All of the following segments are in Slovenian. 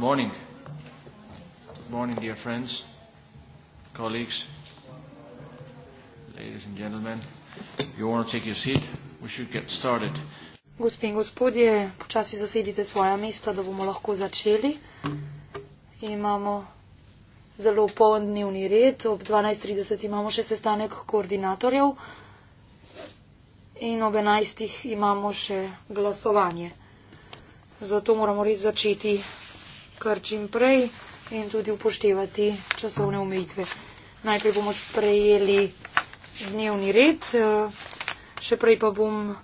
morning. Good morning, dear friends, colleagues, ladies and gentlemen. If you want to take your seat, we should get started. Gospe in gospodje, počasi zasedite svoja mesta, da bomo lahko začeli. Imamo zelo poln dnevni red. Ob 12.30 imamo še sestanek koordinatorjev in ob 11.00 imamo še glasovanje. Zato moramo res začeti kar čim prej in tudi upoštevati časovne omejitve. Najprej bomo sprejeli dnevni red, eh, še prej pa bom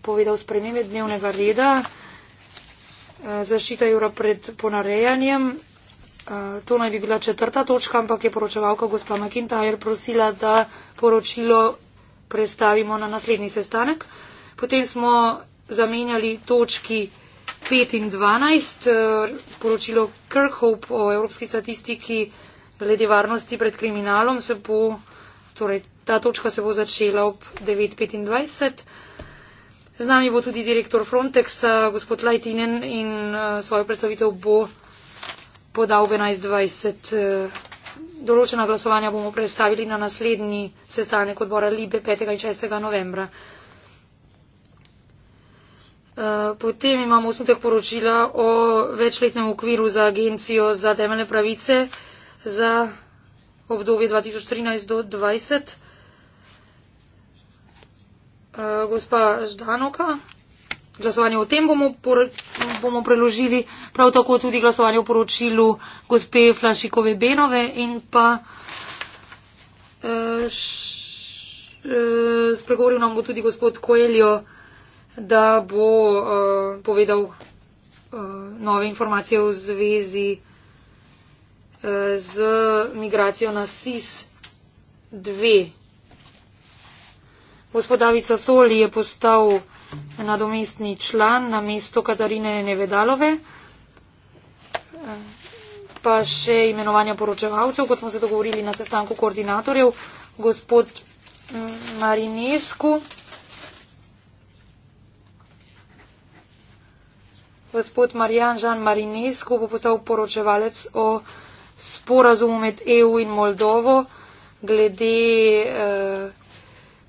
povedal spremembe dnevnega reda. Eh, zaščita jura pred ponarejanjem. Eh, to naj bi bila četrta točka, ampak je poročevalka gospa McIntyre prosila, da poročilo prestavimo na naslednji sestanek. Potem smo zamenjali točki 5 in 12, eh, poročilo Kirkhope o evropski statistiki glede varnosti pred kriminalom se bo, torej ta točka se bo začela ob 9.25. Z nami bo tudi direktor Frontexa, gospod Lajtinen, in eh, svojo predstavitev bo podal v 11.20. Eh, določena glasovanja bomo predstavili na naslednji sestanek odbora Libe 5. in 6. novembra. Eh, potem imamo osnutek poročila o večletnem okviru za agencijo za temeljne pravice za obdobje 2013 do 2020. Eh, gospa Ždanoka, glasovanje o tem bomo, bomo preložili, prav tako tudi glasovanje o poročilu gospe Flašikove Benove in pa eh, spregovoril nam bo tudi gospod Koeljo da bo uh, povedal uh, nove informacije v zvezi uh, z migracijo na SIS 2. Gospodavica Soli je postal nadomestni član na mesto Katarine Nevedalove. Pa še imenovanja poročevalcev, kot smo se dogovorili na sestanku koordinatorjev, gospod mm, Marinesku. gospod Marjan Žan Marinesko bo postal poročevalec o sporazumu med EU in Moldovo glede eh,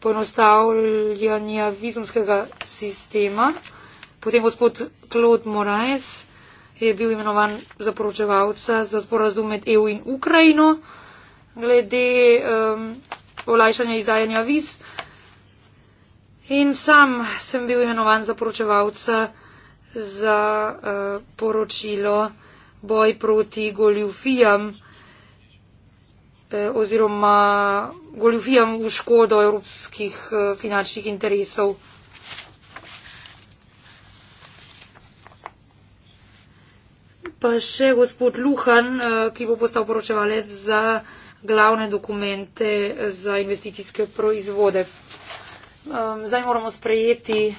poenostavljanja vizumskega sistema. Potem gospod Claude Moraes je bil imenovan za poročevalca za sporazum med EU in Ukrajino glede eh, olajšanja izdajanja viz. In sam sem bil imenovan za poročevalca za uh, poročilo boj proti goljufijam eh, oziroma goljufijam v škodo evropskih eh, finančnih interesov. Pa še gospod Luhan, eh, ki bo postal poročevalec za glavne dokumente eh, za investicijske proizvode. Eh, zdaj moramo sprejeti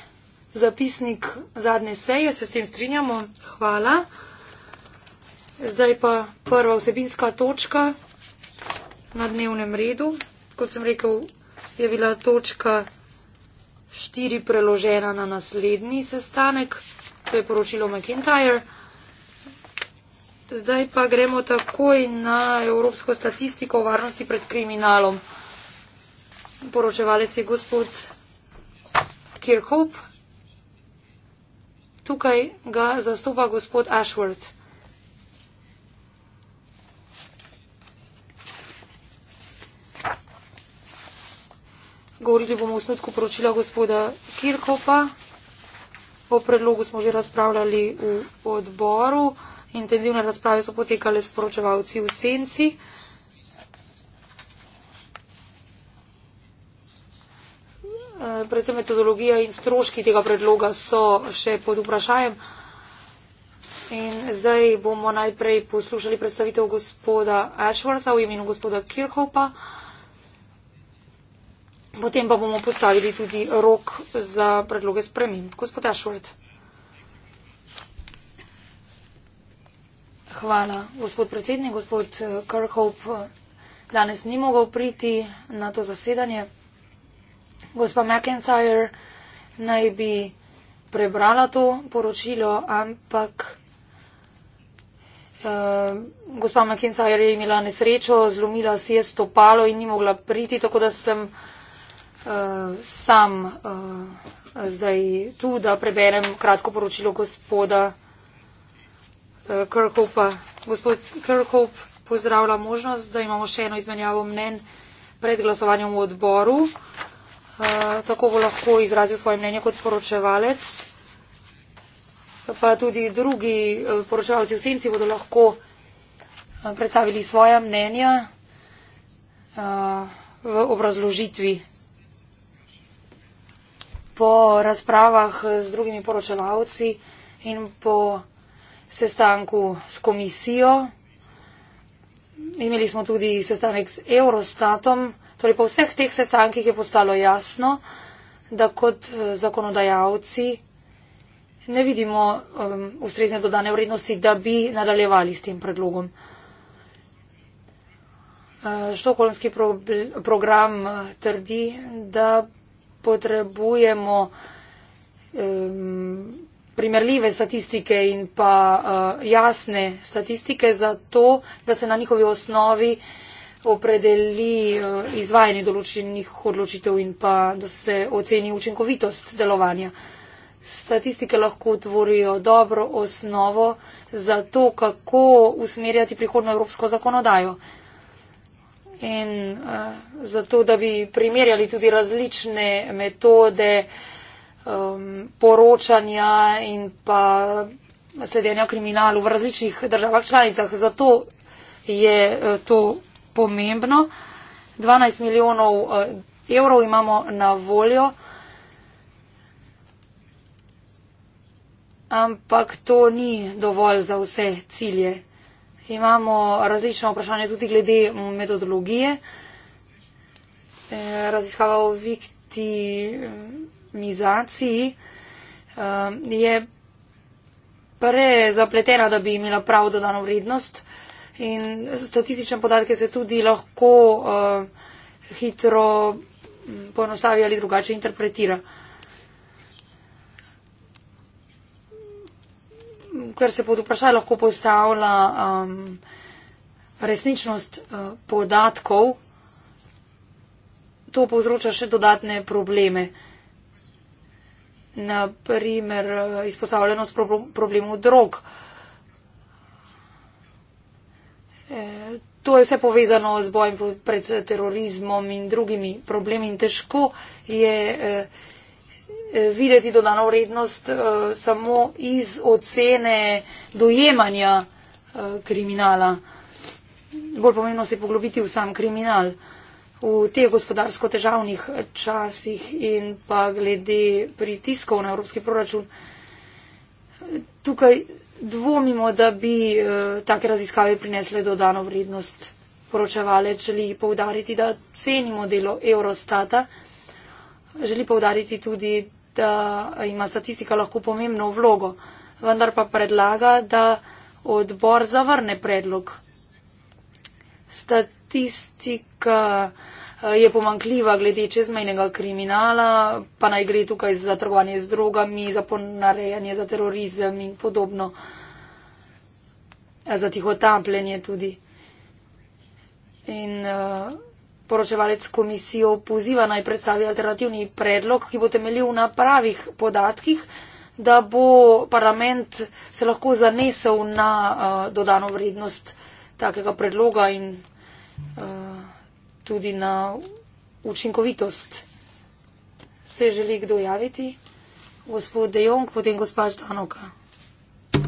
zapisnik zadnje seje, se s tem strinjamo. Hvala. Zdaj pa prva vsebinska točka na dnevnem redu. Kot sem rekel, je bila točka štiri preložena na naslednji sestanek, to je poročilo McIntyre. Zdaj pa gremo takoj na evropsko statistiko o varnosti pred kriminalom. Poročevalec je gospod Kirchhoff. Tukaj ga zastopa gospod Ashworth. Govorili bomo v snutku poročila gospoda Kirkopa. O predlogu smo že razpravljali v odboru. Intenzivne razprave so potekale s poročevalci v senci. Eh, predvsem metodologija in stroški tega predloga so še pod vprašanjem. In zdaj bomo najprej poslušali predstavitev gospoda Ashworta v imenu gospoda Kirchhopa. Potem pa bomo postavili tudi rok za predloge sprememb. Gospod Ashworth. Hvala, gospod predsednik. Gospod eh, Kirchhop danes ni mogel priti na to zasedanje. Gospa McIntyre naj bi prebrala to poročilo, ampak uh, gospa McIntyre je imela nesrečo, zlomila si je stopalo in ni mogla priti, tako da sem uh, sam uh, zdaj tu, da preberem kratko poročilo gospoda uh, Kirkhopa. Gospod Kirkhope, pozdravlja možnost, da imamo še eno izmenjavo mnen pred glasovanjem v odboru tako bo lahko izrazil svoje mnenje kot poročevalec. Pa tudi drugi e, poročevalci v senci bodo lahko e, predstavili svoja mnenja e, v obrazložitvi. Po razpravah z drugimi poročevalci in po sestanku s komisijo, imeli smo tudi sestanek s Eurostatom, Torej, po vseh teh sestankih je postalo jasno, da kot eh, zakonodajalci ne vidimo um, ustrezne dodane vrednosti, da bi nadaljevali s tem predlogom. Uh, eh, Štokolmski pro, program uh, trdi, da potrebujemo um, primerljive statistike in pa uh, jasne statistike za to, da se na njihovi osnovi uh, opredeli eh, izvajanje določenih odločitev in pa da se oceni učinkovitost delovanja. Statistike lahko tvorijo dobro osnovo za to, kako usmerjati prihodno evropsko zakonodajo. In uh, zato, da bi primerjali tudi različne metode um, poročanja in pa sledenja kriminalu v različnih državah članicah, zato je uh, to pomembno. 12 milijonov eh, evrov imamo na voljo. Ampak to ni dovolj za vse cilje. Imamo različno vprašanje tudi glede metodologije. Eh, raziskava o viktimizaciji eh, je prezapletena, da bi imela prav dodano vrednost. In statistične podatke se tudi lahko uh, hitro mm, poenostavi ali drugače interpretira. Ker se pod vprašaj lahko postavlja um, resničnost uh, podatkov, to povzroča še dodatne probleme. Naprimer, izpostavljenost problemu drog. Uh, E, to je vse povezano z bojem pred terorizmom in drugimi problemi in težko je e, e, videti dodano vrednost samo iz ocene dojemanja kriminala. Bolj pomembno se poglobiti v sam kriminal v teh gospodarsko težavnih časih in pa glede pritiskov na evropski proračun. Tukaj dvomimo, da bi uh, take raziskave prinesle dodano vrednost. Poročevalec želi povdariti, da cenimo delo Eurostata. Želi povdariti tudi, da ima statistika lahko pomembno vlogo, vendar pa predlaga, da odbor zavrne predlog. Statistika. Eh, je pomankljiva glede čezmejnega kriminala, pa naj gre tukaj za trgovanje z drogami, za ponarejanje, za terorizem in podobno, eh, za tihotapljenje tudi. In uh, poročevalec komisijo poziva naj predstavi alternativni predlog, ki bo temeljil na pravih podatkih, da bo parlament se lahko zanesel na uh, dodano vrednost takega predloga in uh, tudi na učinkovitost. Se želi kdo javiti? Gospod De Jong, potem gospa Štanoka.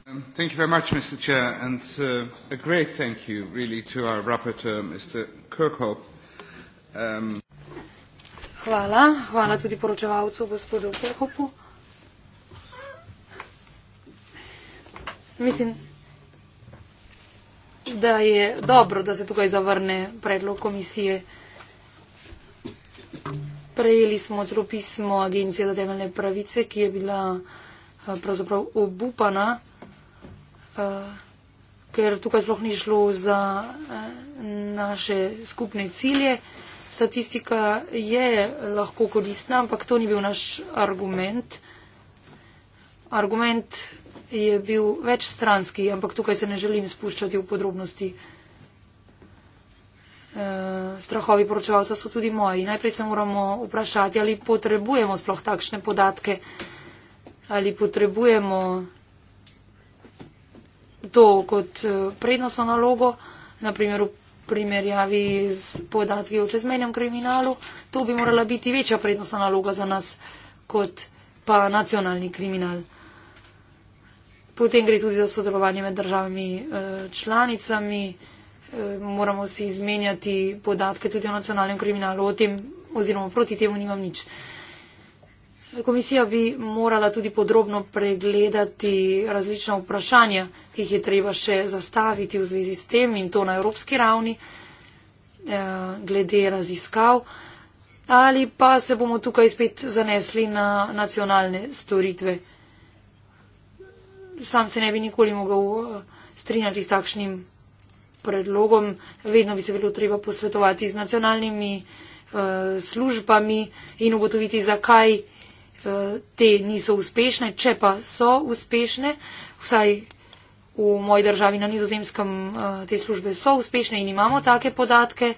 Um, thank you very much, Mr. Chair, and uh, a great thank you, really, to our rapporteur, Mr. Kirkhope. Um, hvala. Hvala tudi poročevalcu, gospodu Kirkhopu. Mislim, da je dobro, da se tukaj zavrne predlog komisije. Prejeli smo celo pismo Agencije za temeljne pravice, ki je bila eh, pravzaprav obupana, eh, ker tukaj sploh ni šlo za eh, naše skupne cilje. Statistika je lahko koristna, ampak to ni bil naš argument. Argument je bil večstranski, ampak tukaj se ne želim spuščati v podrobnosti. Eh, strahovi poročevalca so tudi moji. Najprej se moramo vprašati, ali potrebujemo sploh takšne podatke, ali potrebujemo to kot eh, prednostno nalogo, naprimer v primerjavi z podatki o čezmenjem kriminalu. To bi morala biti večja prednostna naloga za nas kot pa nacionalni kriminal. Potem gre tudi za sodelovanje med državami eh, članicami. Eh, moramo se izmenjati podatke tudi o nacionalnem kriminalu, o tem oziroma proti temu nimam nič. Komisija bi morala tudi podrobno pregledati različna vprašanja, ki jih je treba še zastaviti v zvezi s tem in to na evropski ravni, eh, glede raziskav. Ali pa se bomo tukaj spet zanesli na nacionalne storitve sam se ne bi nikoli mogel eh, strinjati s takšnim predlogom. Vedno bi se bilo treba posvetovati z nacionalnimi uh, službami in ugotoviti, zakaj uh, te niso uspešne. Če pa so uspešne, vsaj v moji državi na nizozemskem uh, te službe so uspešne in imamo take podatke,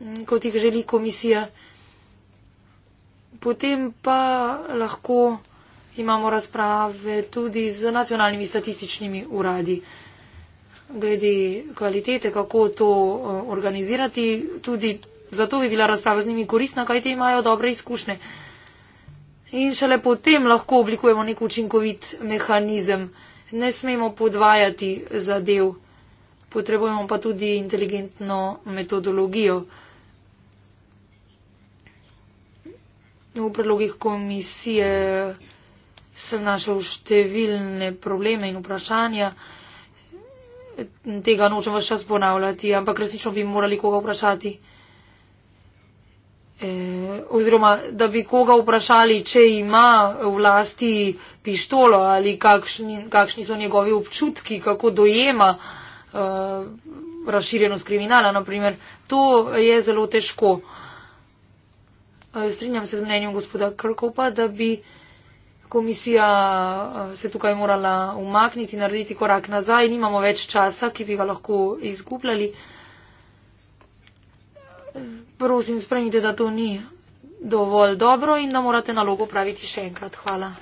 mm, kot jih želi komisija, potem pa lahko imamo razprave tudi z nacionalnimi statističnimi uradi glede kvalitete, kako to eh, organizirati. Tudi zato bi bila razprava z njimi koristna, kaj te imajo dobre izkušnje. In šele potem lahko oblikujemo nek učinkovit mehanizem. Ne smemo podvajati zadev. Potrebujemo pa tudi inteligentno metodologijo. V predlogih komisije sem našel številne probleme in vprašanja. Tega nočem vse čas ponavljati, ampak resnično bi morali koga vprašati. E, oziroma, da bi koga vprašali, če ima v lasti pištolo ali kakšni, kakšni so njegovi občutki, kako dojema e, razširjenost kriminala, naprimer, to je zelo težko. E, strinjam se z mnenjem gospoda Krkopa, da bi komisija eh, se tukaj morala umakniti, narediti korak nazaj, nimamo več časa, ki bi ga lahko izgubljali. Prosim, spremite, da to ni dovolj dobro in da morate nalogo praviti še enkrat. Hvala.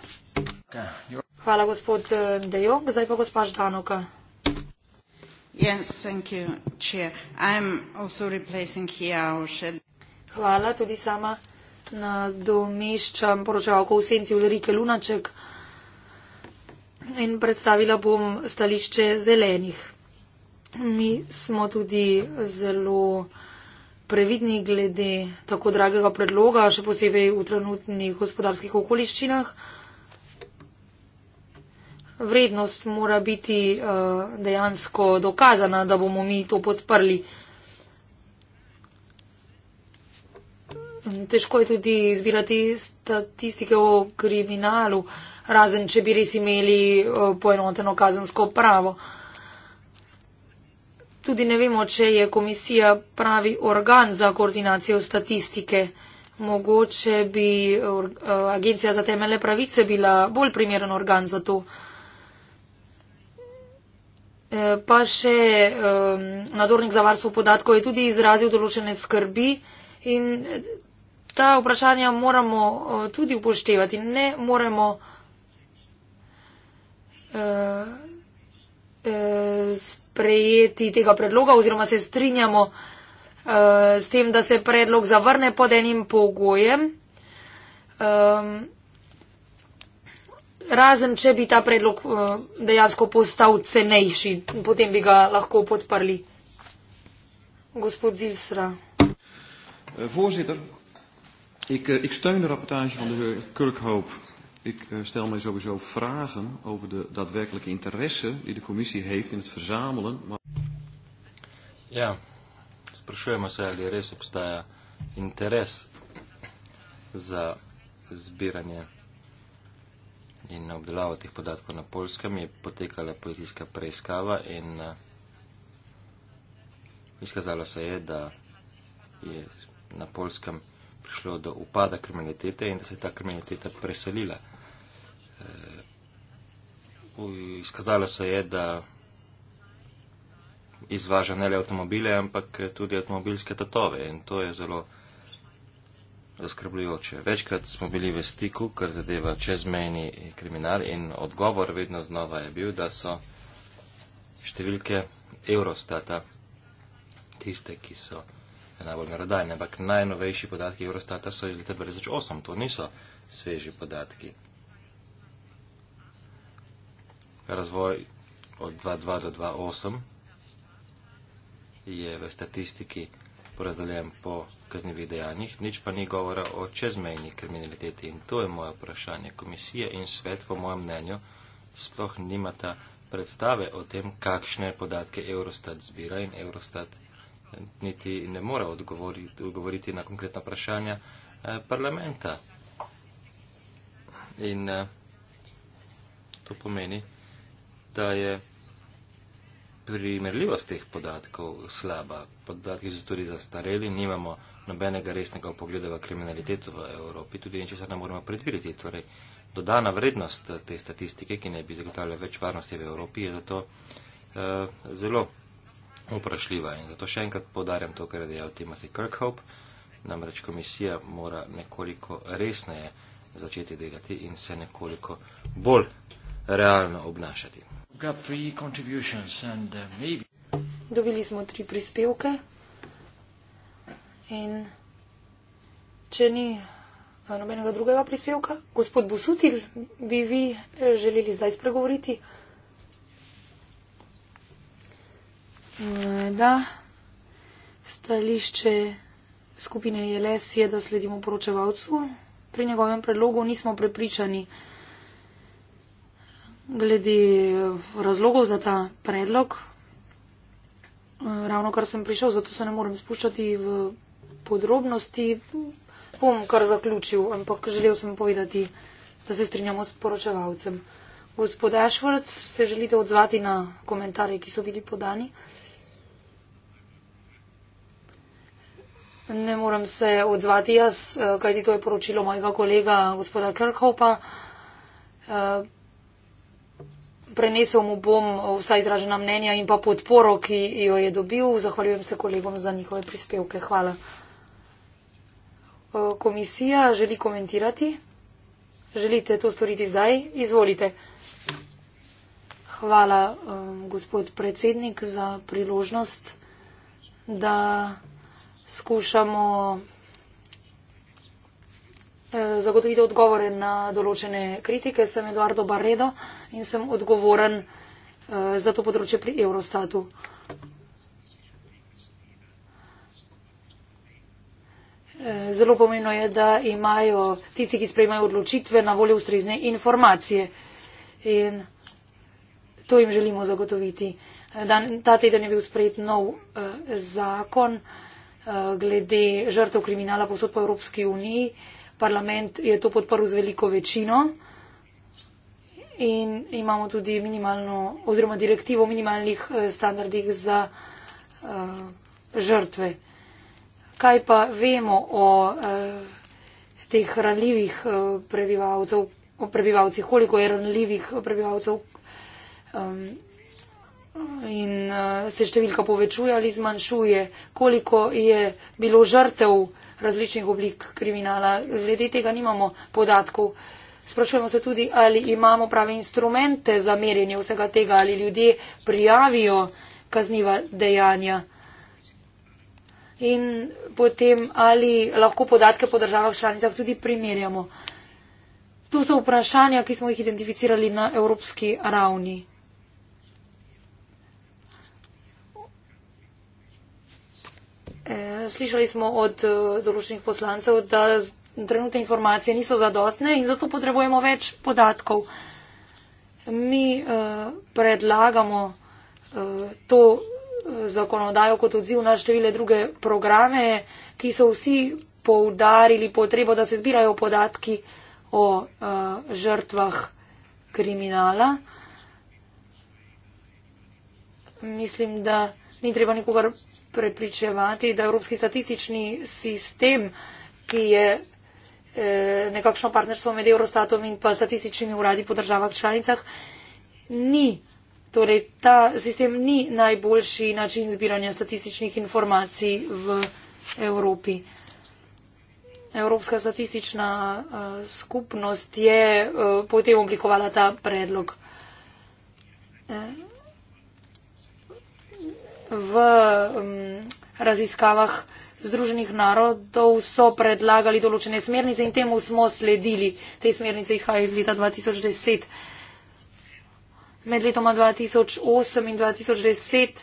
Hvala, gospod eh, De Jong. Zdaj pa gospa Ždanoka. Yes, Hvala, tudi sama nadomeščam poročevalko v senci Ulrike Lunaček in predstavila bom stališče zelenih. Mi smo tudi zelo previdni glede tako dragega predloga, še posebej v trenutnih gospodarskih okoliščinah. Vrednost mora biti uh, dejansko dokazana, da bomo mi to podprli. Mm, težko je tudi izbirati statistike o kriminalu, razen če bi res imeli eh, poenoteno kazensko pravo. Tudi ne vemo, če je komisija pravi organ za koordinacijo statistike. Mogoče bi eh, Agencija za temeljne pravice bila bolj primeren organ za to. Eh, pa še nadzornik za varstvo podatkov je tudi izrazil določene skrbi in ta vprašanja moramo uh, tudi upoštevati. Ne moremo uh, uh, sprejeti tega predloga oziroma se strinjamo uh, s tem, da se predlog zavrne pod enim pogojem. Um, razen, če bi ta predlog uh, dejansko postal cenejši, potem bi ga lahko podprli. Gospod Zilsra. Voorzitter, Ik, eh, ik steun de rapportage van de heer Kulkhoop. Ik eh, stel mij sowieso vragen over de daadwerkelijke interesse die de commissie heeft in het verzamelen. Maar... Ja, спрашиваме сега ли рез обстая интерес за збиране и на обделава тих податков на Польска. Ми е потекала политическа преискава и изказала се е да е на Польском е prišlo do upada kriminalitete in da se je ta kriminaliteta preselila. Eh, izkazalo se je, da izvaža ne le avtomobile, ampak tudi avtomobilske tatove in to je zelo zaskrbljujoče. Večkrat smo bili v stiku, kar zadeva čezmejni kriminal in odgovor vedno znova je bil, da so številke Eurostata tiste, ki so najbolj narodajne, ampak najnovejši podatki Eurostata so iz leta 2008, to niso sveži podatki. Razvoj od 2002 do 2008 je v statistiki porazdeljen po kaznjivih dejanjih, nič pa ni govora o čezmejni kriminaliteti in to je moje vprašanje. Komisija in svet, po mojem mnenju, sploh nimata predstave o tem, kakšne podatke Eurostat zbira in Eurostat niti ne more odgovoriti, odgovoriti na konkretna vprašanja eh, parlamenta. In eh, to pomeni, da je primerljivost teh podatkov slaba. Podatki so tudi zastareli, nimamo nobenega resnega pogleda v kriminaliteto v Evropi, tudi in če se ne moremo predvideti. Torej, dodana vrednost eh, te statistike, ki ne bi zagotavljala več varnosti v Evropi, je zato uh, zelo vprašljiva. In zato še enkrat podarjam to, kar je dejal Timothy Kirkhope. Namreč komisija mora nekoliko resneje začeti delati in se nekoliko bolj realno obnašati. Uh, Dobili smo tri prispevke in če ni eh, nobenega drugega prispevka, gospod Busutil, bi vi eh, želeli zdaj spregovoriti? da stališče skupine JLS je, da sledimo poročevalcu. Pri njegovem predlogu nismo prepričani glede razlogov za ta predlog. Ravno kar sem prišel, zato se ne morem spuščati v podrobnosti. Bom kar zaključil, ampak želel sem povedati, da se strinjamo s poročevalcem. Gospod Ashford, se želite odzvati na komentarje, ki so bili podani? Uh, Ne morem se odzvati jaz, eh, kajti to je poročilo mojega kolega gospoda Kirkhopa. Eh, prenesel mu bom vsa izražena mnenja in pa podporo, ki jo je dobil. Zahvaljujem se kolegom za njihove prispevke. Hvala. Eh, komisija želi komentirati. Želite to storiti zdaj? Izvolite. Hvala, gospod predsednik, za priložnost, da skušamo eh, zagotoviti odgovore na določene kritike. Sem Eduardo Barredo in sem odgovoren eh, za to področje pri Eurostatu. Eh, zelo pomembno je, da imajo tisti, ki sprejmajo odločitve, na voljo ustrezne informacije. In to jim želimo zagotoviti. Dan, ta teden je bil sprejet nov eh, zakon. Eh, glede žrtev kriminala posod po Evropski uniji. Parlament je to podprl z veliko večino in imamo tudi minimalno oziroma direktivo o minimalnih eh, standardih za uh, žrtve. Kaj pa vemo o uh, teh ranljivih uh, prebivalcev, o prebivalcih, koliko je ranljivih prebivalcev um, in eh, se številka povečuje ali zmanjšuje, koliko je bilo žrtev različnih oblik kriminala. Glede tega nimamo podatkov. Sprašujemo se tudi, ali imamo prave instrumente za merjenje vsega tega, ali ljudje prijavijo kazniva dejanja. In potem, ali lahko podatke po državah članicah tudi primerjamo. To so vprašanja, ki smo jih identificirali na evropski ravni. slišali smo od eh, določenih poslancev, da trenutne informacije niso zadostne in zato potrebujemo več podatkov. Mi eh, predlagamo eh, to zakonodajo kot odziv na številne druge programe, ki so vsi poudarili potrebo, da se zbirajo podatki o žrtvah kriminala. Mislim, da ni treba nikogar prepričevati, da evropski statistični sistem, ki je eh, nekakšno partnerstvo med Eurostatom in pa statističnimi uradi po državah članicah, ni. Torej, ta sistem ni najboljši način zbiranja statističnih informacij v Evropi. Evropska statistična uh, skupnost je uh, potem oblikovala ta predlog. Uh, v um, raziskavah Združenih narodov so predlagali določene smernice in temu smo sledili. Te smernice izhajajo iz leta 2010. Med letoma 2008 in 2010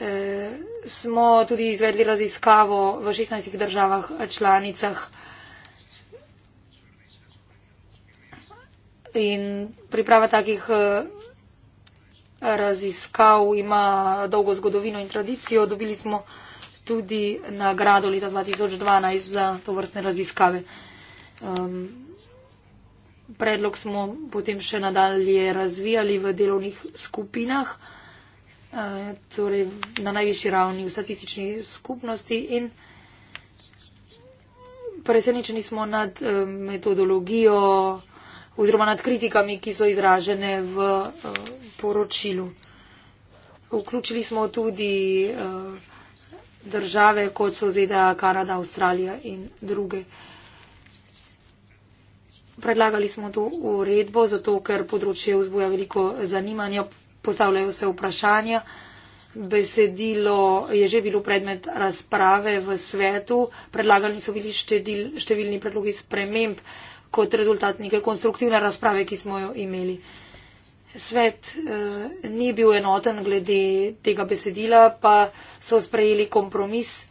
eh, smo tudi izvedli raziskavo v 16 državah eh, članicah. In priprava takih eh, raziskav ima dolgo zgodovino in tradicijo. Dobili smo tudi nagrado leta 2012 za to vrstne raziskave. Um, predlog smo potem še nadalje razvijali v delovnih skupinah, uh, torej na najvišji ravni v statistični skupnosti in presenečeni smo nad uh, metodologijo oziroma nad kritikami, ki so izražene v. Uh, poročilu. Vključili smo tudi eh, države, kot so ZDA, Kanada, Avstralija in druge. Predlagali smo to uredbo, zato ker področje vzbuja veliko zanimanja, postavljajo se vprašanja. Besedilo je že bilo predmet razprave v svetu, predlagani so bili štedil, številni predlogi sprememb kot rezultat neke konstruktivne razprave, ki smo jo imeli svet eh, ni bil enoten glede tega besedila, pa so sprejeli kompromis.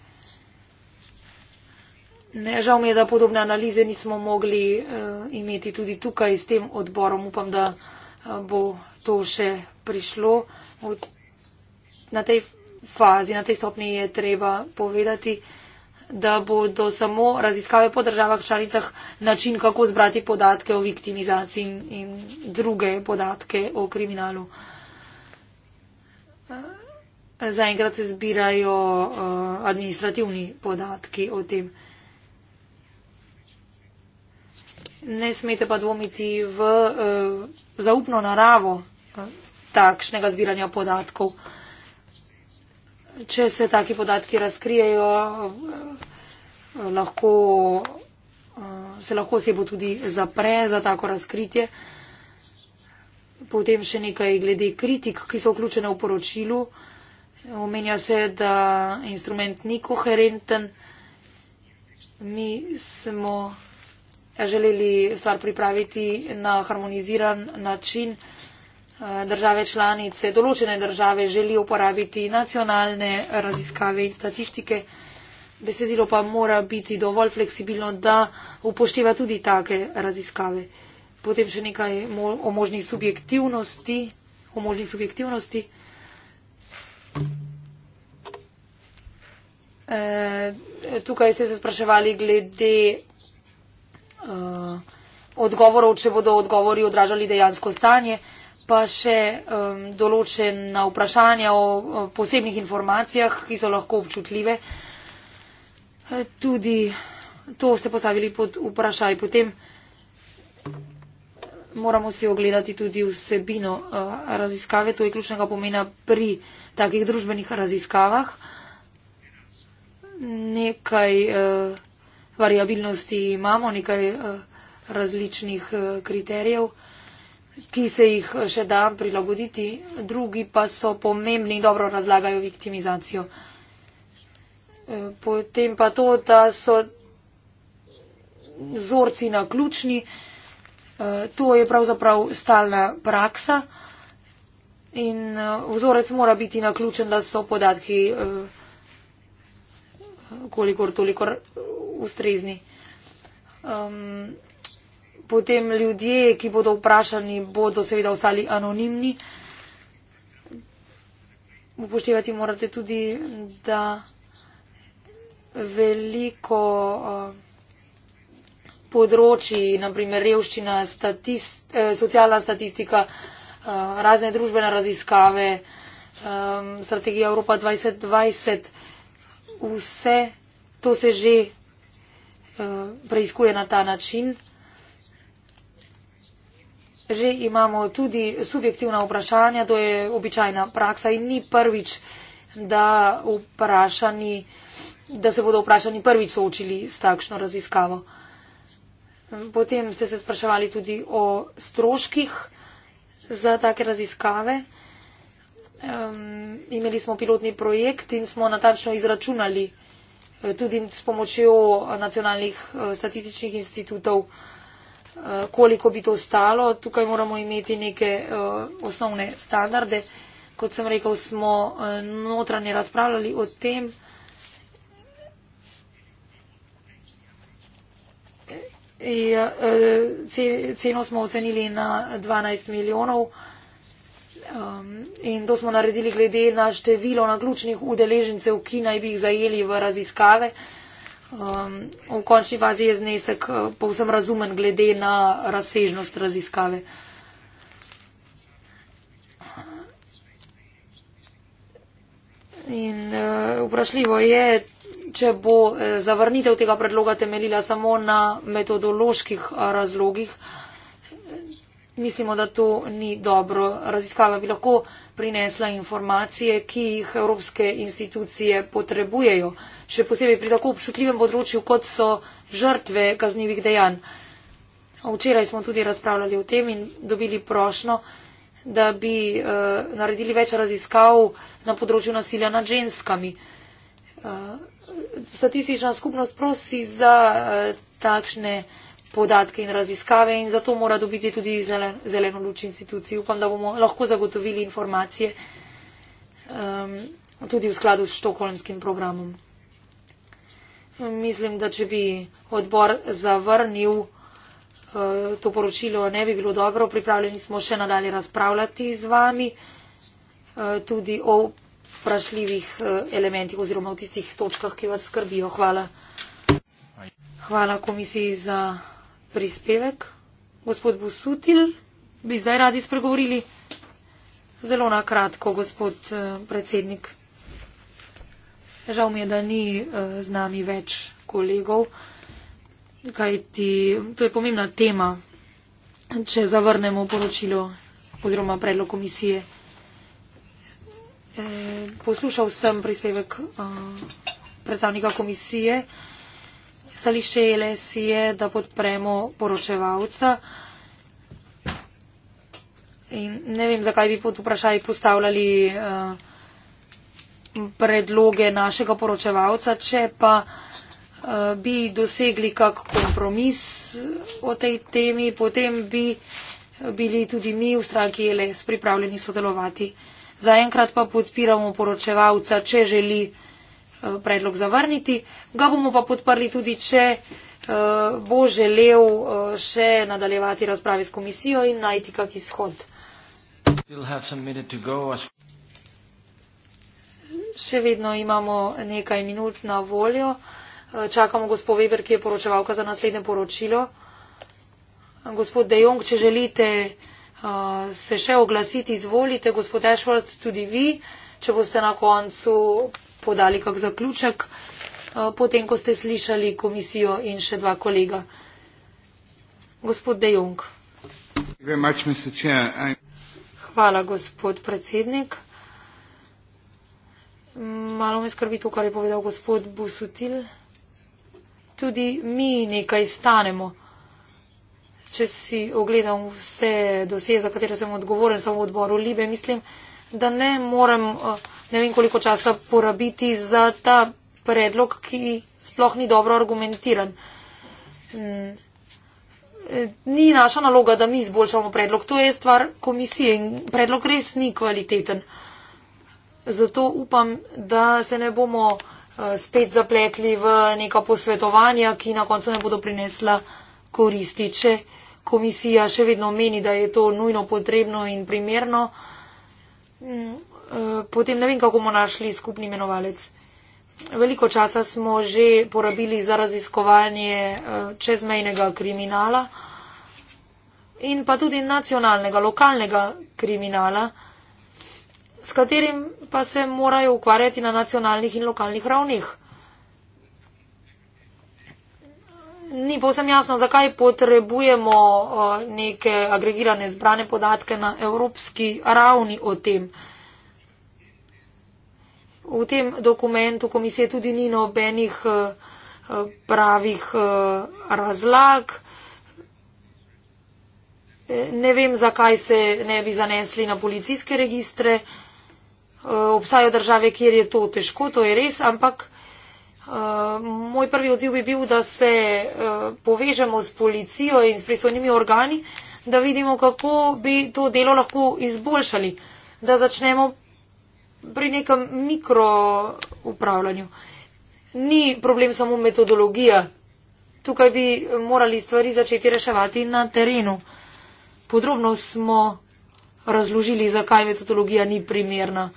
Ne, žal mi je, da podobne analize nismo mogli uh, imeti tudi tukaj s tem odborom. Upam, da eh, bo to še prišlo. V, na tej fazi, na tej stopni je treba povedati da bodo samo raziskave po državah članicah način, kako zbrati podatke o viktimizaciji in, in druge podatke o kriminalu. Zaenkrat se zbirajo uh, administrativni podatki o tem. Ne smete pa dvomiti v uh, zaupno naravo uh, takšnega zbiranja podatkov če se taki podatki razkrijejo, eh, lahko, eh, se lahko osebo tudi zapre za tako razkritje. Potem še nekaj glede kritik, ki so vključene v poročilu. Omenja se, da instrument ni koherenten. Mi smo želeli stvar pripraviti na harmoniziran način države članice, določene države želijo uporabiti nacionalne raziskave in statistike. Besedilo pa mora biti dovolj fleksibilno, da upošteva tudi take raziskave. Potem še nekaj o možni subjektivnosti. O možni subjektivnosti. E, tukaj ste se spraševali glede uh, odgovorov, če bodo odgovori odražali dejansko stanje. Uh, pa še um, določena vprašanja o, o posebnih informacijah, ki so lahko občutljive. Eh, tudi to ste postavili pod vprašaj. Potem moramo si ogledati tudi vsebino uh, raziskave. To je ključnega pomena pri takih družbenih raziskavah. Nekaj uh, variabilnosti imamo, nekaj uh, različnih uh, kriterijev ki se jih eh, še da prilagoditi, drugi pa so pomembni in dobro razlagajo viktimizacijo. Eh, potem pa to, da so vzorci na ključni, eh, to je pravzaprav stalna praksa in vzorec mora biti na ključen, da so podatki kolikor toliko ustrezni potem ljudje, ki bodo vprašani, bodo seveda ostali anonimni. Upoštevati morate tudi, da veliko eh, področji, naprimer revščina, statist, eh, socialna statistika, eh, razne družbene raziskave, strategija Evropa 2020, vse to se že preizkuje na ta način že imamo tudi subjektivna vprašanja, to je običajna praksa in ni prvič, da, da se bodo vprašani prvič soočili s takšno raziskavo. Potem ste se spraševali tudi o stroških za take raziskave. Um, imeli smo pilotni projekt in smo natančno izračunali eh, tudi s pomočjo nacionalnih eh, statističnih institutov. Eh, koliko bi to stalo. Tukaj moramo imeti neke eh, osnovne standarde. Kot sem rekel, smo eh, notranje razpravljali o tem. Ja, ceno smo ocenili na 12 milijonov ehm, in to smo naredili glede na število naključnih udeležencev, ki naj bi jih zajeli v raziskave. Um, v končni fazi je znesek uh, povsem razumen glede na razsežnost raziskave. In uh, vprašljivo je, če bo uh, zavrnitev tega predloga temeljila samo na metodoloških uh, razlogih. Mislimo, da to ni dobro. Raziskava bi lahko prinesla informacije, ki jih evropske institucije potrebujejo, še posebej pri tako občutljivem področju, kot so žrtve kaznjivih dejanj. Včeraj smo tudi razpravljali o tem in dobili prošno, da bi uh, naredili več raziskav na področju nasilja nad ženskami. Uh, statistična skupnost prosi za uh, takšne podatke in raziskave in zato mora dobiti tudi zelen, zeleno luč institucij. Upam, da bomo lahko zagotovili informacije um, tudi v skladu s štokholmskim programom. Mislim, da če bi odbor zavrnil uh, to poročilo, ne bi bilo dobro. Pripravljeni smo še nadalje razpravljati z vami uh, tudi o vprašljivih uh, elementih oziroma o tistih točkah, ki vas skrbijo. Hvala. Hvala komisiji za prispevek. Gospod Busutil, bi zdaj radi spregovorili. Zelo na kratko, gospod eh, predsednik. Žal mi je, da ni eh, z nami več kolegov, kajti to je pomembna tema, če zavrnemo poročilo oziroma predlog komisije. Eh, poslušal sem prispevek predstavnika komisije. Stališče LS je, da podpremo poročevalca. In ne vem, zakaj bi pod vprašaj postavljali uh, predloge našega poročevalca, če pa uh, bi dosegli kak kompromis o tej temi, potem bi eh, bili tudi mi v stranki LS pripravljeni sodelovati. Zaenkrat pa podpiramo poročevalca, če želi uh, predlog zavrniti. Ga bomo pa podprli tudi, če eh, bo želel eh, še nadaljevati razpravi s komisijo in najti kak izhod. Še vedno imamo nekaj minut na voljo. Eh, čakamo gospod Weber, ki je poročevalka za naslednje poročilo. Gospod De Jong, če želite se še oglasiti, izvolite. Gospod Ashworth, tudi vi, če boste na koncu podali kak zaključek. Eh, potem, ko ste slišali komisijo in še dva kolega. Gospod De Jong. Hvala, gospod predsednik. Malo me skrbi to, kar je povedal gospod Busutil. Tudi mi nekaj stanemo. Če si ogledam vse dosje, za katere sem odgovoren, samo v odboru Libe, mislim, da ne morem eh, ne vem koliko časa porabiti za ta predlog, ki sploh ni dobro argumentiran. Mm, ni naša naloga, da mi izboljšamo predlog, to je stvar komisije in predlog res ni kvaliteten. Zato upam, da se ne bomo eh, spet zapletli v neka posvetovanja, ki na koncu ne bodo prinesla koristi. Če komisija še vedno meni, da je to nujno potrebno in primerno, mm, eh, potem ne vem, kako bomo našli skupni imenovalec veliko časa smo že porabili za raziskovanje eh, čezmejnega kriminala in pa tudi nacionalnega, lokalnega kriminala, s katerim pa se morajo ukvarjati na nacionalnih in lokalnih ravnih. Ni povsem jasno, zakaj potrebujemo eh, neke agregirane zbrane podatke na evropski ravni o tem v tem dokumentu komisije tudi ni nobenih eh, pravih eh, razlag. Eh, ne vem, zakaj se ne bi zanesli na policijske registre. Obstajajo države, kjer je to težko, to je res, ampak moj prvi odziv bi bil, da se povežemo s policijo in s pristojnimi organi, da vidimo, kako bi to delo lahko izboljšali, da začnemo pri nekem mikro upravljanju. Ni problem samo metodologija. Tukaj bi morali stvari začeti reševati na terenu. Podrobno smo razložili, zakaj metodologija ni primerna.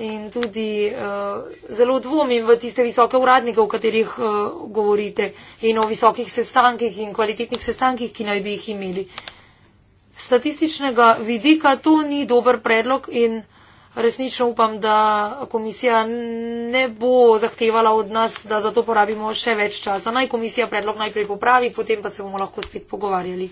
In tudi uh, zelo dvomim v tiste visoke uradnike, o katerih uh, govorite, in o visokih sestankih in kvalitetnih sestankih, ki naj bi jih imeli. Uh, statističnega vidika to ni dober predlog in resnično upam, da komisija ne bo zahtevala od nas, da za to porabimo še več časa. Naj komisija predlog najprej popravi, potem pa se bomo lahko spet pogovarjali.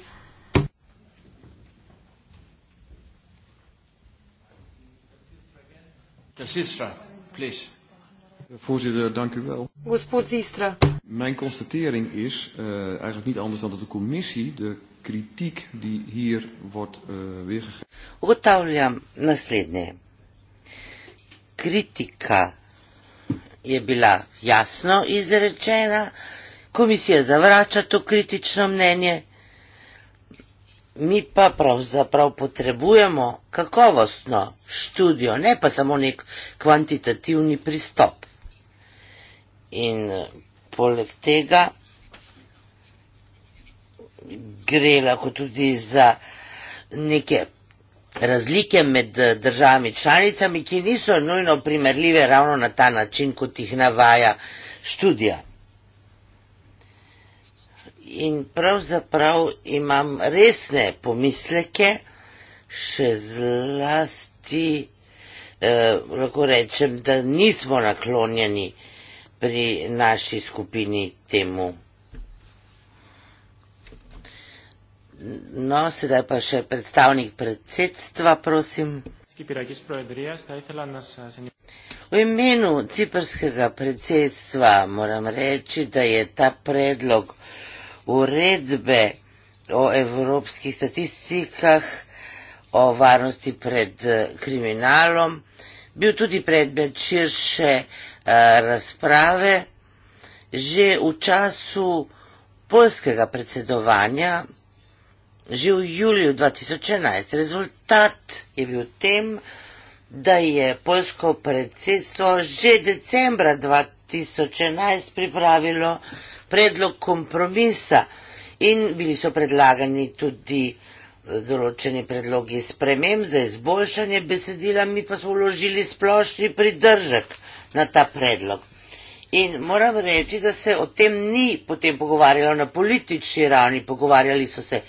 Gospod Zistra. Mijn constatering is uh, eigenlijk niet anders dan dat de commissie de kritiek die hier wordt uh, weergegeven. Ugotavljam naslednje. Kritika je bila jasno izrečena, komisija zavrača to kritično mnenje, mi pa pravzaprav potrebujemo kakovostno študijo, ne pa samo nek kvantitativni pristop. In eh, poleg tega gre lahko tudi za neke razlike med eh, državami članicami, ki niso nujno primerljive ravno na ta način, kot jih navaja študija. In pravzaprav imam resne pomisleke, še zlasti eh, lahko rečem, da nismo naklonjeni pri naši skupini temu. No, sedaj pa še predstavnik predsedstva, prosim. V imenu ciperskega predsedstva moram reči, da je ta predlog uredbe o evropskih statistikah o varnosti pred eh, kriminalom bil tudi predmet širše eh, razprave že v času polskega predsedovanja že v juliju 2011. Rezultat je bil tem, da je polsko predsedstvo že decembra 2011 pripravilo predlog kompromisa in bili so predlagani tudi eh, določeni predlogi sprememb za izboljšanje besedila, mi pa smo vložili splošni pridržek na ta predlog. In moram reči, da se o tem ni potem pogovarjalo na politični ravni, pogovarjali so se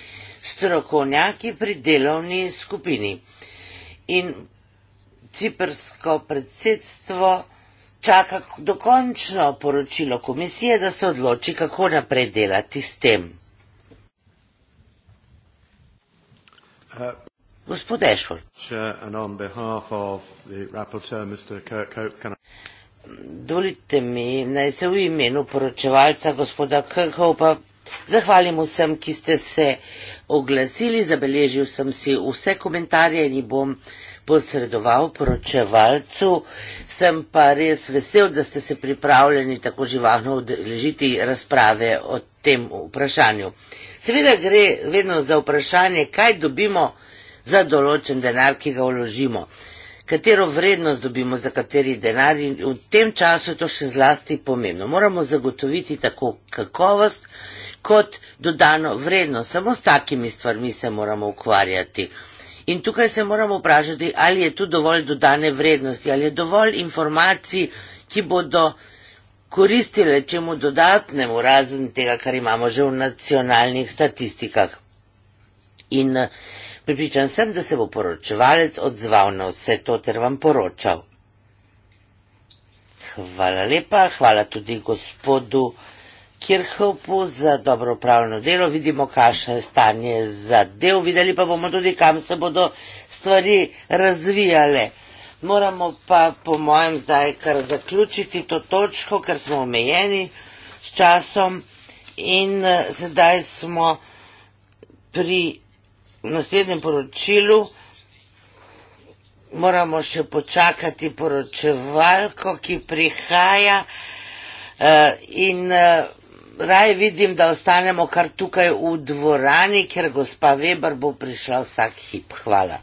strokovnjaki pri delovni skupini. In ciprsko predsedstvo čaka dokončno poročilo komisije, da se odloči, kako naprej delati s tem. Gospod Ešvold. Dovolite mi, naj se v imenu poročevalca gospoda Kirkhope Zahvalim vsem, ki ste se oglasili, zabeležil sem si vse komentarje in jih bom posredoval poročevalcu. Sem pa res vesel, da ste se pripravljeni tako živahno odležiti razprave o tem vprašanju. Seveda gre vedno za vprašanje, kaj dobimo za določen denar, ki ga vložimo, katero vrednost dobimo za kateri denar in v tem času je to še zlasti pomembno. Moramo zagotoviti tako kakovost, kot dodano vrednost. Samo s takimi stvarmi se moramo ukvarjati. In tukaj se moramo vprašati, ali je tu dovolj dodane vrednosti, ali je dovolj informacij, ki bodo koristile čemu dodatnemu, razen tega, kar imamo že v nacionalnih statistikah. In eh, pripričan sem, da se bo poročevalec odzval na vse to, ter vam poročal. Hvala lepa, hvala tudi gospodu kjer hrpu za dobro upravljeno delo, vidimo, kakšno je stanje za del, videli pa bomo tudi, kam se bodo stvari razvijale. Moramo pa, po mojem, zdaj kar zaključiti to točko, ker smo omejeni s časom in eh, sedaj smo pri naslednjem poročilu. Moramo še počakati poročevalko, ki prihaja eh, in eh, raje vidim, da ostanemo kar tukaj v dvorani, ker gospa Weber bo prišla vsak hip. Hvala.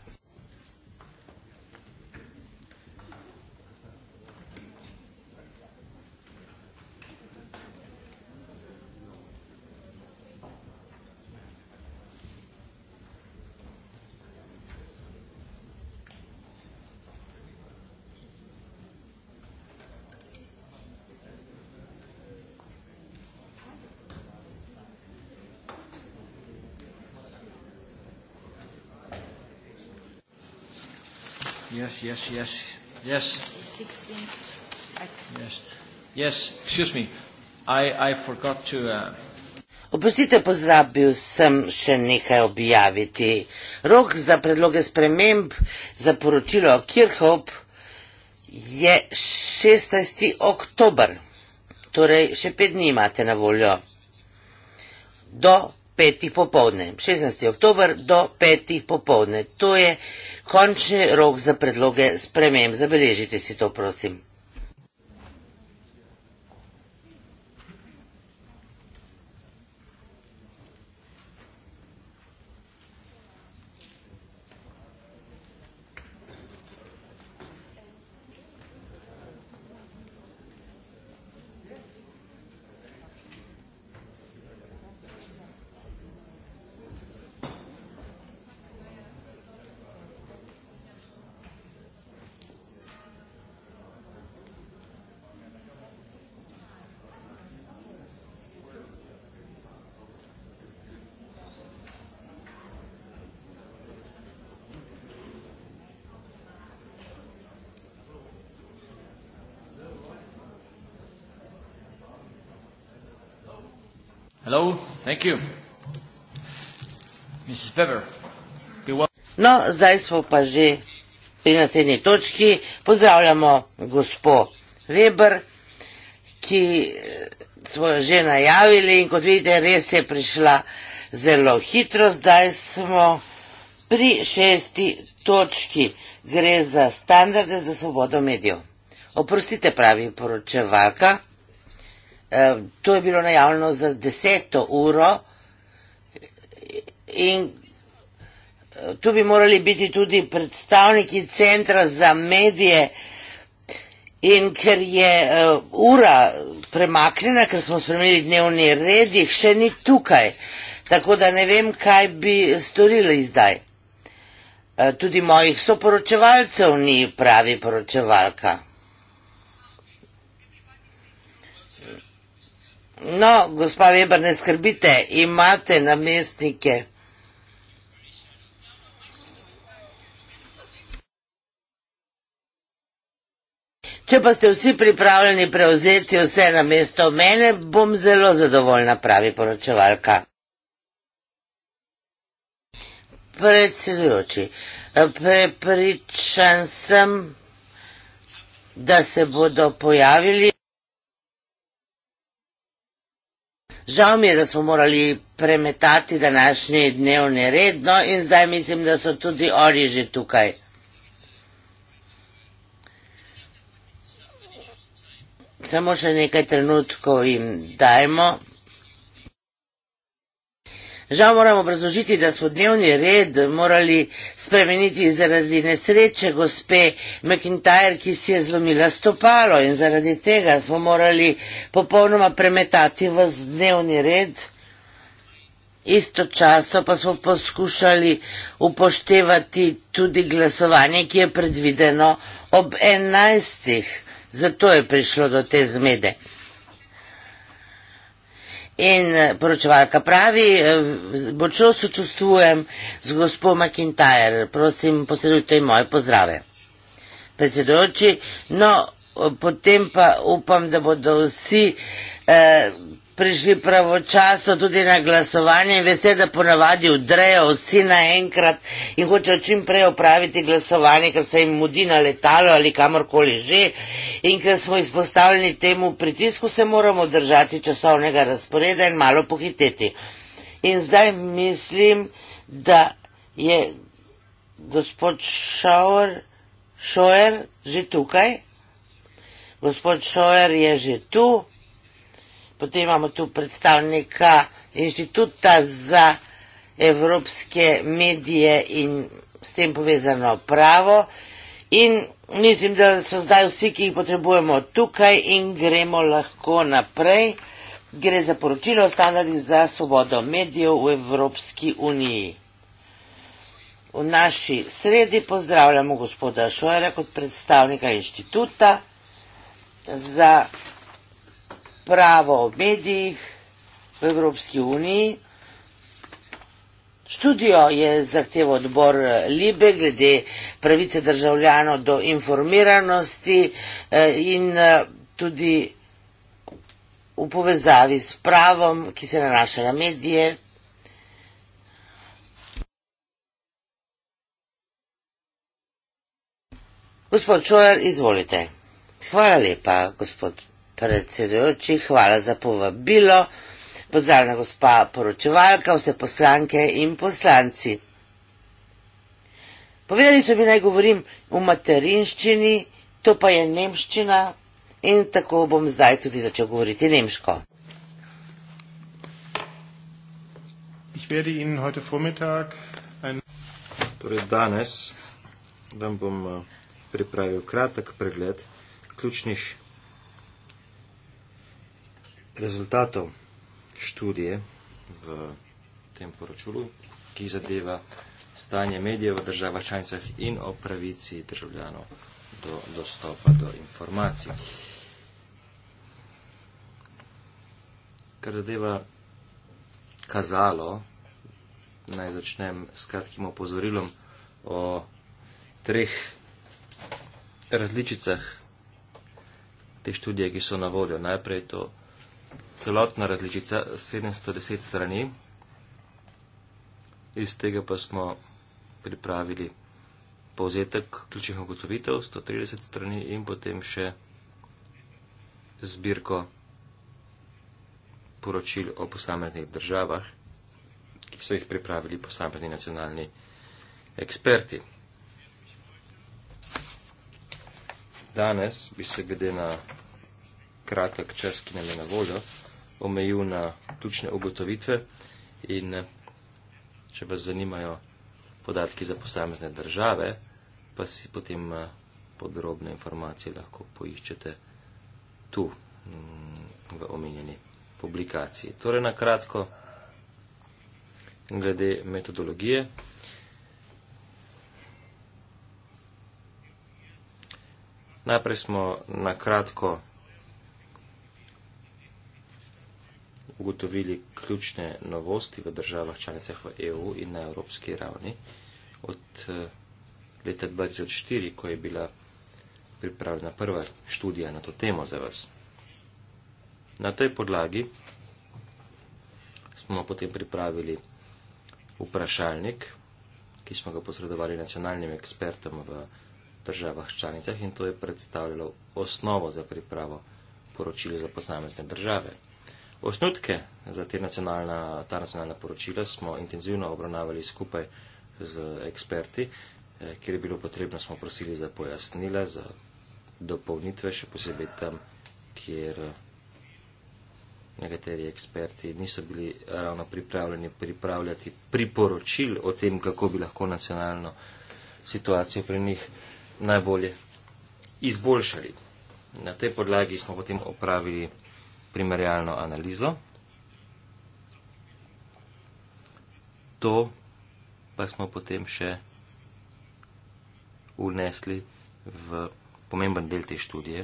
yes, yes, yes, yes. 16. Yes. Yes, excuse me. I, I forgot to... Uh... Oprostite, pozabil sem še nekaj objaviti. Rok za predloge sprememb za poročilo Kirchhoff je 16. oktober, torej še pet dni imate na voljo. Do petih popovdne, 16. oktober do petih popovdne. To je končni rok za predloge sprememb. Zabeležite si to, prosim. Hello, thank you. Mrs. Feber, no, zdaj smo pa že pri naslednji točki. Pozdravljamo gospo Weber, ki eh, smo jo že najavili in kot vidite, res je prišla zelo hitro. Zdaj smo pri šesti točki. Gre za standarde za svobodo medijev. Oprostite, pravi poročevalka, to je bilo najavljeno za deseto uro in eh, tu bi morali biti tudi predstavniki centra za medije in ker je eh, ura premaknjena, ker smo spremenili dnevni red, jih še ni tukaj, tako da ne vem, kaj bi storili zdaj. Eh, tudi mojih soporočevalcev ni pravi poročevalka. No, gospa Weber, ne skrbite, imate namestnike. Če pa ste vsi pripravljeni prevzeti vse na mesto mene, bom zelo zadovoljna, pravi poročevalka. Predsedujoči, prepričan sem, da se bodo pojavili Žal mi je, da smo morali premetati današnji dnevni red, no in zdaj mislim, da so tudi oni že tukaj. Samo še nekaj trenutkov jim dajmo. Žal moramo obrazložiti, da smo dnevni red morali spremeniti zaradi nesreče gospe McIntyre, ki si je zlomila stopalo in zaradi tega smo morali popolnoma premetati v dnevni red. Istočasno pa smo poskušali upoštevati tudi glasovanje, ki je predvideno ob enajstih. Zato je prišlo do te zmede. In eh, poročevalka pravi, močno eh, sočustvujem z gospod McIntyre, prosim, posredujte jim moje pozdrave. Predsedujoči, no, potem pa upam, da bodo vsi eh, prišli pravočasno tudi na glasovanje in veste, da ponavadi udrejo vsi naenkrat in hočejo čim prej opraviti glasovanje, ker se jim mudi na letalo ali kamorkoli že in ker smo izpostavljeni temu pritisku, se moramo držati časovnega razporeda in malo pohiteti. In zdaj mislim, da je gospod Šauer, Šoer že tukaj. Gospod Šoer je že tu. Potem imamo tu predstavnika inštituta za evropske medije in s tem povezano pravo. In mislim, da so zdaj vsi, ki jih potrebujemo tukaj in gremo lahko naprej. Gre za poročilo o standardih za svobodo medijev v Evropski uniji. V naši sredi pozdravljamo gospoda Šojera kot predstavnika inštituta za pravo o medijih v Evropski uniji. Študijo je zahteval odbor Libe glede pravice državljanov do informiranosti eh, in eh, tudi v povezavi s pravom, ki se nanaša na medije. Gospod Čojer, izvolite. Hvala lepa, gospod predsedujoči, hvala za povabilo. Pozdravljena gospa poročevalka, vse poslanke in poslanci. Povedali so mi, naj govorim v materinščini, to pa je nemščina in tako bom zdaj tudi začel govoriti nemško. Torej danes vam bom eh, pripravil kratek pregled ključnih rezultatov študije v tem poročulu, ki zadeva stanje medijev v državah članicah in o pravici državljanov do dostopa do informacij. Kar zadeva kazalo, naj začnem s kratkim opozorilom o treh različicah te študije, ki so na voljo. Najprej to celotna različica 710 strani, iz tega pa smo pripravili povzetek ključnih ugotovitev 130 strani in potem še zbirko poročil o posameznih državah, ki so jih pripravili posamezni nacionalni eksperti. Danes bi se glede na kratek čas, ki nam je na voljo, omejil na ključne ugotovitve in eh, če vas zanimajo podatki za posamezne države, pa si potem eh, podrobne informacije lahko poiščete tu mm, v omenjeni publikaciji. Torej na kratko glede metodologije. Najprej smo na kratko ugotovili ključne novosti v državah članicah v EU in na evropski ravni od eh, leta 2004, ko je bila pripravljena prva študija na to temo za vas. Na tej podlagi smo potem pripravili vprašalnik, ki smo ga posredovali nacionalnim ekspertom v državah članicah in to je predstavljalo osnovo za pripravo poročil za posamezne države. Osnutke za te nacionalna, ta nacionalna poročila smo intenzivno obravnavali skupaj z eksperti, eh, kjer je bilo potrebno, smo prosili za pojasnila, za dopolnitve, še posebej tam, kjer eh, nekateri eksperti niso bili ravno pripravljeni pripravljati priporočil o tem, kako bi lahko nacionalno situacijo pri njih najbolje izboljšali. Na tej podlagi smo potem opravili primerjalno analizo. To pa smo potem še unesli v pomemben del te študije,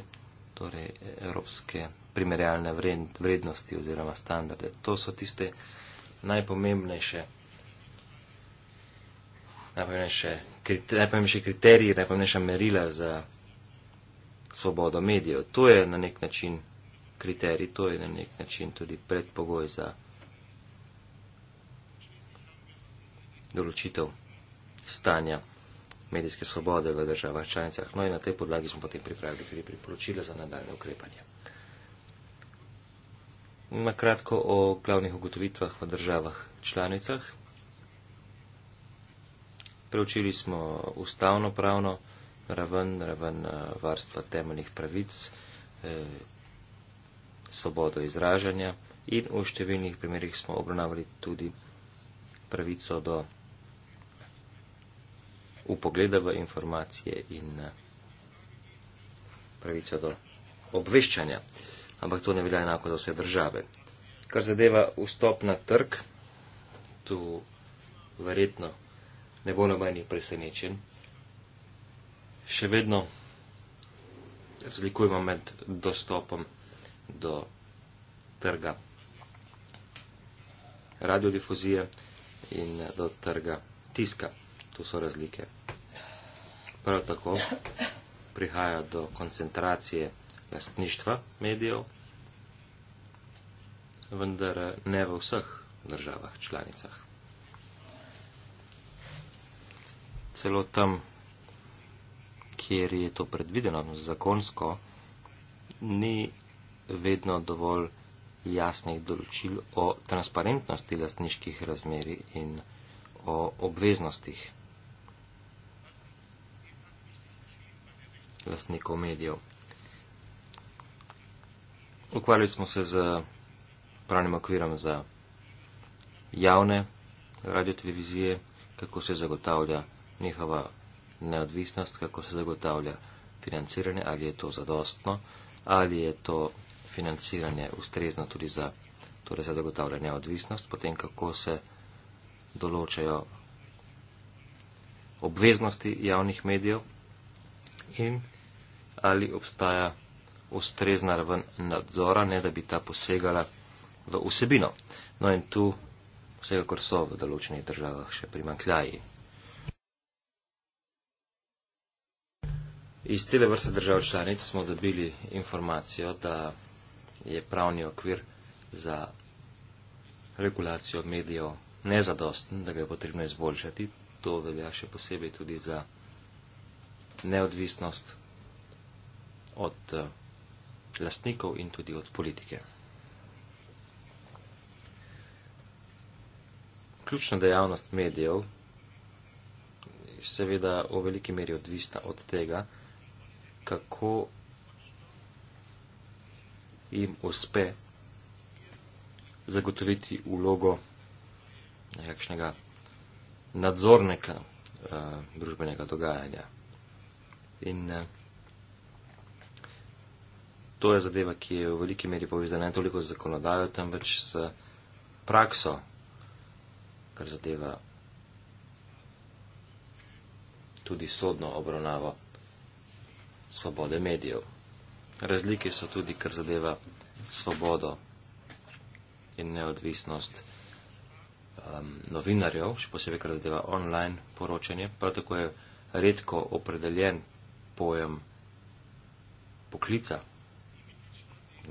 torej evropske primerjalne vrednosti oziroma standarde. To so tiste najpomembnejše, najpomembnejše, kriter, najpomembnejše kriterije, najpomembnejša merila za svobodo medijev. To je na nek način kriterij, to je na nek način tudi predpogoj za določitev stanja medijske svobode v državah članicah. No in na tej podlagi smo potem pripravili tudi priporočila za nadaljne ukrepanje. Na kratko o glavnih ugotovitvah v državah članicah. Preučili smo ustavno pravno raven, raven eh, varstva temeljnih pravic, eh, svobodo izražanja in v številnih primerjih smo obravnavali tudi pravico do upogleda v informacije in eh, pravico do obveščanja. Ampak to ne velja enako za vse države. Kar zadeva vstop na trg, tu verjetno ne bo nobenih presenečen. Še vedno razlikujemo med dostopom do trga radiodifuzije in do trga tiska. Tu so razlike. Prav tako prihaja do koncentracije lastništva medijev, vendar ne v vseh državah, članicah. Celo tam, kjer je to predvideno zakonsko, ni vedno dovolj jasnih določil o transparentnosti lastniških razmeri in o obveznostih lastnikov medijev. Ukvarjali smo se z pravnim okvirom za javne radiotelevizije, kako se zagotavlja njihova neodvisnost, kako se zagotavlja financiranje, ali je to zadostno, ali je to financiranje ustrezno tudi za, torej za dogotavljanje odvisnost, potem kako se določajo obveznosti javnih medijev in ali obstaja ustrezna raven nadzora, ne da bi ta posegala v vsebino. No in tu vsekakor so v določenih državah še primankljaji. Iz cele vrste držav članic smo dobili informacijo, da je pravni okvir za regulacijo medijev nezadosten, da ga je potrebno izboljšati. To velja še posebej tudi za neodvisnost od eh, lastnikov in tudi od politike. Ključna dejavnost medijev je seveda v veliki meri odvisna od tega, kako jim uspe zagotoviti ulogo nekakšnega nadzornika eh, družbenega dogajanja. In eh, to je zadeva, ki je v veliki meri povezana ne toliko z zakonodajo, temveč s prakso, kar zadeva tudi sodno obravnavo svobode medijev. Razlike so tudi, kar zadeva svobodo in neodvisnost um, novinarjev, še posebej, kar zadeva online poročanje. Prav tako je redko opredeljen pojem poklica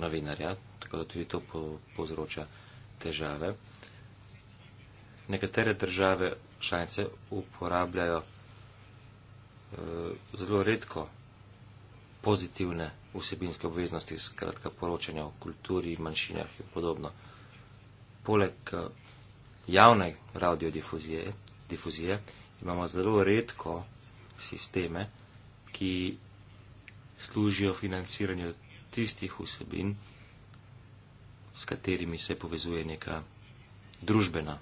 novinarja, tako da tudi to po, povzroča težave. Nekatere države članice uporabljajo uh, zelo redko pozitivne vsebinske obveznosti, skratka poročanja o kulturi, manjšinah in podobno. Poleg eh, javne radiodifuzije difuzije, imamo zelo redko sisteme, ki služijo financiranju tistih vsebin, s katerimi se povezuje neka družbena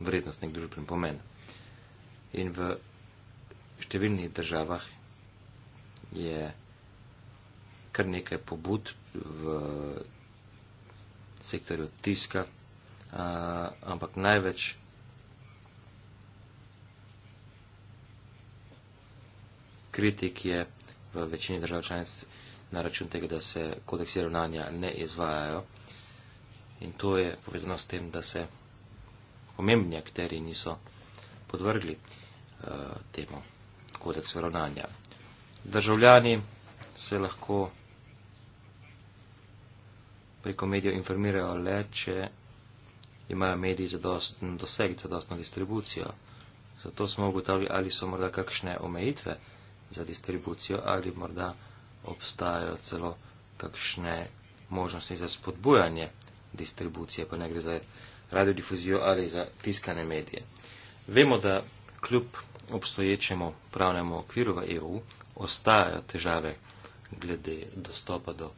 vrednost, nek družben pomen. In v številnih državah je kar nekaj pobud v sektorju tiska, ampak največ kritik je v večini držav članic na račun tega, da se kodeksi ravnanja ne izvajajo. In to je povedano s tem, da se pomembni akteri niso podvrgli temu kodeksu ravnanja. Državljani se lahko preko medijev informirajo le, če imajo mediji zadosten doseg, zadostno distribucijo. Zato smo ugotavljali, ali so morda kakšne omejitve za distribucijo, ali morda obstajajo celo kakšne možnosti za spodbujanje distribucije, pa ne gre za radiodifuzijo ali za tiskane medije. Vemo, da kljub obstoječemu pravnemu okviru v EU ostajajo težave glede dostopa do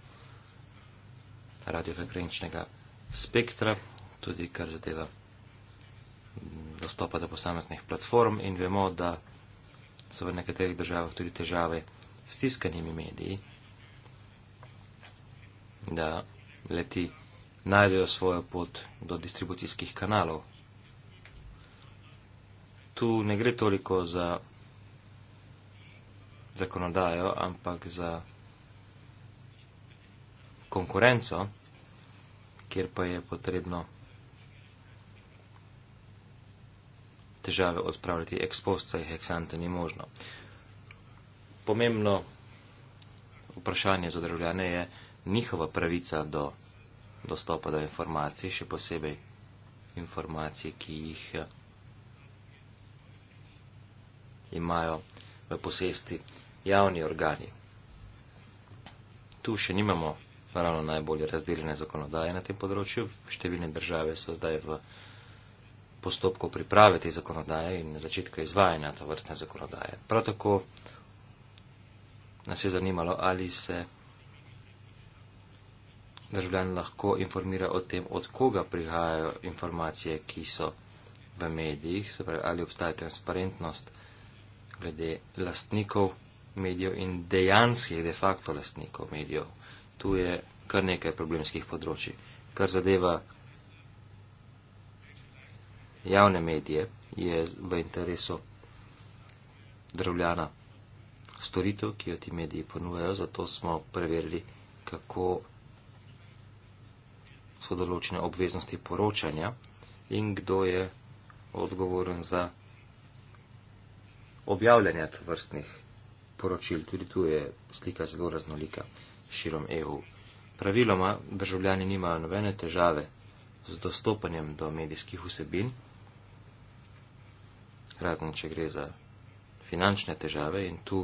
radiofrekvenčnega spektra, tudi kar zadeva dostopa do posameznih platform in vemo, da so v nekaterih državah tudi težave s tiskanimi mediji, da leti najdejo svojo pot do distribucijskih kanalov. Tu ne gre toliko za zakonodajo, ampak za konkurenco, kjer pa je potrebno težave odpravljati ex post, saj heksante ni možno. Pomembno vprašanje za državljane je njihova pravica do dostopa do informacij, še posebej informacij, ki jih eh, imajo v posesti javni organi. Tu še nimamo ravno najbolje razdeljene zakonodaje na tem področju. Številne države so zdaj v postopku priprave te zakonodaje in začetka izvajanja to vrstne zakonodaje. Prav tako nas je zanimalo, ali se državljan lahko informira o tem, od koga prihajajo informacije, ki so v medijih, se pravi, ali obstaja transparentnost glede lastnikov medijev in dejanskih de facto lastnikov medijev tu je kar nekaj problemskih področji. Kar zadeva javne medije, je v interesu državljana storitev, ki jo ti mediji ponujajo, zato smo preverili, kako so določene obveznosti poročanja in kdo je odgovoren za objavljanje tovrstnih poročil. Tudi tu je slika zelo raznolika širom EU. Praviloma državljani nimajo nobene težave z dostopanjem do medijskih vsebin, razen če gre za finančne težave in tu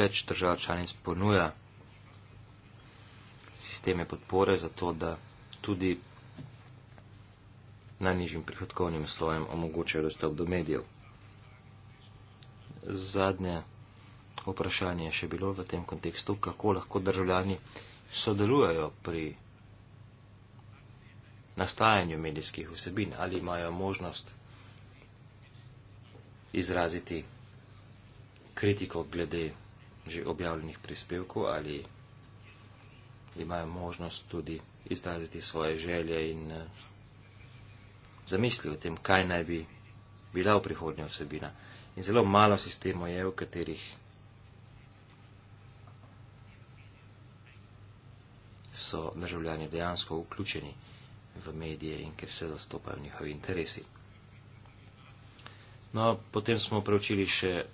več držav članic ponuja sisteme podpore za to, da tudi najnižjim prihodkovnim slojem omogočajo dostop do medijev. Zadnja vprašanje še bilo v tem kontekstu, kako lahko državljani sodelujejo pri nastajanju medijskih vsebin, ali imajo možnost izraziti kritiko glede že objavljenih prispevkov ali imajo možnost tudi izraziti svoje želje in eh, zamisli o tem, kaj naj bi bila v prihodnje vsebina. In zelo malo sistemov je, v katerih so državljani dejansko vključeni v medije in ker se zastopajo njihovi interesi. No, potem smo preučili še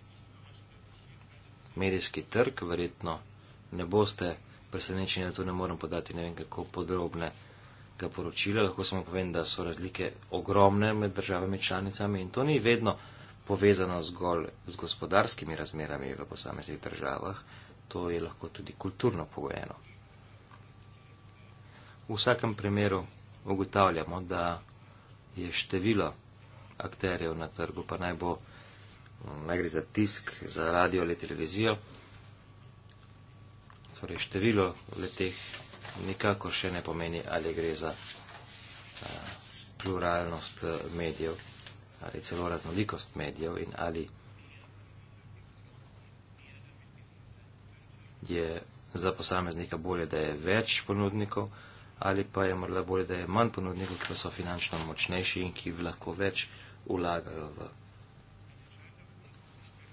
medijski trg, verjetno ne boste presenečeni, da tu ne morem podati ne vem kako podrobne ga poročila, lahko samo povem, da so razlike ogromne med državami članicami in to ni vedno povezano zgolj z gospodarskimi razmerami v posameznih državah, to je lahko tudi kulturno pogojeno. V vsakem primeru ugotavljamo, da je število akterjev na trgu, pa naj bo naj gre za tisk, za radio ali televizijo, torej število leteh nikakor še ne pomeni, ali gre za uh, pluralnost eh, medijev ali celo raznolikost medijev in ali je za posameznika bolje, da je več ponudnikov, ali pa je morda bolje, da je manj ponudnikov, ki pa so finančno močnejši in ki lahko več vlagajo v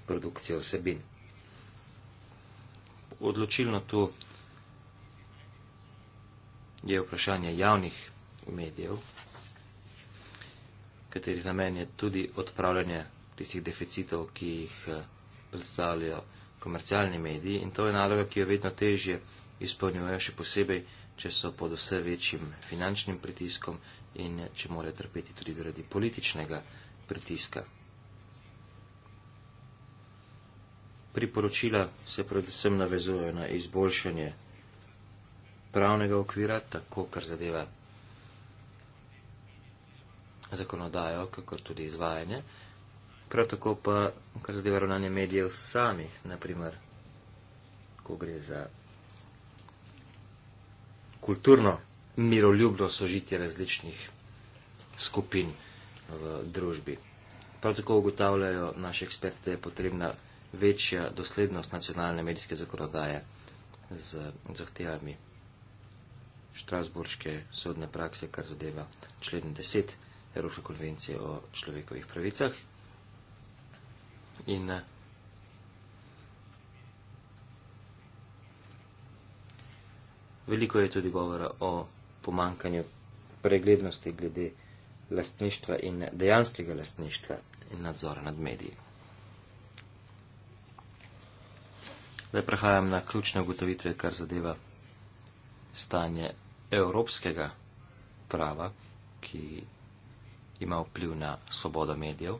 produkcijo vsebin. Odločilno tu je vprašanje javnih medijev, katerih namen je tudi odpravljanje tistih deficitov, ki jih eh, predstavljajo komercialni mediji in to je naloga, ki jo vedno težje izpolnjujejo, še posebej če so pod vse večjim finančnim pritiskom in če morajo trpeti tudi zaradi političnega pritiska. Priporočila se predvsem navezujejo na izboljšanje pravnega okvira, tako kar zadeva zakonodajo, kako tudi izvajanje, prav tako pa kar zadeva ravnanje medijev samih, naprimer, ko gre za kulturno miroljubno sožitje različnih skupin v družbi. Prav tako ugotavljajo naši eksperti, da je potrebna večja doslednost nacionalne medijske zakonodaje z zahtevami Štrasburške sodne prakse, kar zadeva člen 10 Evropske konvencije o človekovih pravicah. In Veliko je tudi govora o pomankanju preglednosti glede lastništva in dejanskega lastništva in nadzora nad mediji. Zdaj prehajam na ključne ugotovitve, kar zadeva stanje evropskega prava, ki ima vpliv na svobodo medijev.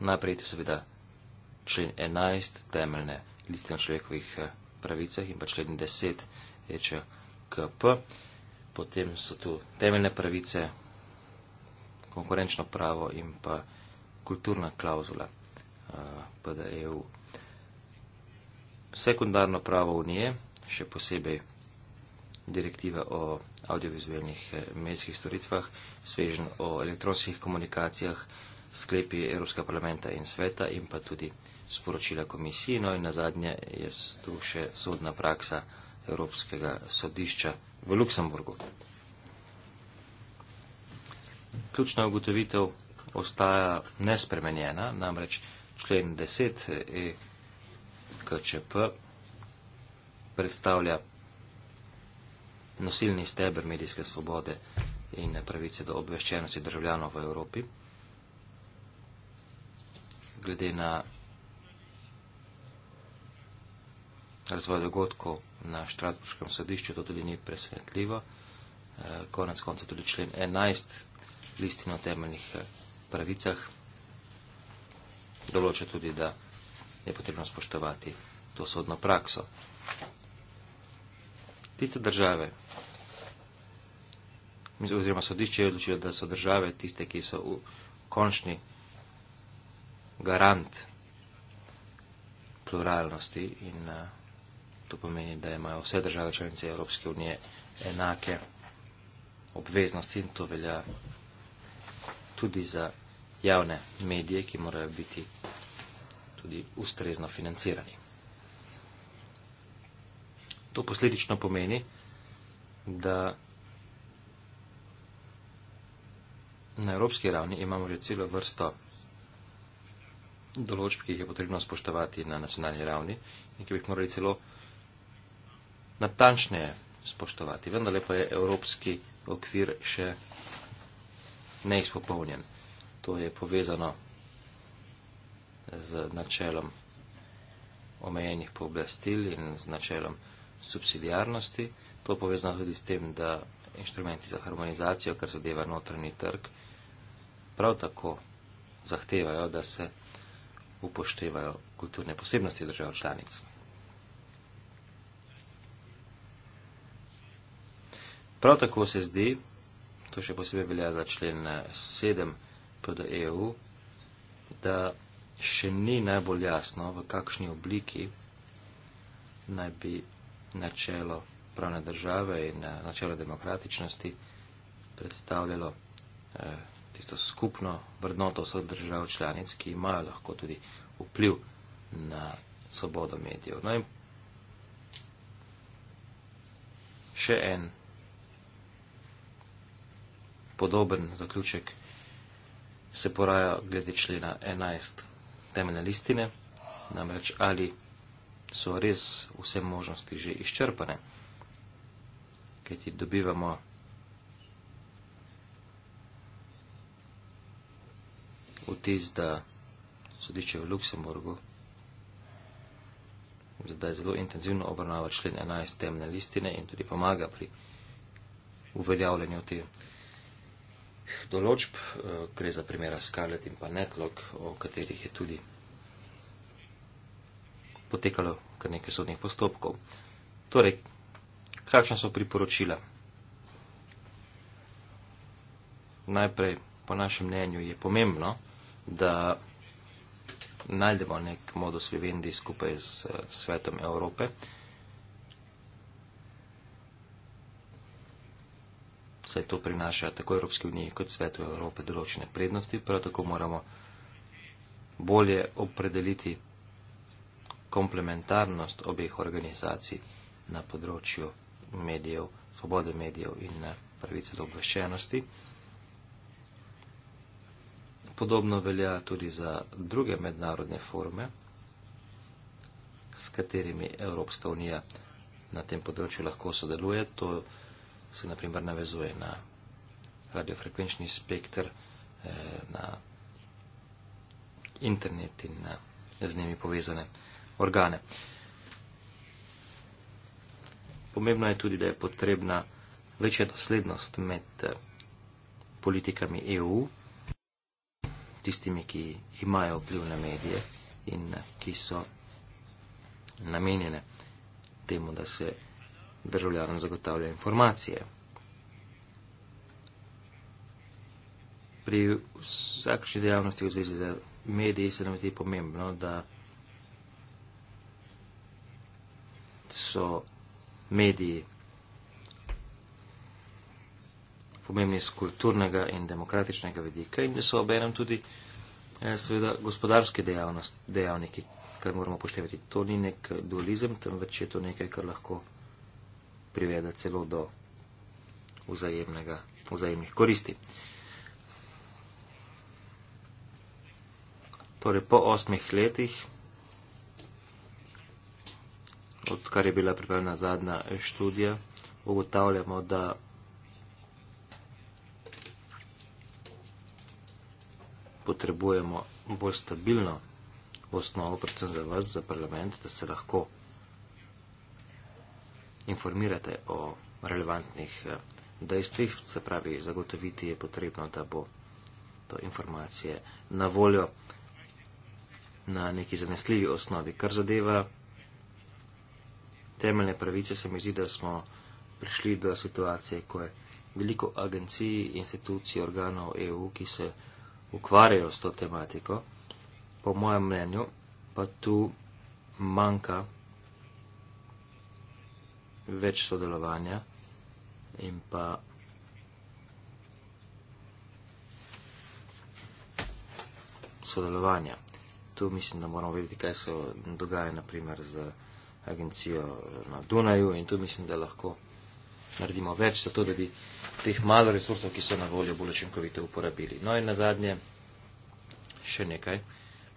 Najprej je seveda člen 11 temeljne listine človekovih eh, pravicah in pa člen 10 EČKP. Potem so tu temeljne pravice, konkurenčno pravo in pa kulturna klauzula eh, PDEU. Sekundarno pravo Unije, še posebej direktive o audiovizualnih eh, medijskih storitvah, svežen o elektronskih komunikacijah, sklepi Evropskega parlamenta in sveta in pa tudi sporočila komisije, no in na zadnje je tu še sodna praksa Evropskega sodišča v Luksemburgu. Ključna ugotovitev ostaja nespremenjena, namreč člen 10 EKČP predstavlja nosilni steber medijske svobode in pravice do obveščenosti državljanov v Evropi. Glede na razvoj dogodkov na Štratburškem sodišču, to tudi ni presvetljivo. Eh, konec konca tudi člen 11 listin o temeljnih eh, pravicah določa tudi, da je potrebno spoštovati to sodno prakso. Tiste države, oziroma sodišče je odločilo, da so države tiste, ki so v končni garant pluralnosti in uh, To pomeni, da imajo vse države članice Evropske unije enake obveznosti in to velja tudi za javne medije, ki morajo biti tudi ustrezno financirani. To posledično pomeni, da na evropski ravni imamo že celo vrsto določb, ki jih je potrebno spoštovati na nacionalni ravni in ki bi jih morali celo natančneje spoštovati. Vendar pa je evropski okvir še neizpopolnjen. To je povezano z načelom omejenih pooblastil in z načelom subsidijarnosti. To je povezano tudi s tem, da inštrumenti za harmonizacijo, kar zadeva notranji trg, prav tako zahtevajo, da se upoštevajo kulturne posebnosti držav članic. Prav tako se zdi, to še posebej velja za člen 7 eh, PDEU, da še ni najbolj jasno, v kakšni obliki naj bi načelo pravne države in eh, načelo demokratičnosti predstavljalo eh, tisto skupno vrednoto vseh držav članic, ki imajo lahko tudi vpliv na svobodo medijev. No in še en podoben zaključek se poraja glede člena 11 temeljne listine, namreč ali so res vse možnosti že izčrpane, kaj ti dobivamo vtis, da sodiče v Luksemburgu zdaj zelo intenzivno obravnava člen 11 temne listine in tudi pomaga pri uveljavljanju te teh določb, eh, gre za primera Scarlet in pa Netlock, o katerih je tudi potekalo kar nekaj sodnih postopkov. Torej, kakšna so priporočila? Najprej, po našem mnenju, je pomembno, da najdemo nek modus vivendi skupaj s eh, svetom Evrope, saj to prinaša tako Evropski uniji kot svetu Evrope določene prednosti, prav tako moramo bolje opredeliti komplementarnost obeh organizacij na področju medijev, svobode medijev in eh, pravice do obveščenosti. Podobno velja tudi za druge mednarodne forume, s katerimi Evropska unija na tem področju lahko sodeluje. To je se na primer navezuje na radiofrekvenčni spektr, eh, na internet in na eh, z njimi povezane organe. Pomembno je tudi, da je potrebna večja doslednost med eh, politikami EU, tistimi, ki imajo vpliv na medije in ki so namenjene temu, da se državljanom zagotavlja informacije. Pri vsakršni dejavnosti v zvezi z mediji se nam zdi pomembno, da so mediji pomembni z kulturnega in demokratičnega vidika in da so obenem tudi eh, seveda gospodarske dejavnosti, dejavniki, kar moramo poštevati. To ni nek dualizem, temveč je to nekaj, kar lahko privede celo do vzajemnih koristi. Torej, po osmih letih, odkar je bila pripravljena zadnja študija, ugotavljamo, da potrebujemo bolj stabilno osnovo, predvsem za vas, za parlament, da se lahko informirate o relevantnih eh, dejstvih, se pravi, zagotoviti je potrebno, da bo to informacije na voljo na neki zanesljivi osnovi. Kar zadeva temeljne pravice, se mi zdi, da smo prišli do situacije, ko je veliko agencij, institucij, organov EU, ki se ukvarjajo s to tematiko, po mojem mnenju pa tu manjka več sodelovanja in pa sodelovanja. Tu mislim, da moramo videti, kaj se dogaja naprimer z agencijo na Dunaju in tu mislim, da lahko naredimo več za to, da bi teh malo resursov, ki so na voljo, bolj učinkovito uporabili. No in na zadnje še nekaj.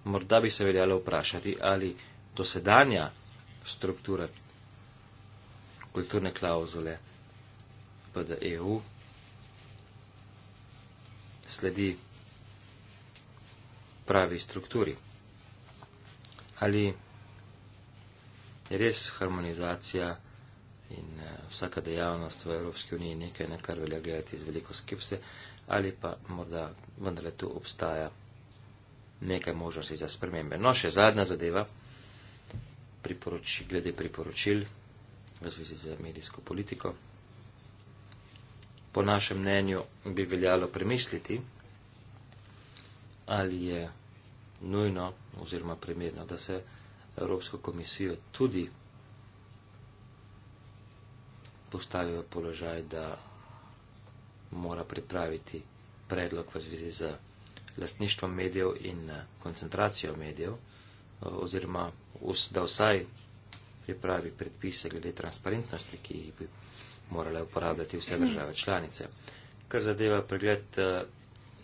Morda bi se veljalo vprašati, ali dosedanja struktura kulturne klauzule PDEU. Sledi pravi strukturi. Ali je res harmonizacija in eh, vsaka dejavnost v Evropski uniji nekaj, na kar velja gledati z veliko skepse, ali pa morda vendarle tu obstaja nekaj možnosti za spremembe. No, še zadnja zadeva priporoči, glede priporočil, v zvezi z medijsko politiko. Po našem mnenju bi veljalo premisliti, ali je nujno oziroma primerno, da se Evropsko komisijo tudi postavi v položaj, da mora pripraviti predlog v zvezi z lastništvom medijev in koncentracijo medijev, oziroma da vsaj pripravi predpise glede transparentnosti, ki bi morale uporabljati vse države članice. Kar zadeva pregled eh,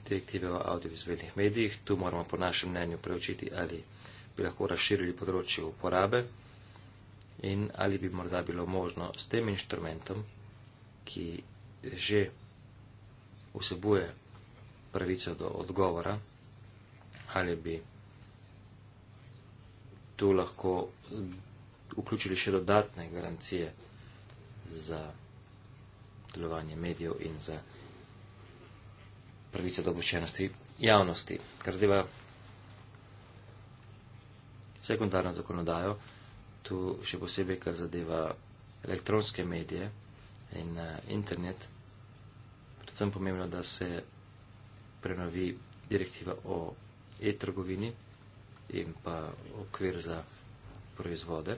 direktive o audiovizualnih medijih, tu moramo po našem mnenju preučiti, ali bi lahko razširili področje uporabe in ali bi morda bilo možno s tem inštrumentom, ki že vsebuje pravico do odgovora, ali bi tu lahko vključili še dodatne garancije za delovanje medijev in za pravice do obveščenosti javnosti. Kar zadeva sekundarno zakonodajo, tu še posebej, kar zadeva elektronske medije in eh, internet, predvsem pomembno, da se prenovi direktiva o e-trgovini in pa okvir za proizvode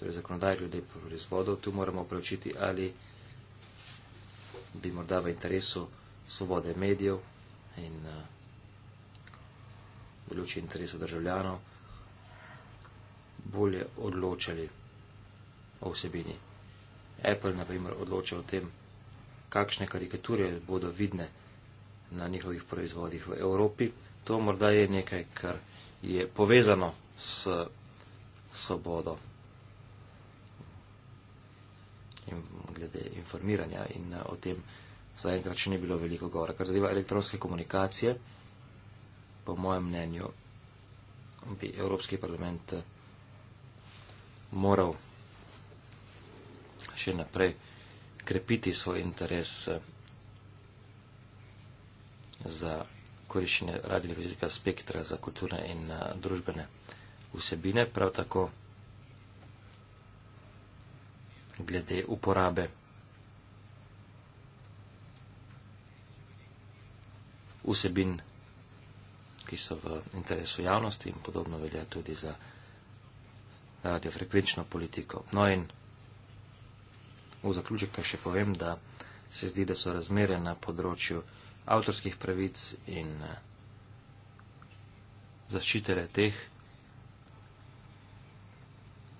torej zakonodaj ljudi proizvodov, tu moramo preučiti, ali bi morda v interesu svobode medijev in eh, v luči interesu državljanov bolje odločali o vsebini. Apple, na primer, odloča o tem, kakšne karikature bodo vidne na njihovih proizvodih v Evropi. To morda je nekaj, kar je povezano s svobodo in glede informiranja in eh, o tem vsaj enkrat še ni bilo veliko govora. Kar zadeva elektronske komunikacije, po mojem mnenju bi Evropski parlament eh, moral še naprej krepiti svoj interes eh, za koriščenje radiovizijskega spektra za kulturne in družbene vsebine, prav tako glede uporabe. Vsebin, ki so v interesu javnosti in podobno velja tudi za radiofrekvenčno politiko. No in v zaključek pa še povem, da se zdi, da so razmere na področju avtorskih pravic in eh, zaščitele teh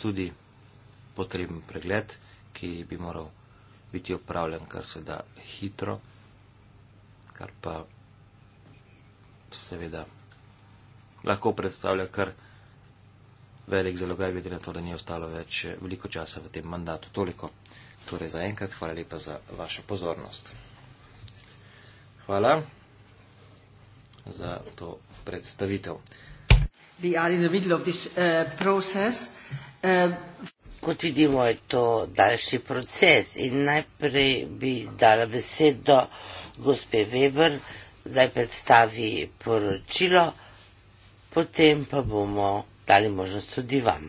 tudi potreben pregled ki bi moral biti opravljen kar se da hitro, kar pa seveda lahko predstavlja kar velik zalogaj, glede na to, da ni ostalo več veliko časa v tem mandatu. Toliko. Torej za enkrat, hvala lepa za vašo pozornost. Hvala za to predstavitev. The, uh, process, uh, Kot vidimo, je to daljši proces in najprej bi dala besedo gospe Weber, da predstavi poročilo, potem pa bomo dali možnost tudi vam.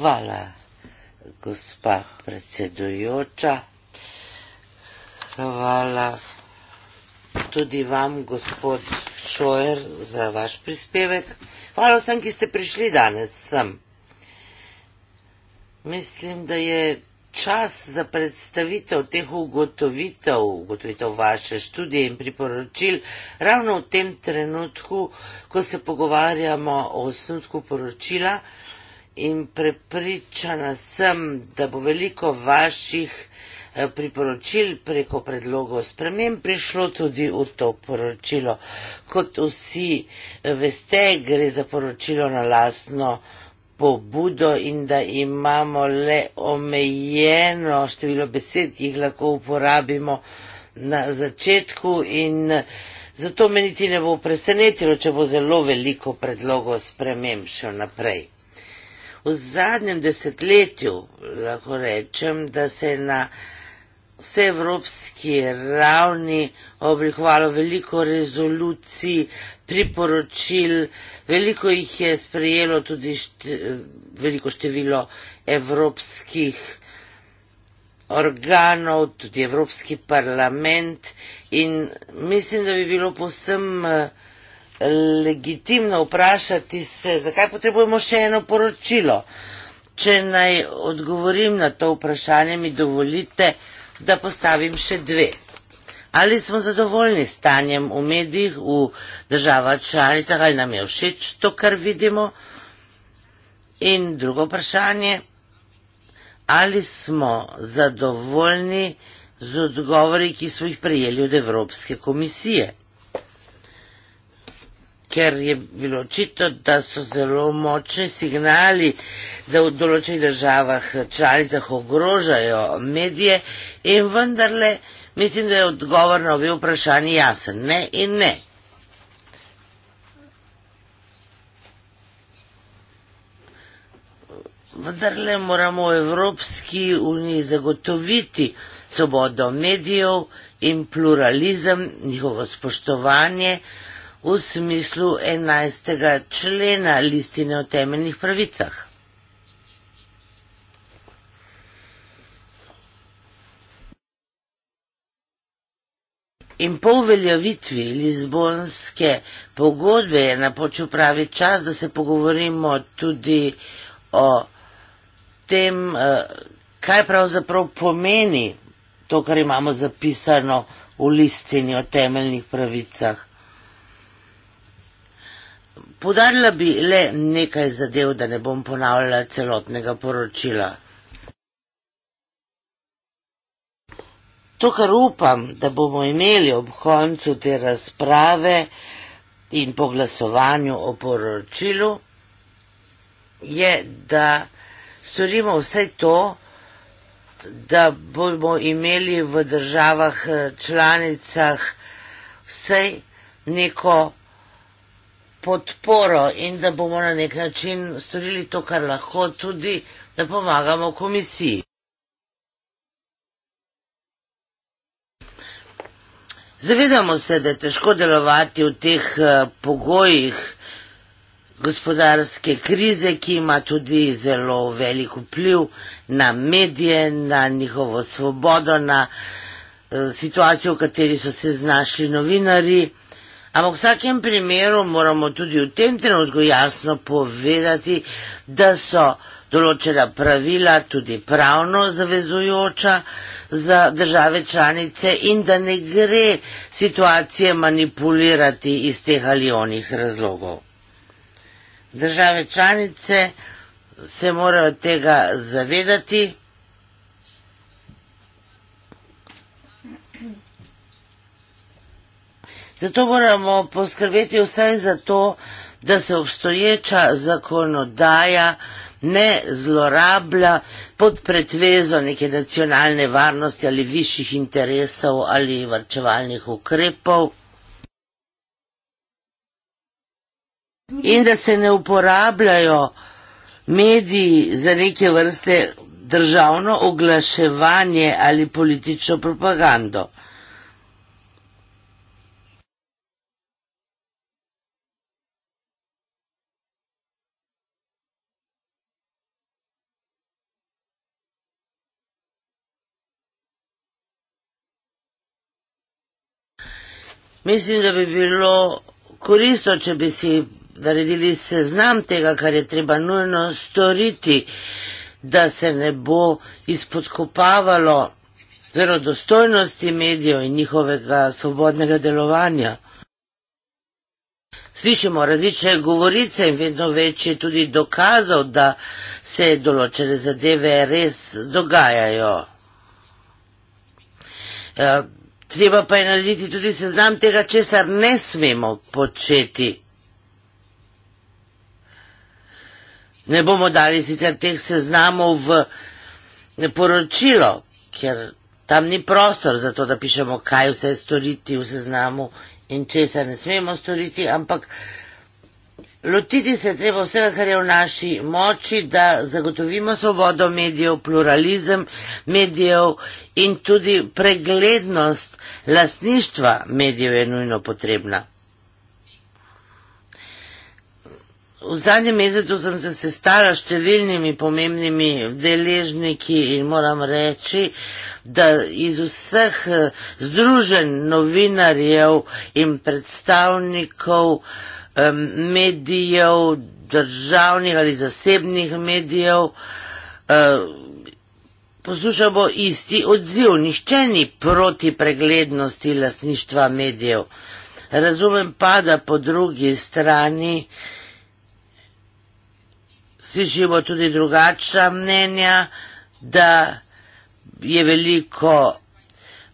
Hvala, gospa predsedujoča. Hvala, tudi vam, gospod Šojer, za vaš prispevek. Hvala vsem, ki ste prišli danes sem. Mislim, da je čas za predstavitev teh ugotovitev, ugotovitev vaše študije in priporočil, ravno v tem trenutku, ko se pogovarjamo o osnutku poročila in prepričana sem, da bo veliko vaših Eh, priporočil preko predlogov spremem prišlo tudi v to poročilo. Kot vsi eh, veste, gre za poročilo na lastno pobudo in da imamo le omejeno število besed, ki jih lahko uporabimo na začetku in eh, zato me niti ne bo presenetilo, če bo zelo veliko predlogov spremem še naprej. V zadnjem desetletju lahko rečem, da se je na vse evropski ravni oblikovalo veliko rezolucij, priporočil, veliko jih je sprejelo tudi šte, veliko število evropskih organov, tudi Evropski parlament in mislim, da bi bilo posem eh, legitimno vprašati se, zakaj potrebujemo še eno poročilo. Če naj odgovorim na to vprašanje, mi dovolite, da postavim še dve. Ali smo zadovoljni s stanjem v medijih, v državah članicah, ali nam je všeč to, kar vidimo? In drugo vprašanje, ali smo zadovoljni z odgovori, ki smo jih prijeli od Evropske komisije? ker je bilo očitno, da so zelo močni signali, da v določenih državah članicah ogrožajo medije in vendarle mislim, da je odgovor na obe vprašanji jasen. Ne in ne. Vendar le moramo v Evropski uniji zagotoviti svobodo medijev in pluralizem, njihovo spoštovanje, v smislu 11. člena listine o temeljnih pravicah. In po uveljavitvi Lizbonske pogodbe je napočil pravi čas, da se pogovorimo tudi o tem, eh, kaj pravzaprav pomeni to, kar imamo zapisano v listini o temeljnih pravicah. Podarila bi le nekaj zadev, da ne bom ponavljala celotnega poročila. To, kar upam, da bomo imeli ob koncu te razprave in po glasovanju o poročilu, je, da storimo vse to, da bomo imeli v državah eh, članicah vsej neko podporo in da bomo na nek način storili to, kar lahko, tudi da pomagamo komisiji. Zavedamo se, da je težko delovati v teh eh, pogojih gospodarske krize, ki ima tudi zelo velik vpliv na medije, na njihovo svobodo, na eh, situacijo, v kateri so se znašli novinari. Ampak v vsakem primeru moramo tudi v tem trenutku jasno povedati, da so določena pravila tudi pravno zavezujoča za države članice in da ne gre situacije manipulirati iz teh ali onih razlogov. Države članice se morajo tega zavedati. Zato moramo poskrbeti vsaj za to, da se obstoječa zakonodaja ne zlorablja pod pretvezo neke nacionalne varnosti ali višjih interesov ali varčevalnih ukrepov. In da se ne uporabljajo mediji za neke vrste državno oglaševanje ali politično propagando. Mislim, da bi bilo koristno, če bi si naredili seznam tega, kar je treba nujno storiti, da se ne bo izpodkopavalo verodostojnosti medijev in njihovega svobodnega delovanja. Slišimo različne govorice in vedno več je tudi dokazov, da se določene zadeve res dogajajo. Ja, Treba pa je narediti tudi seznam tega, česar ne smemo početi. Ne bomo dali sicer teh seznamov v poročilo, ker tam ni prostor za to, da pišemo, kaj vse storiti v seznamu in česa ne smemo storiti, ampak Lotiti se treba vsega, kar je v naši moči, da zagotovimo svobodo medijev, pluralizem medijev in tudi preglednost lastništva medijev je nujno potrebna. V zadnjem mesecu sem se sestala s številnimi pomembnimi deležniki in moram reči, da iz vseh eh, združenj novinarjev in predstavnikov uh, medijev, državnih ali zasebnih medijev, poslušamo isti odziv. Nihče ni proti preglednosti lastništva medijev. Razumem pa, da po drugi strani slišimo tudi drugačna mnenja, da je veliko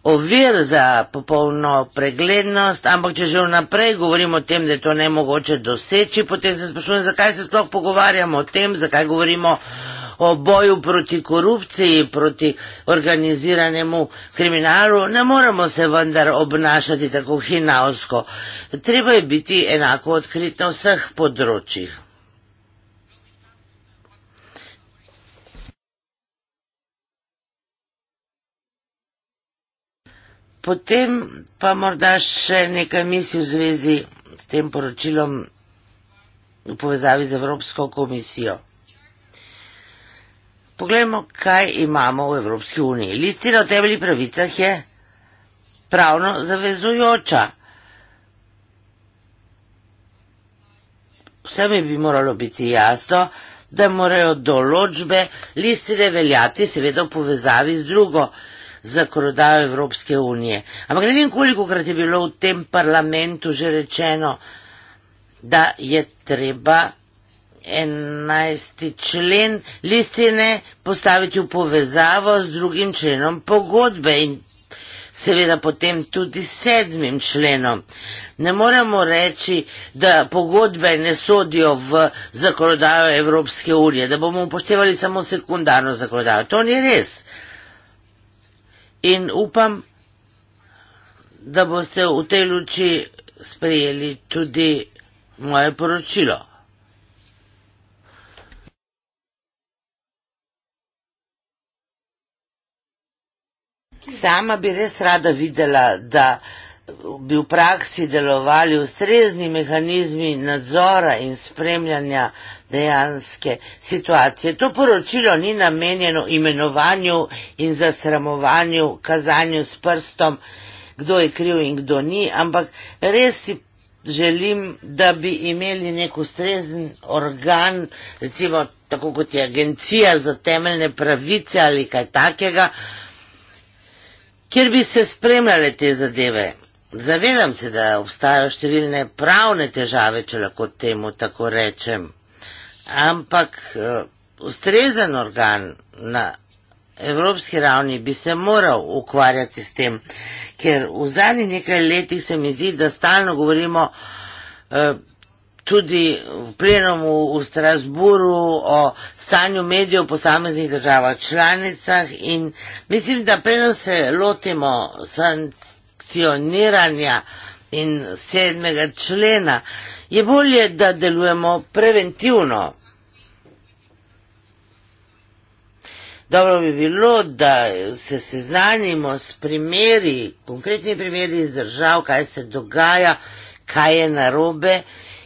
ovir za popolno preglednost, ampak če že vnaprej govorimo o tem, da je to ne mogoče doseči, potem se sprašujem, zakaj se sploh pogovarjamo o tem, zakaj govorimo o boju proti korupciji, proti organiziranemu kriminalu, ne moramo se vendar obnašati tako hinavsko. Treba je biti enako odkrit na vseh področjih. Potem pa morda še nekaj misli v zvezi s tem poročilom v povezavi z Evropsko komisijo. Poglejmo, kaj imamo v Evropski uniji. Listina o temeljih pravicah je pravno zavezujoča. Vse mi bi moralo biti jasno, da morajo določbe listine veljati seveda v povezavi z drugo zakonodajo Evropske unije. Ampak ne vem, koliko krat je bilo v tem parlamentu že rečeno, da je treba 11. člen listine postaviti v povezavo z drugim členom pogodbe in seveda potem tudi sedmim členom. Ne moremo reči, da pogodbe ne sodijo v zakonodajo Evropske unije, da bomo upoštevali samo sekundarno zakonodajo. To ni res in upam, da boste v tej luči sprejeli tudi moje poročilo. Sama bi res rada videla, da bi v praksi delovali ustrezni mehanizmi nadzora in spremljanja dejanske situacije. To poročilo ni namenjeno imenovanju in zasramovanju, kazanju s prstom, kdo je kriv in kdo ni, ampak res si želim, da bi imeli nek ustrezen organ, recimo tako kot je agencija za temeljne pravice ali kaj takega, kjer bi se spremljale te zadeve. Zavedam se, da obstajajo številne pravne težave, če lahko temu tako rečem. Ampak eh, ustrezen organ na evropski ravni bi se moral ukvarjati s tem, ker v zadnjih nekaj letih se mi zdi, da stalno govorimo eh, tudi v plenumu v Strasburu o stanju medijev v posameznih državah članicah in mislim, da preden se lotimo sanci, sankcioniranja in sedmega člena, je bolje, da delujemo preventivno. Dobro bi bilo, da se seznanimo s primeri, konkretni primeri iz držav, kaj se dogaja, kaj je narobe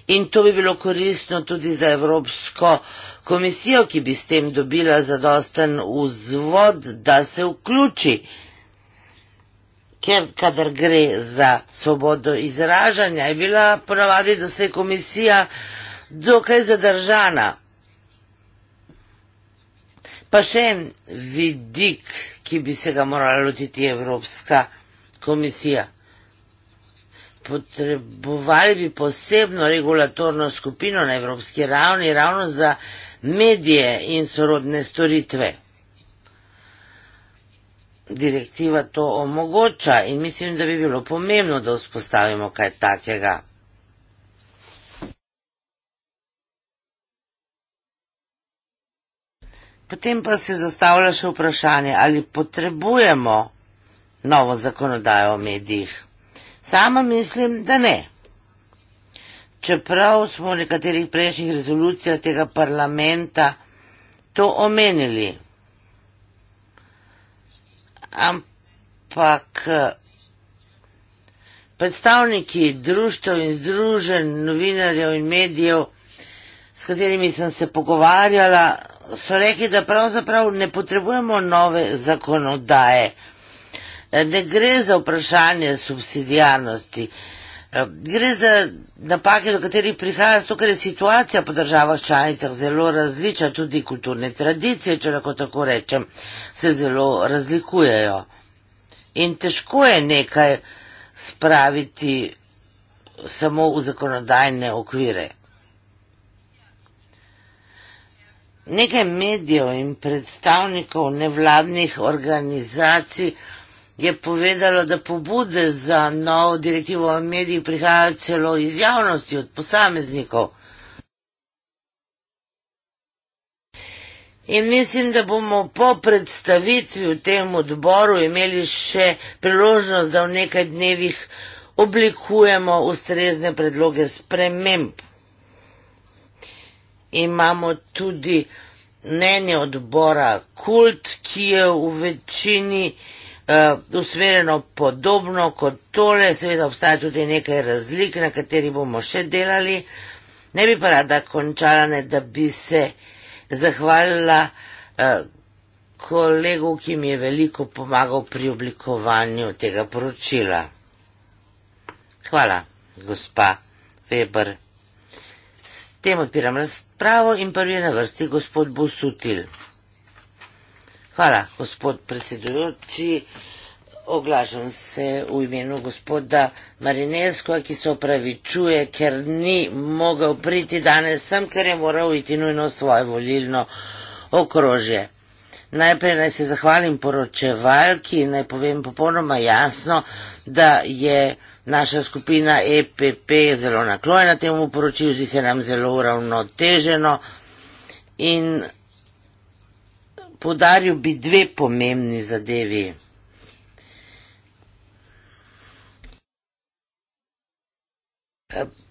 in to bi bilo koristno tudi za Evropsko komisijo, ki bi s tem dobila zadosten vzvod, da se vključi ker kadar gre za svobodo izražanja, je bila ponavadi doslej komisija dokaj zadržana. Pa še en vidik, ki bi se ga morala lotiti Evropska komisija. Potrebovali bi posebno regulatorno skupino na evropski ravni, ravno za medije in sorodne storitve direktiva to omogoča in mislim, da bi bilo pomembno, da vzpostavimo kaj takega. Potem pa se zastavlja še vprašanje, ali potrebujemo novo zakonodajo o medijih. Sama mislim, da ne. Čeprav smo v nekaterih prejšnjih rezolucijah tega parlamenta to omenili, ampak eh, predstavniki društv in združen novinarjev in medijev, s katerimi sem se pogovarjala, so rekli, da pravzaprav ne potrebujemo nove zakonodaje. Ne gre za vprašanje subsidijarnosti. Gre za napake, do katerih prihaja, zato ker je situacija po državah članicah zelo različna, tudi kulturne tradicije, če lahko tako rečem, se zelo razlikujejo. In težko je nekaj spraviti samo v zakonodajne okvire. Nekaj medijev in predstavnikov nevladnih organizacij je povedalo, da pobude za novo direktivo o medijih prihajajo celo iz javnosti, od posameznikov. In mislim, da bomo po predstavitvi v tem odboru imeli še priložnost, da v nekaj dnevih oblikujemo ustrezne predloge sprememb. Imamo tudi mnenje odbora Kult, ki je v večini uh, usmerjeno podobno kot tole, seveda obstaja tudi nekaj razlik, na kateri bomo še delali. Ne bi pa rada končala, ne, da bi se zahvalila uh, kolegu, ki mi je veliko pomagal pri oblikovanju tega poročila. Hvala, gospa Weber. S tem odpiram razpravo in prvi je na vrsti gospod Busutil. Hvala, gospod predsedujoči. Oglašam se v imenu gospoda Marinesko, ki se opravičuje, ker ni mogel priti danes sem, ker je moral iti nujno svoje volilno okrožje. Najprej naj se zahvalim poročevalki in naj povem popolnoma jasno, da je naša skupina EPP zelo naklonjena temu poročilu, zdi se nam zelo uravnoteženo in podaril bi dve pomembni zadevi.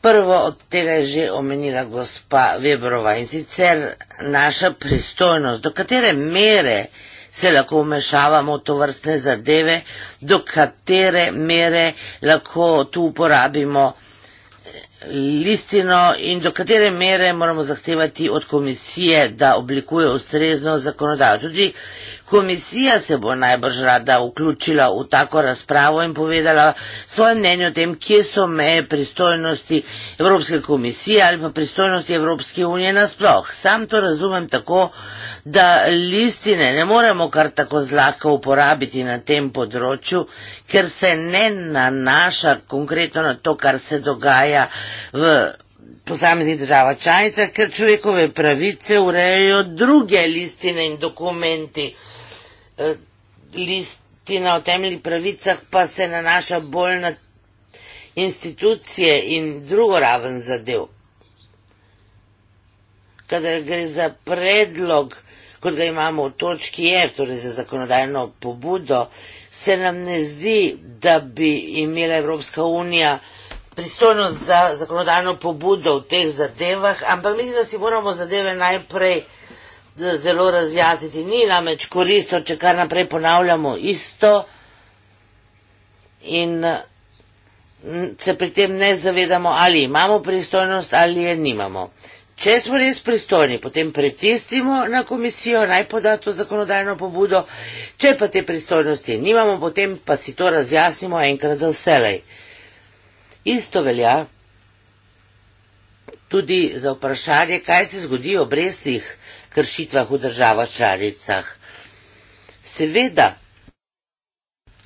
Prvo od tega je že omenila gospa Vebrova in sicer naša pristojnost, do katere mere se lahko vmešavamo v to vrstne zadeve, do katere mere lahko tu uporabimo listino in do katere mere moramo zahtevati od komisije, da oblikuje ustrezno zakonodajo. Tudi Komisija se bo najbrž rada vključila v tako razpravo in povedala svoje mnenje o tem, kje so meje pristojnosti Evropske komisije ali pa pristojnosti Evropske unije nasploh. Sam to razumem tako, da listine ne moremo kar tako zlahka uporabiti na tem področju, ker se ne nanaša konkretno na to, kar se dogaja v posameznih država članica, ker človekove pravice urejajo druge listine in dokumenti. Eh, listina o temeljih pravicah pa se nanaša bolj na institucije in drugo raven zadev. Kadar gre za predlog, kot ga imamo v točki F, e, torej za zakonodajno pobudo, se nam ne zdi, da bi imela Evropska unija pristojnost za zakonodajno pobudo v teh zadevah, ampak mislim, da si moramo zadeve najprej zelo razjasniti. Ni namreč koristno, če kar naprej ponavljamo isto in mm, se pri tem ne zavedamo, ali imamo pristojnost ali je nimamo. Če smo res pristojni, potem pritistimo na komisijo, naj poda to zakonodajno pobudo, če pa te pristojnosti nimamo, potem pa si to razjasnimo enkrat za vselej. Isto velja tudi za vprašanje, kaj se zgodi ob resnih kršitvah v državah članicah. Seveda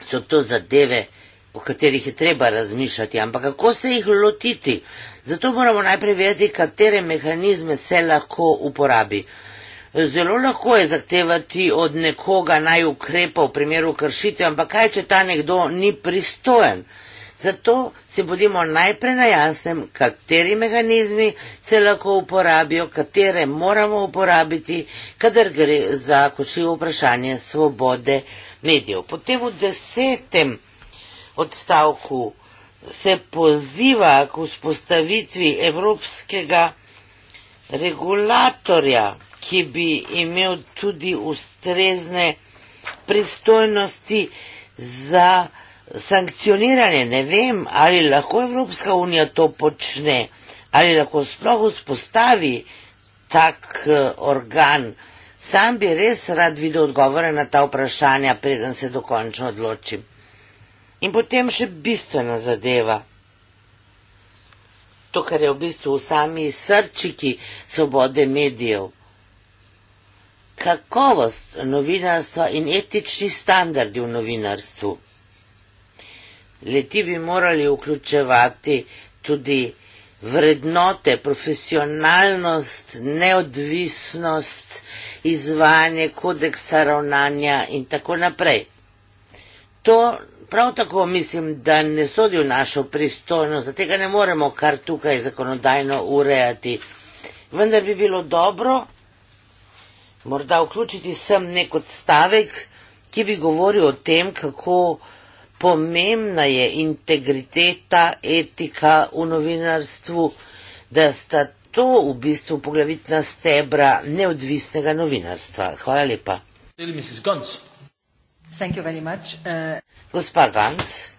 so to zadeve, o katerih je treba razmišljati, ampak kako se jih lotiti? Zato moramo najprej vedeti, katere mehanizme se lahko uporabi. Zelo lahko je zahtevati od nekoga naj ukrepa v primeru kršitve, ampak kaj, če ta nekdo ni pristojen? Zato si bodimo najprej na jasnem, kateri mehanizmi se lahko uporabijo, katere moramo uporabiti, kadar gre za kočljivo vprašanje svobode medijev. Potem v desetem odstavku se poziva k vzpostavitvi evropskega regulatorja, ki bi imel tudi ustrezne pristojnosti za sankcioniranje, ne vem, ali lahko Evropska unija to počne, ali lahko sploh vzpostavi tak eh, organ. Sam bi res rad videl odgovore na ta vprašanja, preden se dokončno odločim. In potem še bistvena zadeva. To, kar je v bistvu v sami srčiki svobode medijev. Kakovost novinarstva in etični standardi v novinarstvu le ti bi morali vključevati tudi vrednote, profesionalnost, neodvisnost, izvajanje kodeksa ravnanja in tako naprej. To prav tako mislim, da ne sodi v našo pristojnost, da tega ne moremo kar tukaj zakonodajno urejati. Vendar bi bilo dobro morda vključiti sem nek odstavek, ki bi govoril o tem, kako pomembna je integriteta, etika v novinarstvu, da sta to v bistvu poglavitna stebra neodvisnega novinarstva. Hvala lepa. Uh... Gospa Gantz.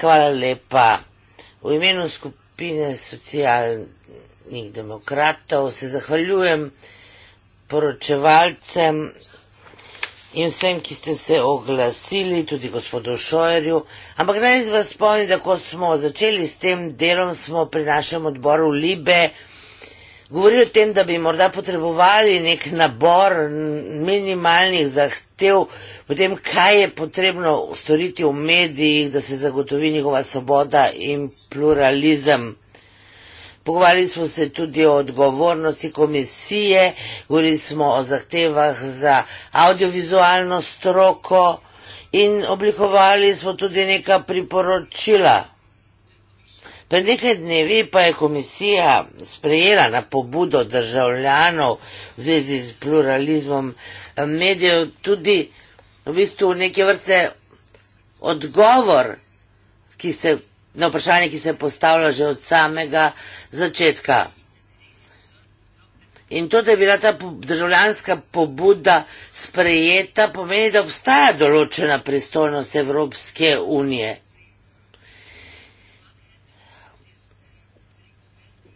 Hvala lepa. V imenu skupine socialnih demokratov se zahvaljujem poročevalcem in vsem, ki ste se oglasili, tudi gospodu Šojerju. Ampak naj vas spomnim, da ko smo začeli s tem delom, smo pri našem odboru Libe govorili o tem, da bi morda potrebovali nek nabor minimalnih zahtev, potem kaj je potrebno storiti v medijih, da se zagotovi njihova svoboda in pluralizem. Pogovarjali smo se tudi o odgovornosti komisije, govorili smo o zahtevah za audiovizualno stroko in oblikovali smo tudi neka priporočila. Pred nekaj dnevi pa je komisija sprejela na pobudo državljanov v zvezi z pluralizmom eh, medijev tudi v bistvu neke vrste odgovor, ki se, na vprašanje, ki se postavlja že od samega začetka. In to, da je bila ta državljanska pobuda sprejeta, pomeni, da obstaja določena pristojnost Evropske unije.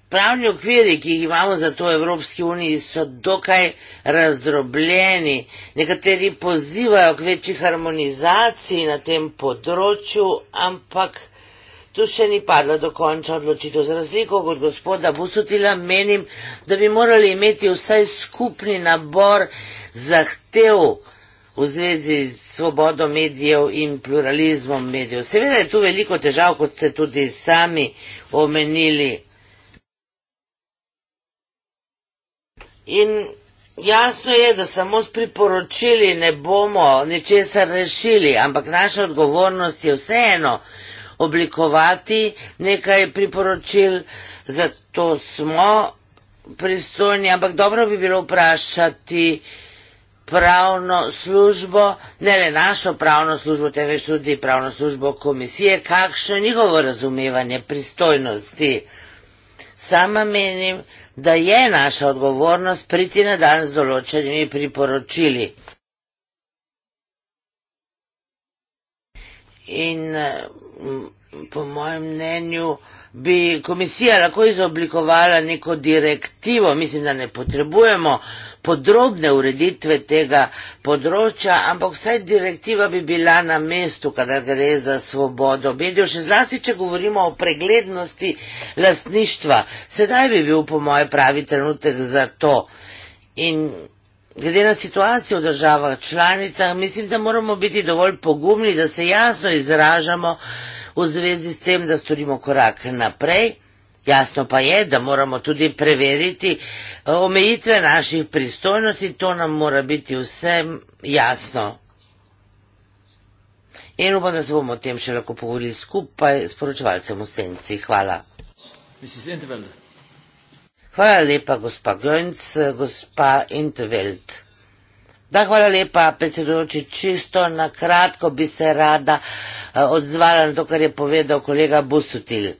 Pravni okviri, ki jih imamo za to v Evropski uniji, so dokaj razdrobljeni. Nekateri pozivajo k večji harmonizaciji na tem področju, ampak tu še ni padla do konca odločitev. Za razliko od gospoda Busutila menim, da bi morali imeti vsaj skupni nabor zahtev v zvezi s svobodo medijev in pluralizmom medijev. Seveda je tu veliko težav, kot ste tudi sami omenili. In jasno je, da samo s priporočili ne bomo ničesar rešili, ampak naša odgovornost je vseeno oblikovati nekaj priporočil, zato smo pristojni, ampak dobro bi bilo vprašati pravno službo, ne le našo pravno službo, temveč tudi pravno službo komisije, kakšno je njihovo razumevanje pristojnosti. Sama menim, da je naša odgovornost priti na dan z določenimi priporočili. In eh, po mojem mnenju, bi komisija lahko izoblikovala neko direktivo. Mislim, da ne potrebujemo podrobne ureditve tega področja, ampak vsaj direktiva bi bila na mestu, kadar gre za svobodo medijev, še zlasti, če govorimo o preglednosti lastništva. Sedaj bi bil po moje pravi trenutek za to. In Glede na situacijo v državah članicah, mislim, da moramo biti dovolj pogumni, da se jasno izražamo v zvezi s tem, da storimo korak naprej. Jasno pa je, da moramo tudi preveriti eh, omejitve naših pristojnosti, to nam mora biti vsem jasno. In upam, da se bomo o tem še lahko pogovorili skupaj s poročevalcem v senci. Hvala. This is Hvala lepa, gospa Gönc, gospa Intveld. Da, hvala lepa, predsedujoči. Čisto na kratko bi se rada eh, odzvala na to, kar je povedal kolega Busutil.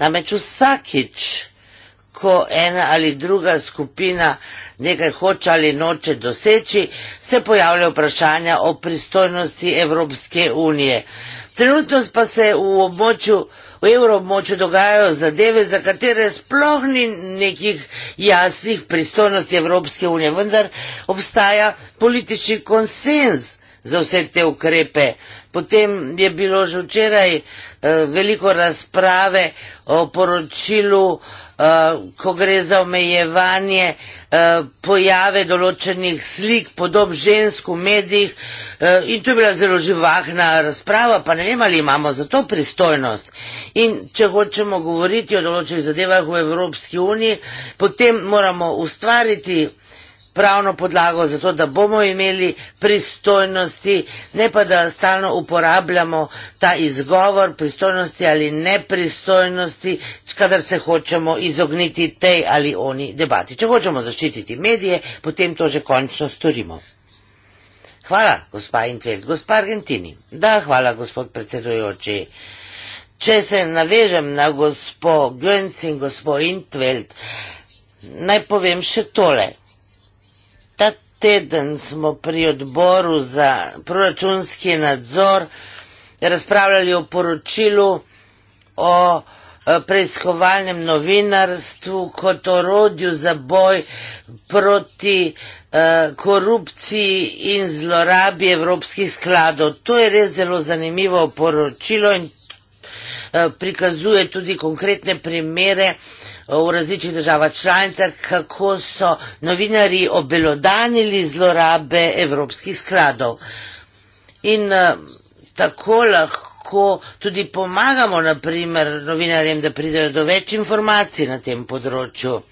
Namreč vsakič, ko ena ali druga skupina nekaj hoče ali noče doseči, se pojavljajo vprašanja o pristojnosti Evropske unije. Trenutno pa se v območju v evroobmočju dogajajo zadeve, za katere sploh ni nekih jasnih pristojnosti Evropske unije, vendar obstaja politični konsens za vse te ukrepe. Potem je bilo že včeraj eh, veliko razprave o poročilu eh, Eh, ko gre za omejevanje eh, pojave določenih slik, podob žensk v medijih eh, in to je bila zelo živahna razprava, pa ne vem, ali imamo za to pristojnost. In če hočemo govoriti o določenih zadevah v Evropski uniji, potem moramo ustvariti pravno podlago za to, da bomo imeli pristojnosti, ne pa da stalno uporabljamo ta izgovor pristojnosti ali nepristojnosti, kadar se hočemo izogniti tej ali oni debati. Če hočemo zaščititi medije, potem to že končno storimo. Hvala, gospa Intveld, gospa Argentini. Da, hvala, gospod predsedujoči. Če se navežem na gospo Gönc in gospo Intveld, naj povem še tole teden smo pri odboru za proračunski nadzor razpravljali o poročilu o eh, preiskovalnem novinarstvu kot orodju za boj proti eh, korupciji in zlorabi evropskih skladov. To je res zelo zanimivo poročilo in eh, prikazuje tudi konkretne primere, v različnih državah članicah, kako so novinari obelodanili zlorabe evropskih skladov. In eh, tako lahko tudi pomagamo, naprimer, novinarjem, da pridejo do več informacij na tem področju.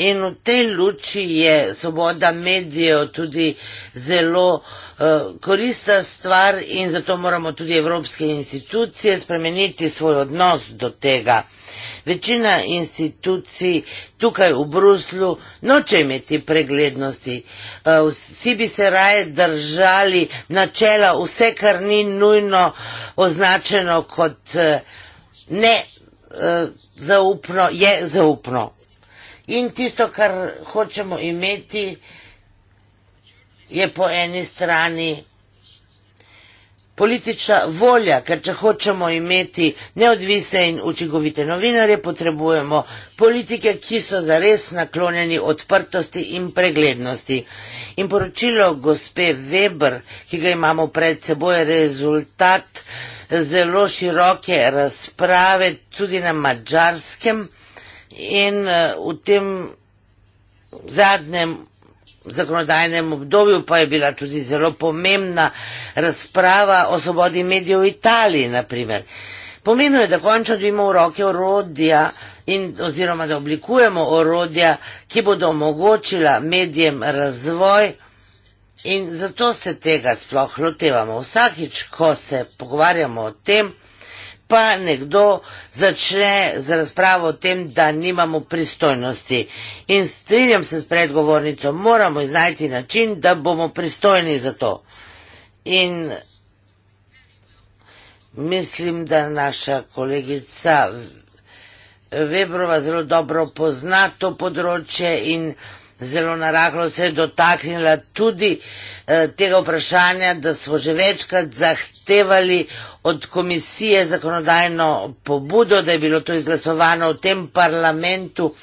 In v tej luči je svoboda medijev tudi zelo uh, eh, korista stvar in zato moramo tudi evropske institucije spremeniti svoj odnos do tega. Večina institucij tukaj v Bruslu noče imeti preglednosti. Eh, vsi bi se raje držali načela vse, kar ni nujno označeno kot eh, ne eh, zaupno, je zaupno. In tisto, kar hočemo imeti, je po eni strani politična volja, ker če hočemo imeti neodvisne in učinkovite novinarje, potrebujemo politike, ki so zares naklonjeni odprtosti in preglednosti. In poročilo gospe Weber, ki ga imamo pred seboj, je rezultat zelo široke razprave tudi na mačarskem in eh, v tem zadnjem zakonodajnem obdobju pa je bila tudi zelo pomembna razprava o svobodi medijev v Italiji, naprimer. Pomembno je, da končno dobimo v roke orodja in oziroma da oblikujemo orodja, ki bodo omogočila medijem razvoj in zato se tega sploh lotevamo. Vsakič, ko se pogovarjamo o tem, pa nekdo začne z razpravo o tem, da nimamo pristojnosti. In strinjam se s predgovornico, moramo iznajti način, da bomo pristojni za to. In mislim, da naša kolegica Vebrova zelo dobro pozna to področje in zelo narahlo se je dotaknila tudi eh, tega vprašanja, da smo že večkrat zahtevali od komisije zakonodajno pobudo, da je bilo to izglasovano v tem parlamentu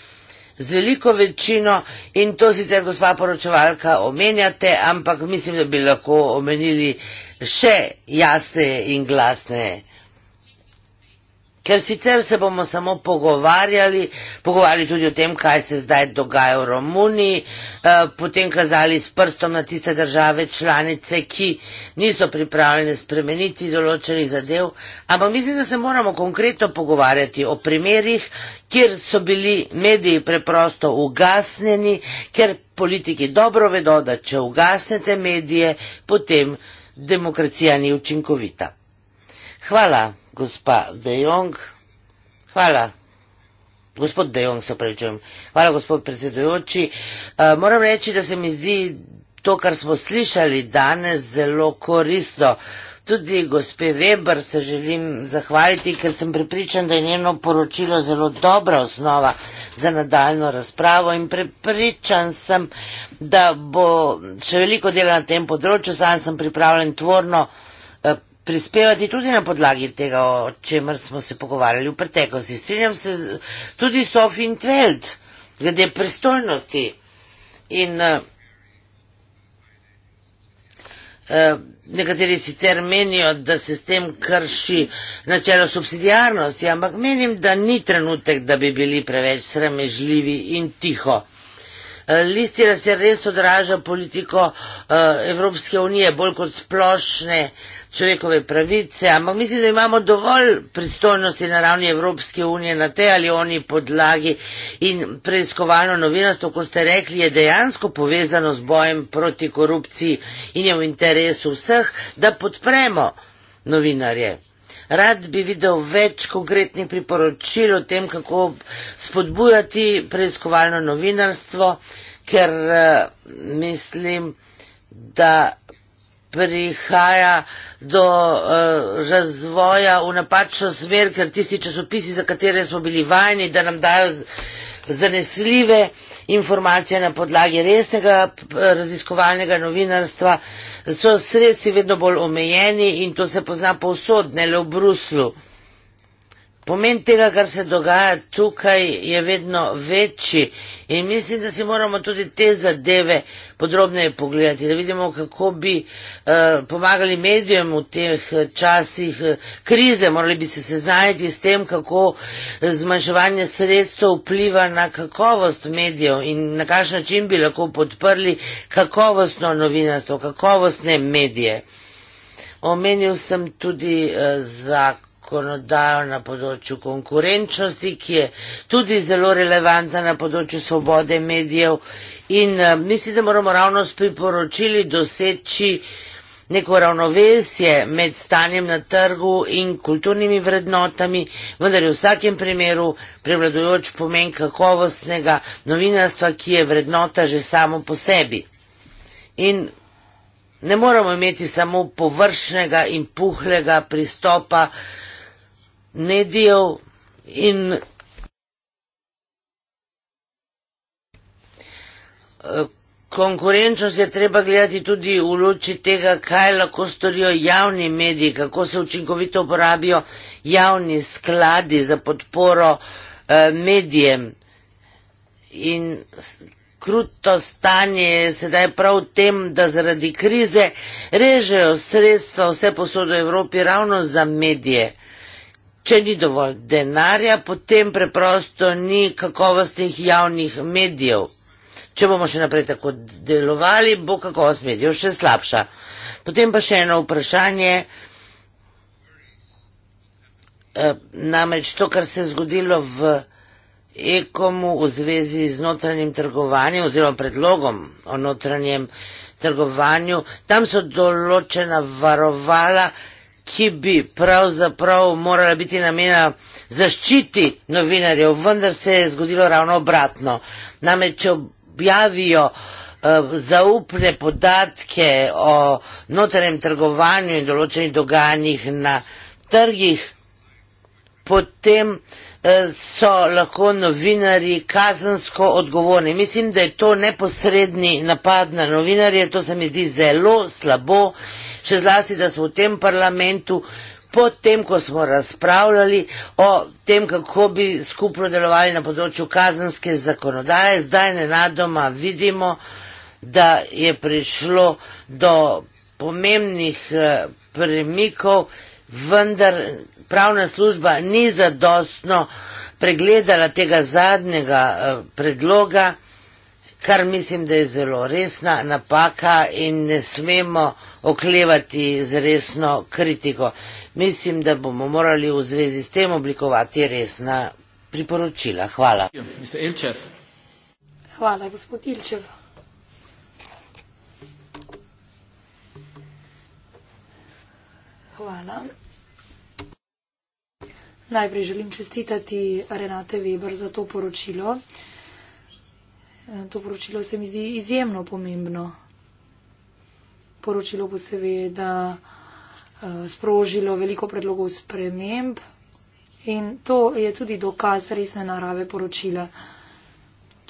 z veliko večino in to sicer gospa poročevalka omenjate, ampak mislim, da bi lahko omenili še jasneje in glasneje ker sicer se bomo samo pogovarjali, pogovarjali tudi o tem, kaj se zdaj dogaja v Romuniji, eh, potem kazali s prstom na tiste države članice, ki niso pripravljene spremeniti določenih zadev, ampak mislim, da se moramo konkretno pogovarjati o primerih, kjer so bili mediji preprosto ugasnjeni, ker politiki dobro vedo, da če ugasnete medije, potem demokracija ni učinkovita. Hvala gospa De Jong. Hvala. Gospod De Jong, se prečujem. Hvala, gospod predsedujoči. Eh, moram reči, da se mi zdi to, kar smo slišali danes, zelo koristo. Tudi gospe Weber se želim zahvaliti, ker sem pripričan, da je njeno poročilo zelo dobra osnova za nadaljno razpravo in pripričan sem, da bo še veliko dela na tem področju. Sam sem pripravljen tvorno uh, prispevati tudi na podlagi tega, o čemer smo se pogovarjali v preteklosti. Strinjam se tudi s Sofijem Tveld, glede pristojnosti. In uh, nekateri sicer menijo, da se s tem krši načelo subsidijarnosti, ampak menim, da ni trenutek, da bi bili preveč sramežljivi in tiho. Eh, Listira se res odraža politiko uh, Evropske unije bolj kot splošne uh, človekove pravice, ampak mislim, da imamo dovolj pristojnosti na ravni Evropske unije na te ali oni podlagi in preiskovalno novinarstvo, kot ste rekli, je dejansko povezano z bojem proti korupciji in je v interesu vseh, da podpremo novinarje. Rad bi videl več konkretnih priporočil o tem, kako spodbujati preiskovalno novinarstvo, ker uh, mislim, da prihaja do uh, razvoja v napačno smer, ker tisti časopisi, za katere smo bili vajeni, da nam dajo zanesljive informacije na podlagi resnega eh, raziskovalnega novinarstva, so sredstvi vedno bolj omejeni in to se pozna povsod, ne le v Bruslu. Pomen tega, kar se dogaja tukaj, je vedno večji in mislim, da si moramo tudi te zadeve podrobneje pogledati, da vidimo, kako bi uh, pomagali medijem v teh eh, časih eh, krize. Morali bi se seznajiti s tem, kako zmanjševanje sredstev vpliva na kakovost medijev in na kakšen način bi lahko podprli kakovostno novinarstvo, kakovostne medije. Omenil sem tudi uh, zakon zakonodajo na področju konkurenčnosti, ki je tudi zelo relevantna na področju svobode medijev. In eh, mislim, da moramo ravno s priporočili doseči neko ravnovesje med stanjem na trgu in kulturnimi vrednotami, vendar je v vsakem primeru prevladujoč pomen kakovostnega novinarstva, ki je vrednota že samo po sebi. In ne moremo imeti samo površnega in puhlega pristopa nedijev in eh, konkurenčnost je treba gledati tudi v luči tega, kaj lahko storijo javni mediji, kako se učinkovito uporabijo javni skladi za podporo eh, medijem. In kruto stanje je sedaj prav v tem, da zaradi krize režejo sredstva vse posodo Evropi ravno za medije. Če ni dovolj denarja, potem preprosto ni kakovostnih javnih medijev. Če bomo še naprej tako delovali, bo kakovost medijev še slabša. Potem pa še eno vprašanje. E, namreč to, kar se je zgodilo v Ekomu v zvezi z notranjim trgovanjem oziroma predlogom o notranjem trgovanju, tam so določena varovala, ki bi pravzaprav morala biti namena zaščiti novinarjev, vendar se je zgodilo ravno obratno. Namreč objavijo eh, zaupne podatke o notranjem trgovanju in določenih dogajanjih na trgih, potem eh, so lahko novinari kazansko odgovorni. Mislim, da je to neposredni napad na novinarje, to se mi zdi zelo slabo še zlasti, da smo v tem parlamentu, potem, ko smo razpravljali o tem, kako bi skupno delovali na področju kazenske zakonodaje, zdaj nenadoma vidimo, da je prišlo do pomembnih eh, premikov, vendar pravna služba ni zadostno pregledala tega zadnjega eh, predloga kar mislim, da je zelo resna napaka in ne smemo oklevati z resno kritiko. Mislim, da bomo morali v zvezi s tem oblikovati resna priporočila. Hvala. Hvala, gospod Ilčev. Hvala. Najprej želim čestitati Renate Weber za to poročilo. To poročilo se mi zdi izjemno pomembno. Poročilo bo seveda eh, sprožilo veliko predlogov sprememb in to je tudi dokaz resne narave poročila.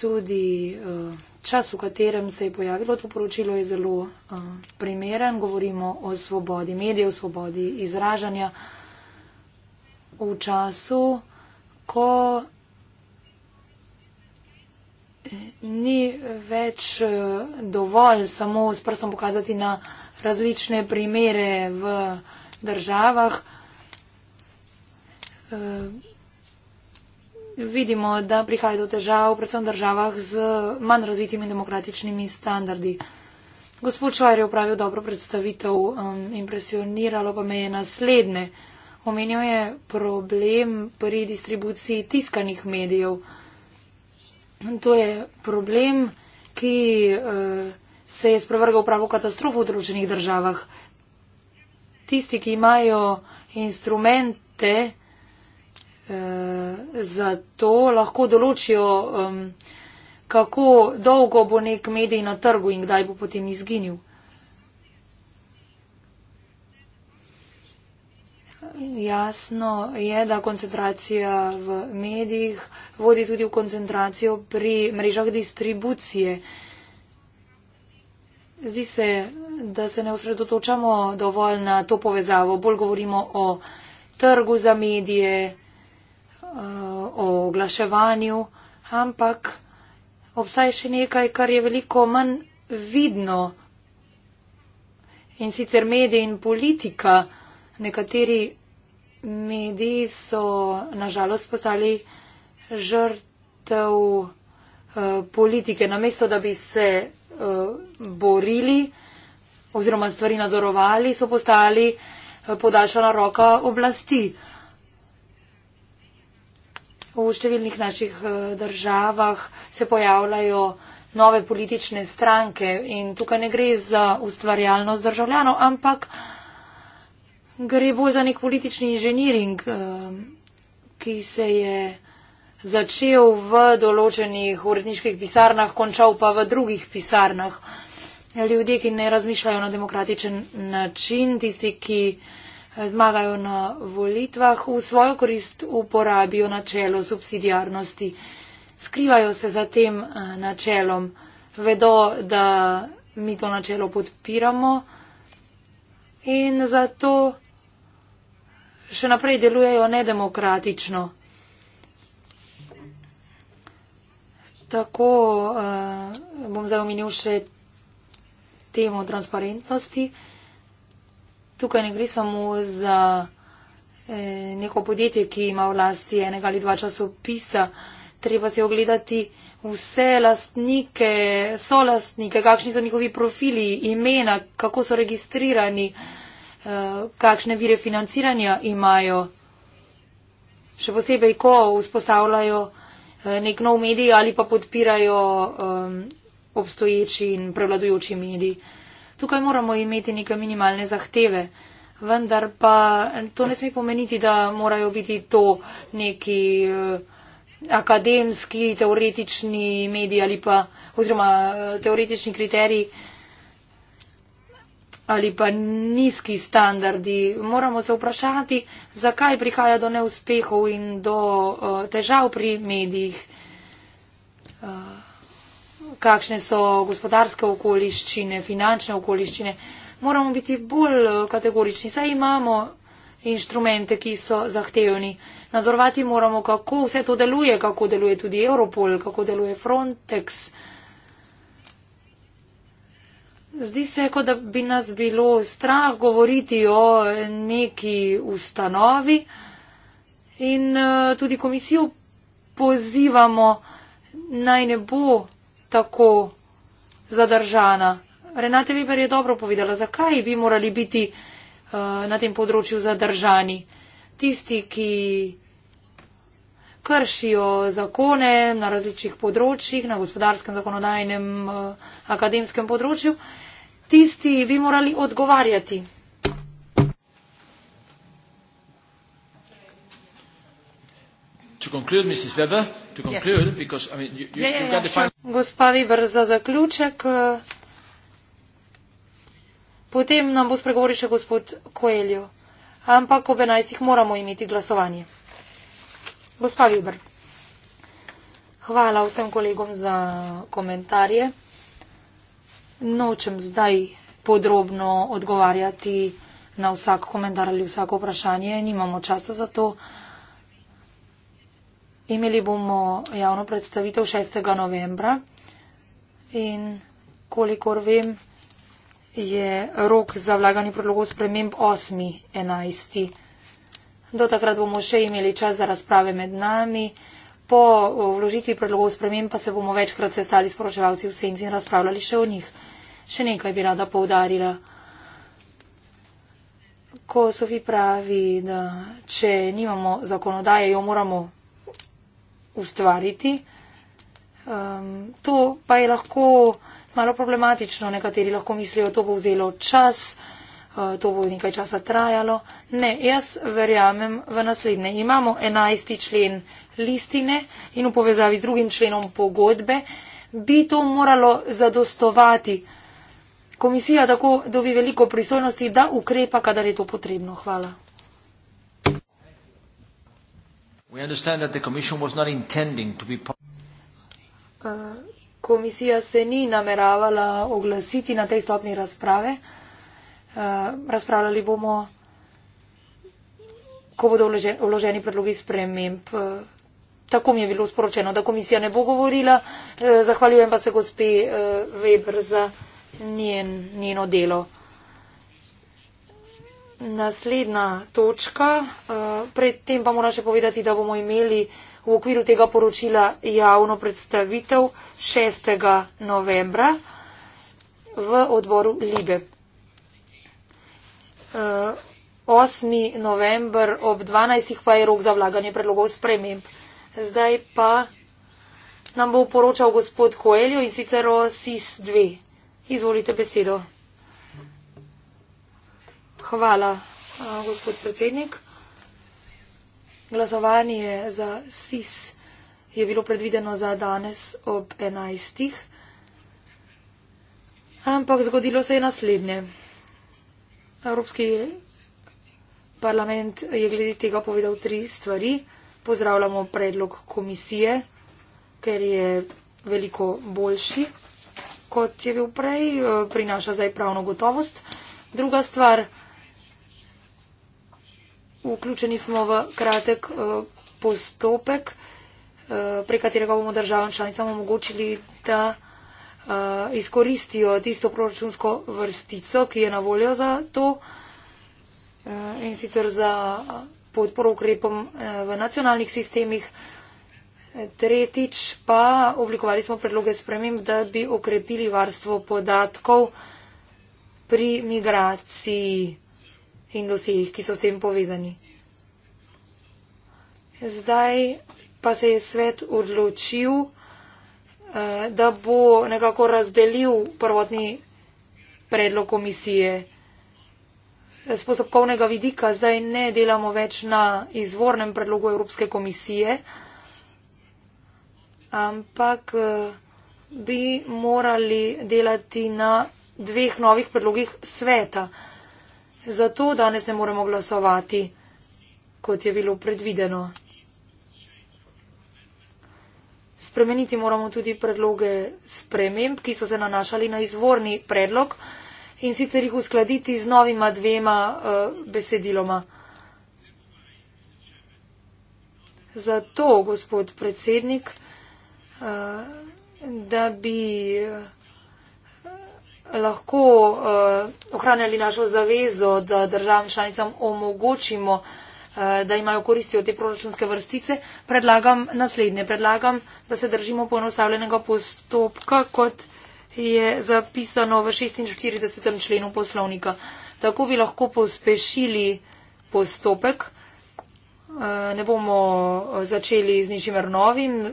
Tudi eh, čas, v katerem se je pojavilo to poročilo, je zelo eh, primeren. Govorimo o svobodi medijev, svobodi izražanja v času, ko ni več eh, dovolj samo s prstom pokazati na različne primere v državah. Eh, vidimo, da prihaja do težav predvsem v državah z manj razvitimi demokratičnimi standardi. Gospod Čvar je upravil dobro predstavitev, impresioniralo pa me je naslednje. Omenjal je problem pri distribuciji tiskanih medijev. To je problem, ki uh, se je sprevrgal pravo katastrofo v določenih državah. Tisti, ki imajo instrumente uh, za to, lahko določijo, um, kako dolgo bo nek medij na trgu in kdaj bo potem izginil. jasno je, da koncentracija v medijih vodi tudi v koncentracijo pri mrežah distribucije. Zdi se, da se ne osredotočamo dovolj na to povezavo, bolj govorimo o trgu za medije, eh, o oglaševanju, ampak obstaja še nekaj, kar je veliko manj vidno. In sicer medije in politika, nekateri mediji so nažalost postali žrtev uh, politike. Namesto, da bi se uh, borili oziroma stvari nadzorovali, so postali eh, podaljšana roka oblasti. V številnih naših državah se pojavljajo nove politične stranke in tukaj ne gre za ustvarjalnost državljanov, ampak uh, gre bolj za nek politični inženiring, eh, ki se je začel v določenih uredniških pisarnah, končal pa v drugih pisarnah. Ljudje, ki ne razmišljajo na demokratičen način, tisti, ki eh, zmagajo na volitvah, v svojo korist uporabijo načelo subsidijarnosti. Skrivajo se za tem eh, načelom, vedo, da mi to načelo podpiramo in zato še naprej delujejo nedemokratično. Tako uh, bom zdaj omenil še temo transparentnosti. Tukaj ne gre samo za eh, neko podjetje, ki ima v lasti enega ali dva časopisa. Treba se ogledati vse lastnike, so lastnike, kakšni so njihovi profili, imena, kako so registrirani. Eh, kakšne vire financiranja imajo, še posebej, ko vzpostavljajo eh, nek nov medij ali pa podpirajo obstoječi in prevladujoči mediji. Tukaj moramo imeti neke minimalne zahteve, vendar pa to ne sme pomeniti, da morajo biti to neki eh, akademski, teoretični mediji ali pa oziroma eh, teoretični kriteriji, ali pa nizki standardi. Moramo se vprašati, zakaj prihaja do neuspehov in do uh, težav pri medijih. Uh, kakšne so gospodarske okoliščine, finančne okoliščine. Moramo biti bolj eh, kategorični, saj imamo inštrumente, ki so zahtevni. Nadzorovati moramo, kako vse to deluje, kako deluje tudi Europol, kako deluje Frontex. Uh, Zdi se, kot da bi nas bilo strah govoriti o neki ustanovi in eh, tudi komisijo pozivamo, naj ne bo tako zadržana. Renate Weber je dobro povedala, zakaj bi morali biti eh, na tem področju zadržani. Tisti, ki kršijo zakone na različnih področjih, na gospodarskem, zakonodajnem, eh, akademskem področju, tisti bi morali odgovarjati. Gospa Weber, za zaključek, eh, potem nam bo spregovoril še gospod Koeljo, ampak ob enajstih moramo imeti glasovanje. Gospa Weber, hvala vsem kolegom za komentarje nočem zdaj podrobno odgovarjati na vsak komentar ali vsako vprašanje, nimamo časa za to. Imeli bomo javno predstavitev 6. novembra in kolikor vem, je rok za vlaganje predlogov sprememb 8.11. Do takrat bomo še imeli čas za razprave med nami po vložitvi predlogov spremem pa se bomo večkrat sestali s poročevalci v senci in razpravljali še o njih. Še nekaj bi rada poudarila. Ko Sofi pravi, da če nimamo zakonodaje, jo moramo ustvariti, um, to pa je lahko malo problematično. Nekateri lahko mislijo, to bo vzelo čas, uh, to bo nekaj časa trajalo. Ne, jaz verjamem v naslednje. Imamo 11. člen listine in v povezavi z drugim členom pogodbe, bi to moralo zadostovati. Komisija tako dobi veliko pristojnosti, da ukrepa, kadar je to potrebno. Hvala. Uh, komisija se ni nameravala oglasiti na tej stopni razprave. Uh, razpravljali bomo, ko bodo vloženi predlogi sprememb. Uh, Tako mi je bilo sporočeno, da komisija ne bo govorila. E, zahvaljujem pa se gospe e, Weber za njen, njeno delo. Naslednja točka. E, predtem pa moram še povedati, da bomo imeli v okviru tega poročila javno predstavitev 6. novembra v odboru Libe. 8. november ob 12. pa je rok za vlaganje predlogov sprememb. Zdaj pa nam bo poročal gospod Koeljo in sicer o SIS-2. Izvolite besedo. Hvala, gospod predsednik. Glasovanje za SIS je bilo predvideno za danes ob 11. Ampak zgodilo se je naslednje. Evropski parlament je glede tega povedal tri stvari pozdravljamo predlog komisije, ker je veliko boljši, kot je bil prej, eh, prinaša zdaj pravno gotovost. Druga stvar, vključeni smo v kratek eh, postopek, eh, prek katerega bomo državam članicam omogočili, da izkoristijo tisto proračunsko vrstico, ki je na voljo za to in sicer za podporo ukrepom eh, v nacionalnih sistemih. Tretjič pa oblikovali smo predloge sprememb, da bi okrepili varstvo podatkov pri migraciji in dosjejih, ki so s tem povezani. Zdaj pa se je svet odločil, eh, da bo nekako razdelil prvotni predlog komisije z postopkovnega vidika zdaj ne delamo več na izvornem predlogu Evropske komisije, ampak eh, bi morali delati na dveh novih predlogih sveta. Zato danes ne moremo glasovati, kot je bilo predvideno. Spremeniti moramo tudi predloge sprememb, ki so se nanašali na izvorni predlog in sicer jih uskladiti z novima dvema uh, besediloma. Zato, gospod predsednik, uh, da bi eh, lahko uh, ohranjali našo zavezo, da državam članicam omogočimo, uh, da imajo koristi od te proračunske vrstice, predlagam naslednje. Predlagam, da se držimo poenostavljenega postopka kot je zapisano v 46. členu poslovnika. Tako bi lahko pospešili postopek. Eh, ne bomo začeli z ničimer novim, eh,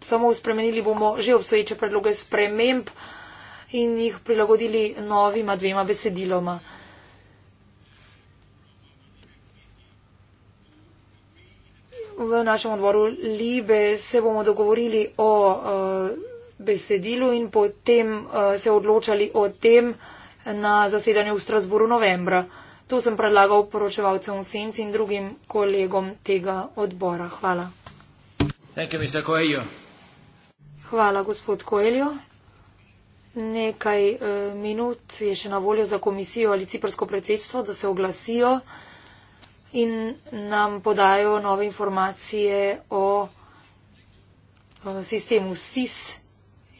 samo spremenili bomo že obstoječe predloge sprememb in jih prilagodili novima dvema besediloma. V našem odboru Libe se bomo dogovorili o eh, besedilu in potem uh, se odločali o tem na zasedanju v Strasburu novembra. To sem predlagal poročevalcem v Senci in drugim kolegom tega odbora. Hvala. You, Hvala, gospod Koeljo. Nekaj uh, minut je še na voljo za komisijo ali ciprsko predsedstvo, da se oglasijo in nam podajo nove informacije o eh, sistemu SIS,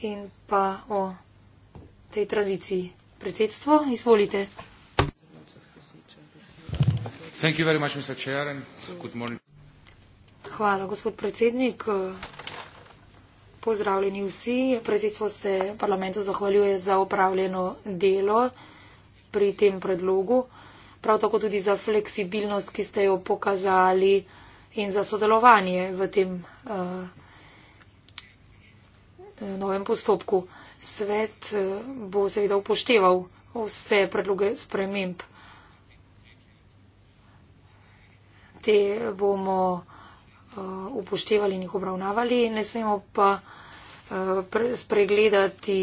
in pa o tej tranziciji. Predsedstvo, izvolite. Much, Hvala, gospod predsednik. Pozdravljeni vsi. Predsedstvo se parlamentu zahvaljuje za upravljeno delo pri tem predlogu, prav tako tudi za fleksibilnost, ki ste jo pokazali in za sodelovanje v tem uh, Eh, novem postopku. Svet eh, bo seveda upošteval vse predloge sprememb. Te bomo eh, upoštevali in jih obravnavali, ne smemo pa spregledati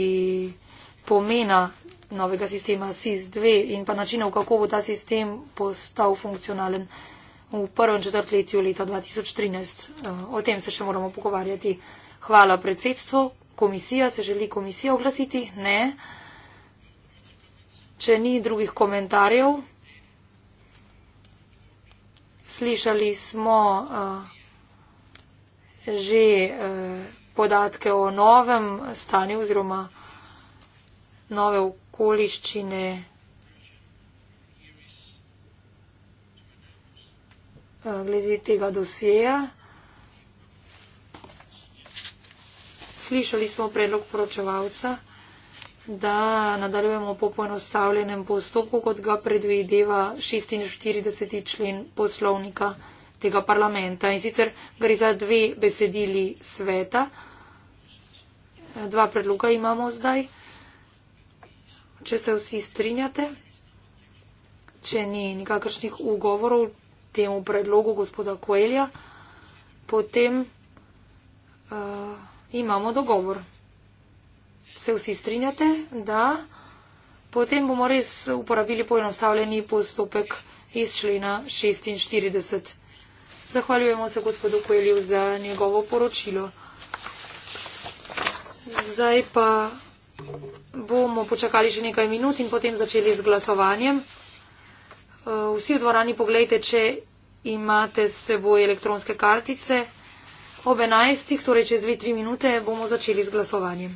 pomena novega sistema SIS-2 in pa načinov, kako bo ta sistem postal funkcionalen v prvem četrtletju leta 2013. O tem se še moramo pogovarjati. Hvala predsedstvo, komisija, se želi komisija oglasiti? Ne. Če ni drugih komentarjev, slišali smo uh, že uh, podatke o novem stanju oziroma nove okoliščine. Eh, glede tega dosjeja. slišali smo predlog poročevalca, da nadaljujemo po poenostavljenem postopku, kot ga predvideva 46. člen poslovnika tega parlamenta. In sicer gre za dve besedili sveta. Dva predloga imamo zdaj. Če se vsi strinjate, če ni nikakršnih ugovorov temu predlogu gospoda Koelja, potem. Uh, imamo dogovor. Se vsi strinjate, da potem bomo res uporabili poenostavljeni postopek iz člena 46. Zahvaljujemo se gospodu Kuelju za njegovo poročilo. Zdaj pa bomo počakali še nekaj minut in potem začeli z glasovanjem. Vsi v dvorani pogledajte, če imate s seboj elektronske kartice. Ob enajstih, torej čez dve, tri minute, bomo začeli z glasovanjem.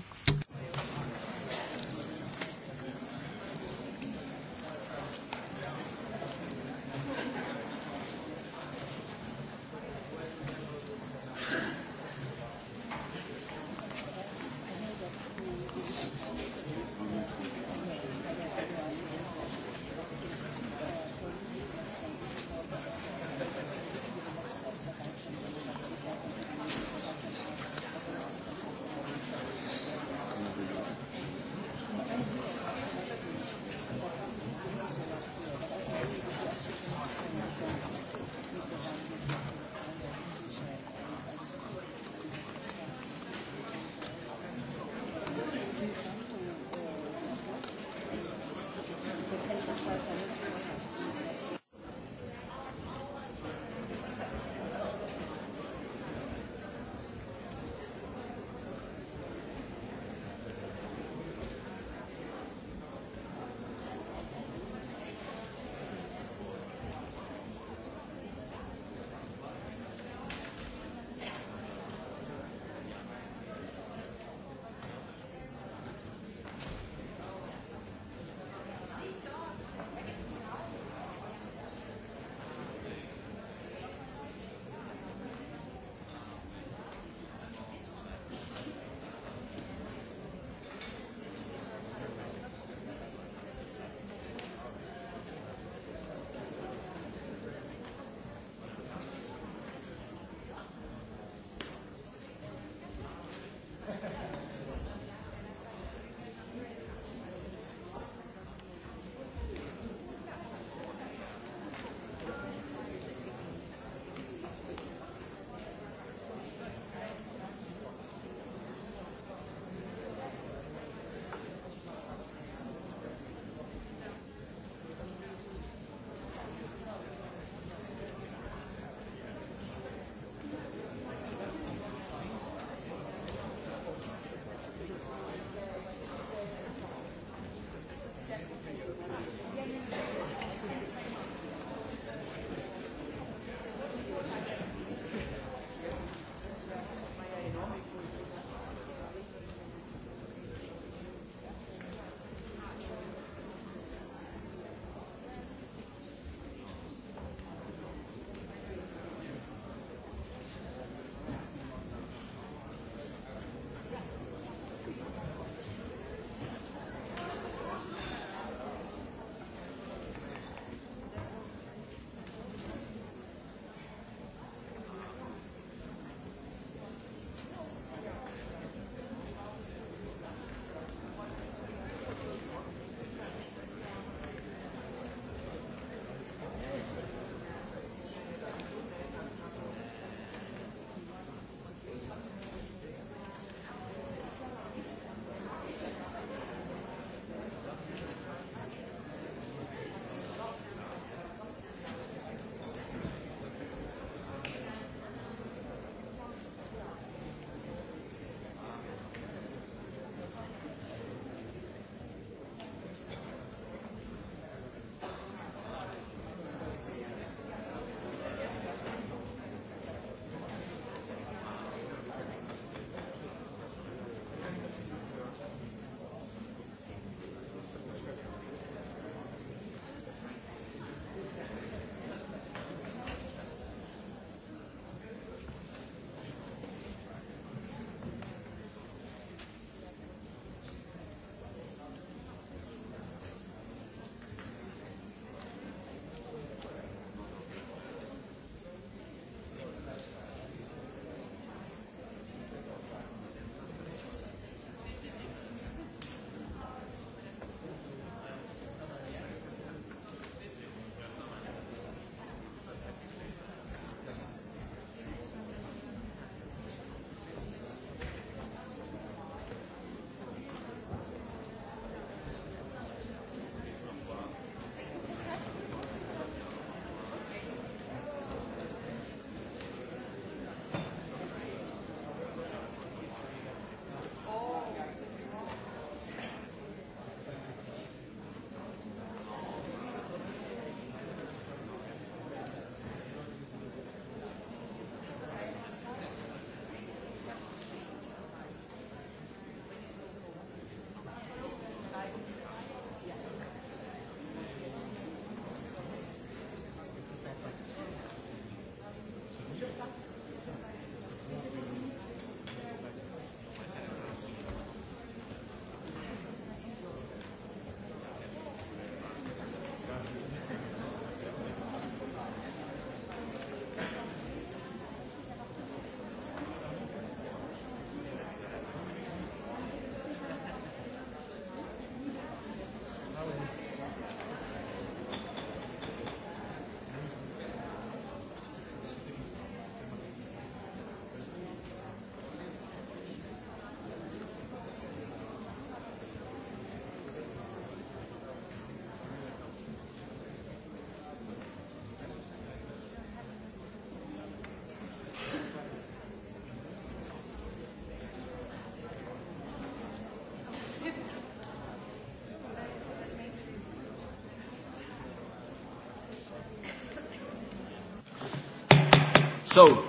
So,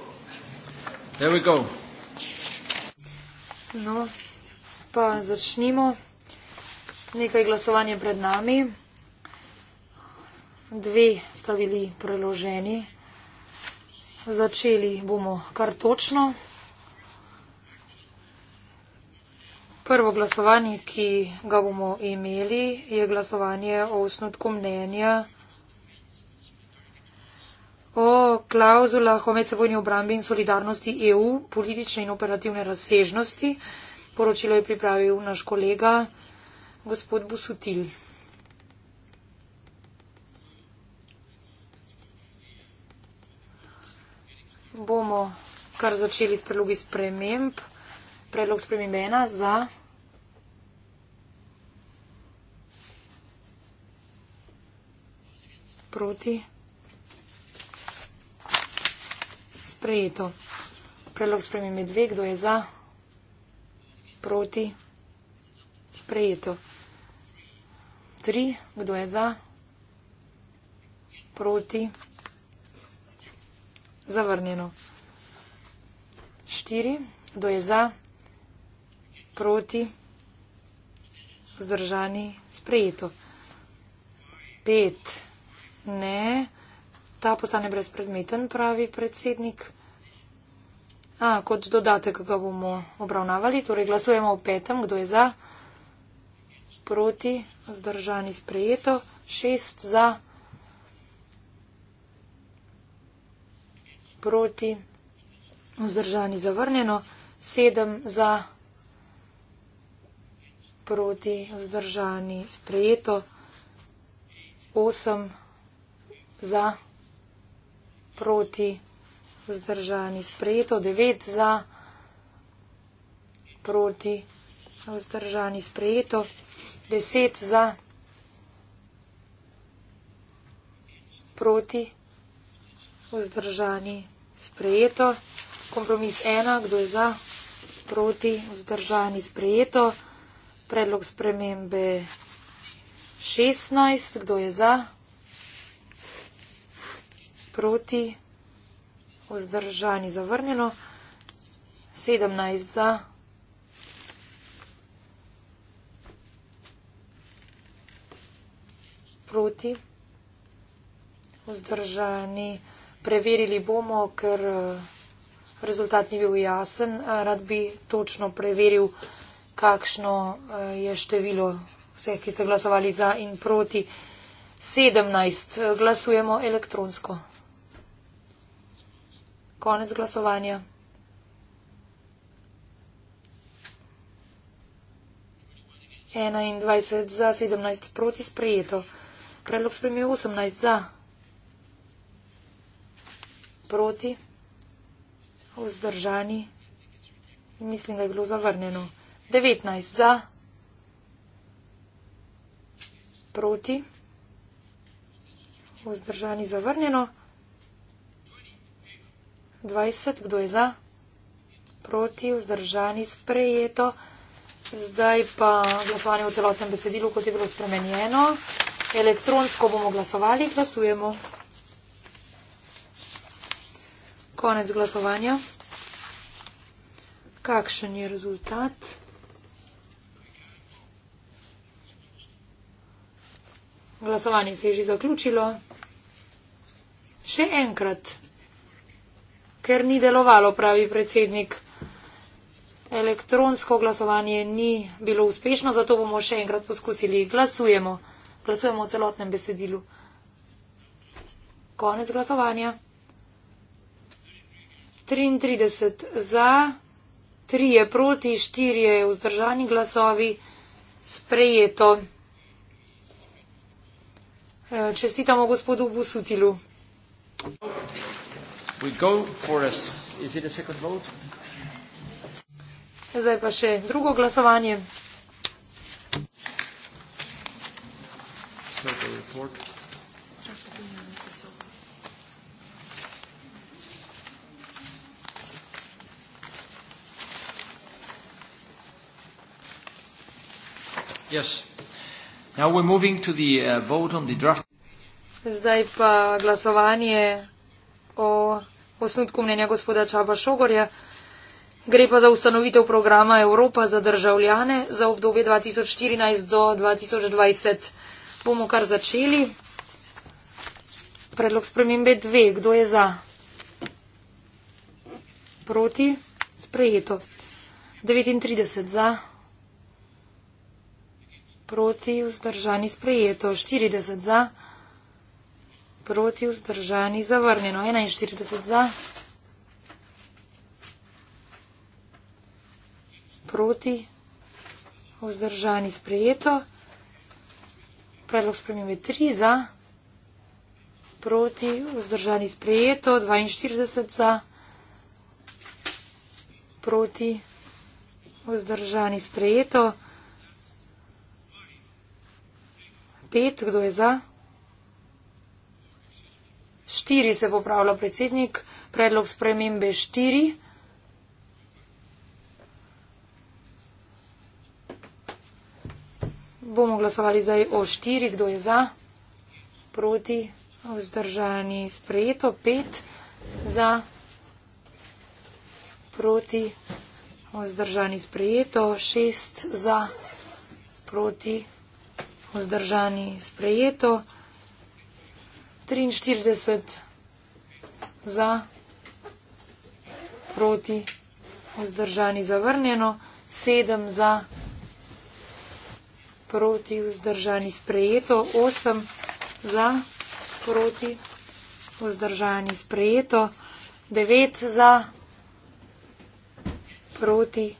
here we go. No, pa začnimo. Nekaj glasovanje pred nami. Dve sta bili preloženi. Začeli bomo kar točno. Prvo glasovanje, ki ga bomo imeli, je glasovanje o osnutku mnenja o klauzulah o medsebojni obrambi in solidarnosti EU, politične in operativne razsežnosti. Poročilo je pripravil naš kolega gospod Busutil. Bomo kar začeli s predlogi sprememb. Predlog sprememb ena za. Proti. sprejeto. Predlog spremembe dve, kdo je za, proti, sprejeto. Tri, kdo je za, proti, zavrnjeno. Štiri, kdo je za, proti, vzdržani, sprejeto. Pet, ne ta postane brezpredmeten, pravi predsednik. A, kot dodatek ga bomo obravnavali, torej glasujemo o petem, kdo je za, proti, zdržani sprejeto, šest za, proti, zdržani zavrnjeno, sedem za, proti, zdržani sprejeto, osem za proti vzdržani. Sprejeto 9 za proti vzdržani. Sprejeto 10 za proti vzdržani. Sprejeto. Kompromis 1. Kdo je za? Proti vzdržani. Sprejeto. Predlog spremembe 16. Kdo je za? Proti proti, vzdržani zavrnjeno, 17 za. Proti, vzdržani, preverili bomo, ker eh, rezultat ni bil jasen. Eh, rad bi točno preveril, kakšno eh, je število vseh, ki ste glasovali za in proti. 17. Glasujemo elektronsko. Konec glasovanja. Enaindvajset za, sedemnajst proti sprejeto. Predlog spremijo osemnajst za. Proti. Vzdržani. Mislim, da je bilo zavrnjeno. Devetnajst za. Proti. Vzdržani zavrnjeno. 20, kdo je za? Proti, vzdržani, sprejeto. Zdaj pa glasovanje v celotnem besedilu, kot je bilo spremenjeno. Elektronsko bomo glasovali, glasujemo. Konec glasovanja. Kakšen je rezultat? Glasovanje se je že zaključilo. Še enkrat ker ni delovalo, pravi predsednik. Elektronsko glasovanje ni bilo uspešno, zato bomo še enkrat poskusili. Glasujemo. Glasujemo o celotnem besedilu. Konec glasovanja. 33 za, 3 je proti, 4 je vzdržani glasovi. Sprejeto. Čestitamo gospodu Busutilu. Thank you. We go for a, is it a second vote? Zdaj pa še drugo glasovanje. Yes. Now we're moving to the uh, vote on the draft. Zdaj pa glasovanje o osnutku mnenja gospoda Čaba Šogorja. Gre pa za ustanovitev programa Evropa za državljane za obdobje 2014 do 2020. Bomo kar začeli. Predlog spremembe dve. Kdo je za? Proti? Sprejeto. 39 za. Proti? Vzdržani? Sprejeto. 40 za proti, vzdržani, zavrnjeno. 41 za. Proti, vzdržani, sprejeto. Predlog spremembe 3 za. Proti, vzdržani, sprejeto. 42 za. Proti, vzdržani, sprejeto. 5, kdo je za? Štiri se popravlja predsednik, predlog spremembe štiri. Bomo glasovali zdaj o štiri, kdo je za, proti, vzdržani, sprejeto, pet za, proti, vzdržani, sprejeto, šest za, proti, vzdržani, sprejeto. 43 za, proti, vzdržani, zavrnjeno, 7 za, proti, vzdržani, sprejeto, 8 za, proti, vzdržani, sprejeto, 9 za, proti,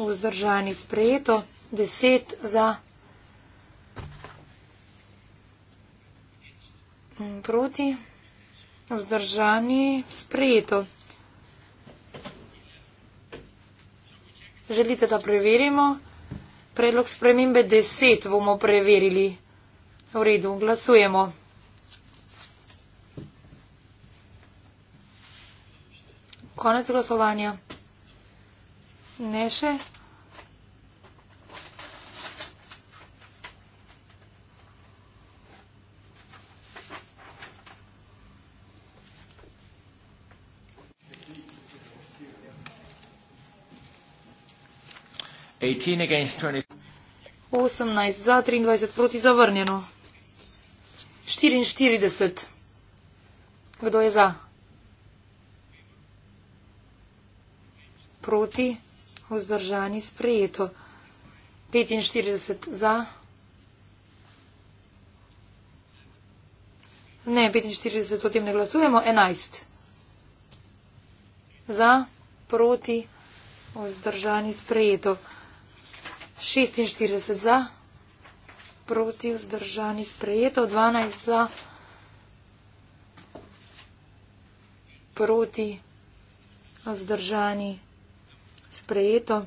vzdržani, sprejeto, 10 za, proti, proti, vzdržani, sprejeto. Želite, da preverimo? Predlog spremembe 10 bomo preverili. V redu, glasujemo. Konec glasovanja. Ne še. 18 za, 23 proti zavrnjeno. 44. Kdo je za? Proti, vzdržani, sprejeto. 45 za. Ne, 45 o tem ne glasujemo. 11. Za, proti, vzdržani, sprejeto. 46 za, proti vzdržani sprejeto, 12 za, proti vzdržani sprejeto,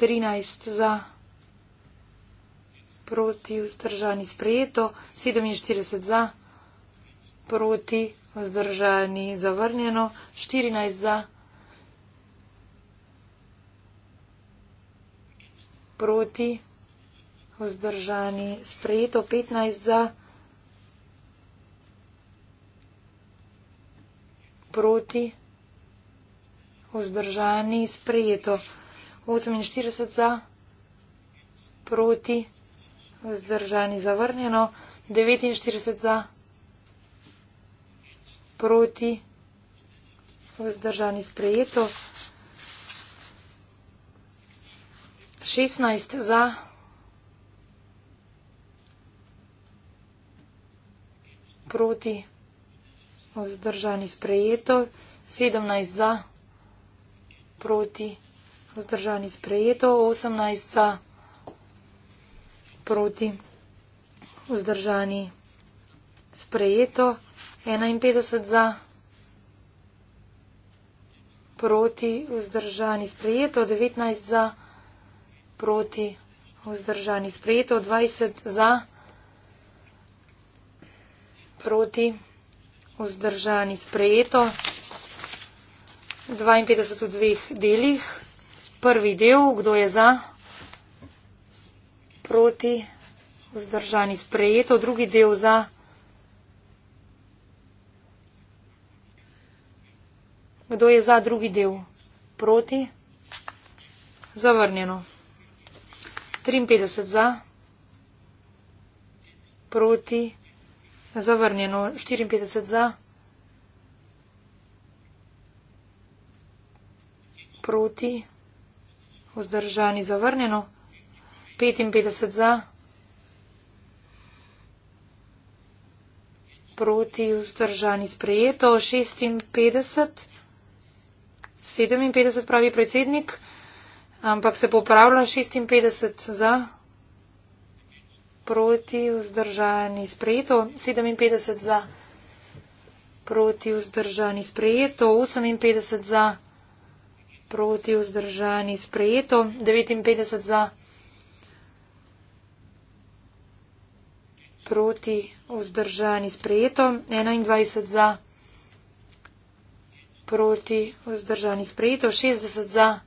13 za, proti vzdržani sprejeto, 47 za, proti vzdržani zavrnjeno, 14 za, proti vzdržani sprejeto. proti, vzdržani, sprejeto 15 za, proti, vzdržani, sprejeto 48 za, proti, vzdržani, zavrnjeno 49 za, proti, vzdržani, sprejeto 16 za. Proti. Vzdržani sprejeto. 17 za. Proti. Vzdržani sprejeto. 18 za. Proti. Vzdržani sprejeto. 51 za. Proti. Vzdržani sprejeto. 19 za. Proti proti vzdržani. Sprejeto 20 za, proti vzdržani. Sprejeto 52 v dveh delih. Prvi del, kdo je za, proti vzdržani. Sprejeto drugi del za. Kdo je za drugi del? Proti? Zavrnjeno. 53 za, proti, zavrnjeno 54 za, proti, vzdržani zavrnjeno 55 za, proti, vzdržani sprejeto 56, 57 pravi predsednik. Ampak se popravljam 56 za, proti vzdržani sprejeto, 57 za, proti vzdržani sprejeto, 58 za, proti vzdržani sprejeto, 59 za, proti vzdržani sprejeto, 21 za, proti vzdržani sprejeto, 60 za.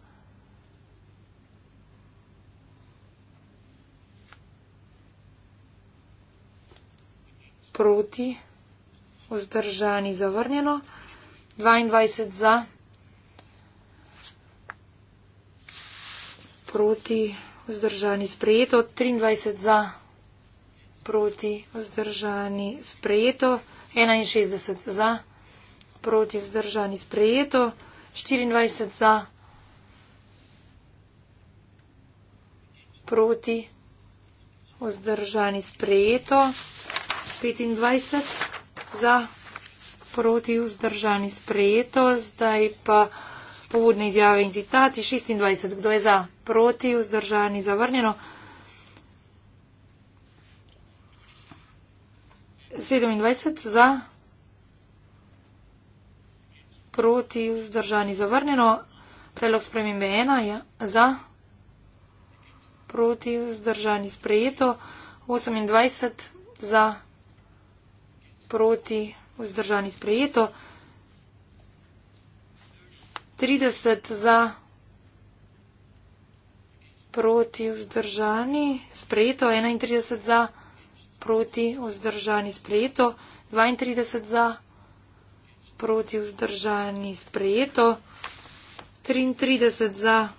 proti, vzdržani, zavrnjeno, 22 za, proti, vzdržani, sprejeto, 23 za, proti, vzdržani, sprejeto, 61 za, proti, vzdržani, sprejeto, 24 za, proti, vzdržani, sprejeto. 25 za, proti vzdržani sprejeto. Zdaj pa povodne izjave in citati 26. Kdo je za, proti vzdržani zavrnjeno? 27 za, proti vzdržani zavrnjeno. Predlog spremembe 1 je za, proti vzdržani sprejeto. 28 za proti vzdržani sprejeto. 30 za proti vzdržani sprejeto, 31 za proti vzdržani sprejeto, 32 za proti vzdržani sprejeto, 33 za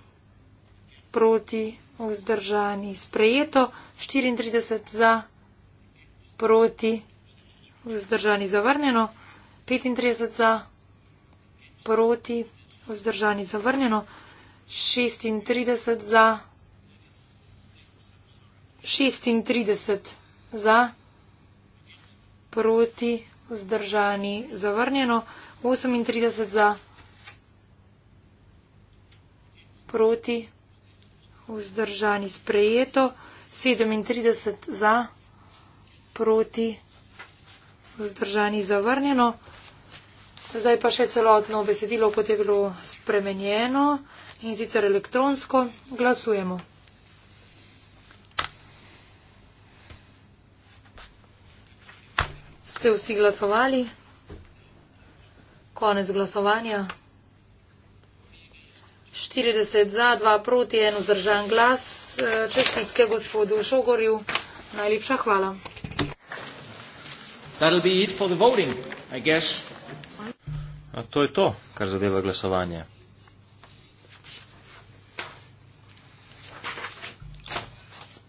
proti vzdržani sprejeto, 34 za proti vzdržani sprejeto vzdržani zavrnjeno, 35 za, proti, vzdržani zavrnjeno, 36 za, 36 za, proti, vzdržani zavrnjeno, 38 za, proti, vzdržani sprejeto, 37 za, proti, vzdržani zavrnjeno vzdržani zavrnjeno. Zdaj pa še celotno besedilo, kot je bilo spremenjeno in sicer elektronsko, glasujemo. Ste vsi glasovali? Konec glasovanja. 40 za, 2 proti, 1 vzdržan glas. Čestitke gospodu Šogorju. Najlepša hvala. Voting, to je to, kar zadeva glasovanje.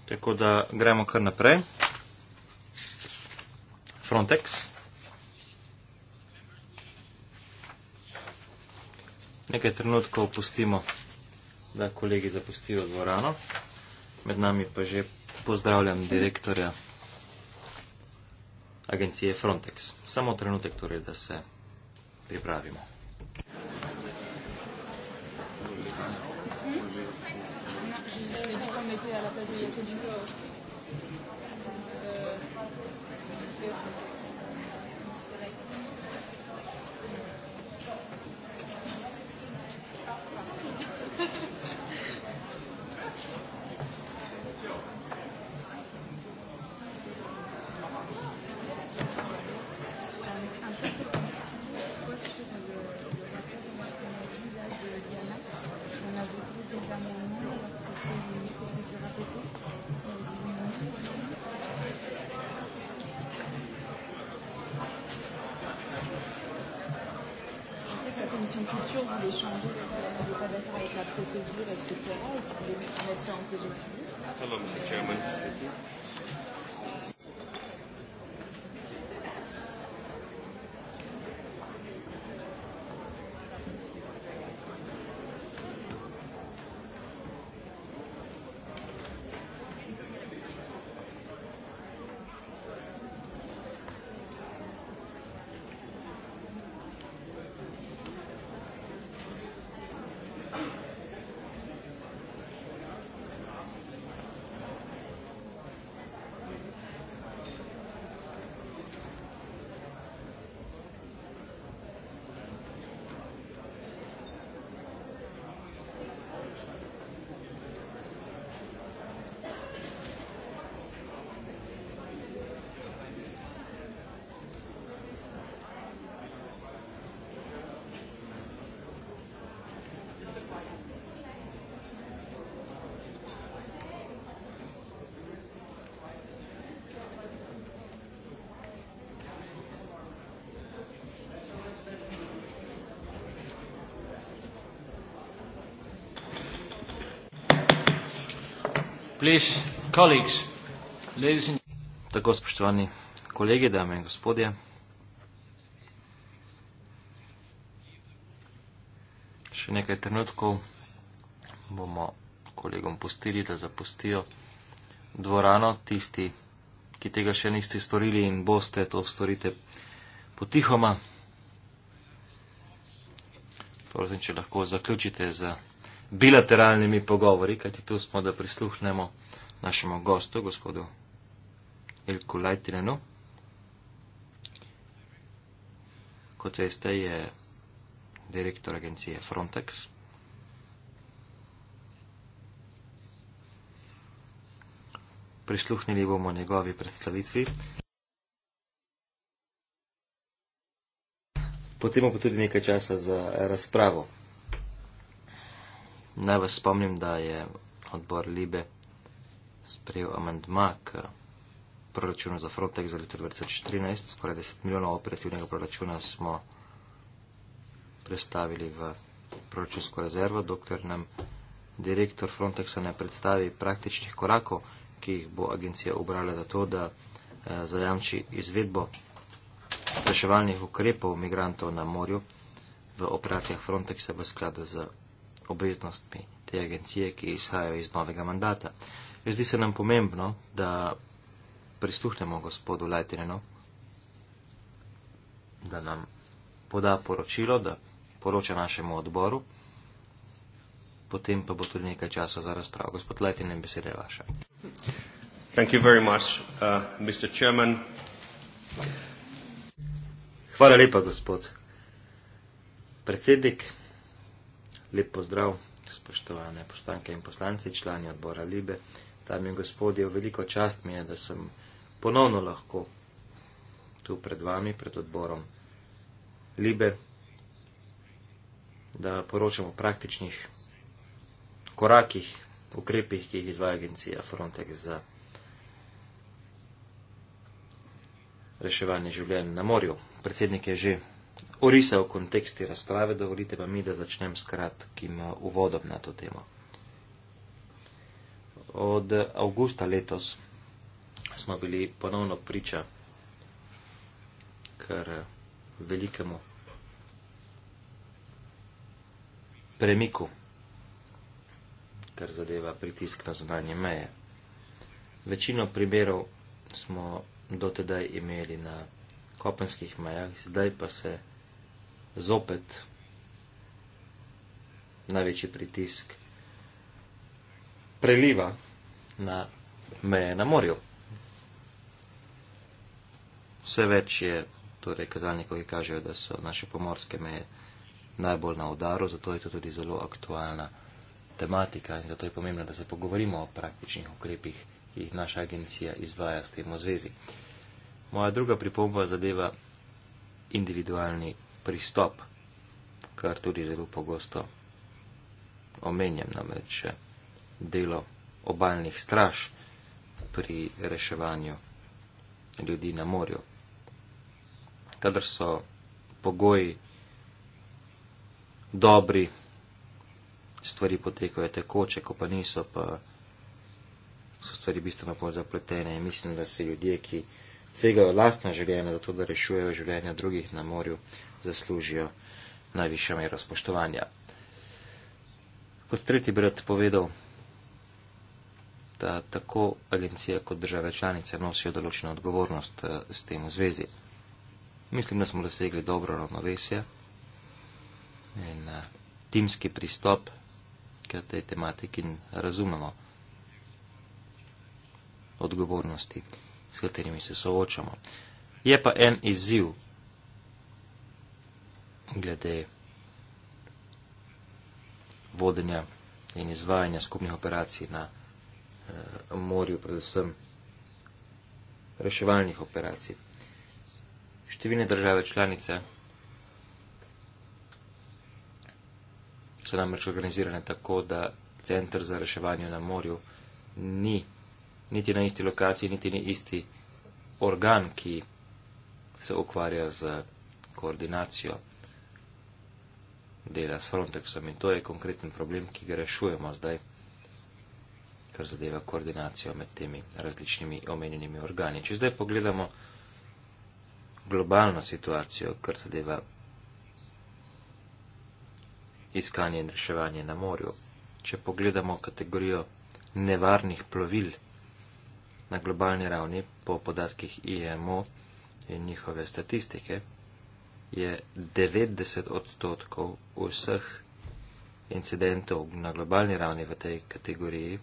Tako da gremo kar naprej. Frontex. Nekaj trenutkov pustimo, da kolegi zapustijo dvorano. Med nami pa že pozdravljam direktorja agencije Frontex. Samo trenutek torej, da se pripravimo. Hmm? Hmm? Hmm? Hmm? Hmm? Hmm? Hmm? Hmm? Please, colleagues, ladies and Tako spoštovani kolegi, dame in gospodje. Še nekaj trenutkov bomo kolegom pustili, da zapustijo dvorano tisti, ki tega še niste storili in boste to storite potihoma. Prosim, če lahko zaključite za bilateralnimi pogovori, kajti tu smo, da prisluhnemo našemu gostu, gospodu Ilku Lajtinenu. Kot veste, je direktor agencije Frontex. Prisluhnili bomo njegovi predstavitvi. Potem bo tudi nekaj časa za razpravo. Naj vas spomnim, da je odbor Libe sprejel amandma k proračunu za Frontex za leto 2014. Skoraj 10 milijonov operativnega proračuna smo predstavili v proračunsko rezervo, dokler nam direktor Frontexa ne predstavi praktičnih korakov, ki jih bo agencija ubrala za to, da eh, zajamči izvedbo reševalnih ukrepov migrantov na morju v operacijah Frontexa v skladu z obveznostmi te agencije, ki izhajajo iz novega mandata. Zdi se nam pomembno, da prisluhnemo gospodu Lajtenenu, da nam poda poročilo, da poroča našemu odboru, potem pa bo tudi nekaj časa za razpravo. Gospod Lajtenen, beseda je vaša. Much, uh, Hvala lepa, gospod predsednik. Lep pozdrav, spoštovane poslanke in poslanci, člani odbora Libe. Dame in gospodje, veliko čast mi je, da sem ponovno lahko tu pred vami, pred odborom Libe, da poročam o praktičnih korakih, ukrepih, ki jih izvaja agencija Frontex za reševanje življenja na morju. Predsednik je že orisal konteksti razprave, dovolite pa mi, da začnem s kratkim eh, uvodom na to temo. Od avgusta letos smo bili ponovno priča kar eh, velikemu premiku, kar zadeva pritisk na zunanje meje. Večino primerov smo dotedaj imeli na kopenskih mejah, zdaj pa se zopet največji pritisk preliva na meje na morju. Vse več je torej kazalnikov, ki kažejo, da so naše pomorske meje najbolj na udaru, zato je to tudi zelo aktualna tematika in zato je pomembno, da se pogovorimo o praktičnih ukrepih, ki jih naša agencija izvaja s tem v zvezi. Moja druga pripomba zadeva individualni pristop, kar tudi zelo pogosto omenjam, namreč delo obaljnih straž pri reševanju ljudi na morju. Kadar so pogoji dobri, stvari potekajo tekoče, ko pa niso, pa so stvari bistveno bolj zapletene. Mislim, da se ljudje, ki tvegajo lastna življenja, zato da rešujejo življenja drugih na morju, zaslužijo najvišja mera spoštovanja. Kot tretji brat povedal, da tako agencija kot države članice nosijo določeno odgovornost eh, s tem v zvezi. Mislim, da smo dosegli dobro ravnovesje in eh, timski pristop k tej tematiki in razumemo odgovornosti, s katerimi se soočamo. Je pa en izziv, glede vodenja in izvajanja skupnih operacij na eh, morju, predvsem reševalnih operacij. Številne države članice so namreč organizirane tako, da centr za reševanje na morju ni niti na isti lokaciji, niti ni isti organ, ki se ukvarja z koordinacijo dela s Frontexom in to je konkreten problem, ki ga rešujemo zdaj, kar zadeva koordinacijo med temi različnimi omenjenimi organi. Če zdaj pogledamo globalno situacijo, kar zadeva iskanje in reševanje na morju, če pogledamo kategorijo nevarnih plovil na globalni ravni po podatkih IMO in njihove statistike, je 90 odstotkov vseh incidentov na globalni ravni v tej kategoriji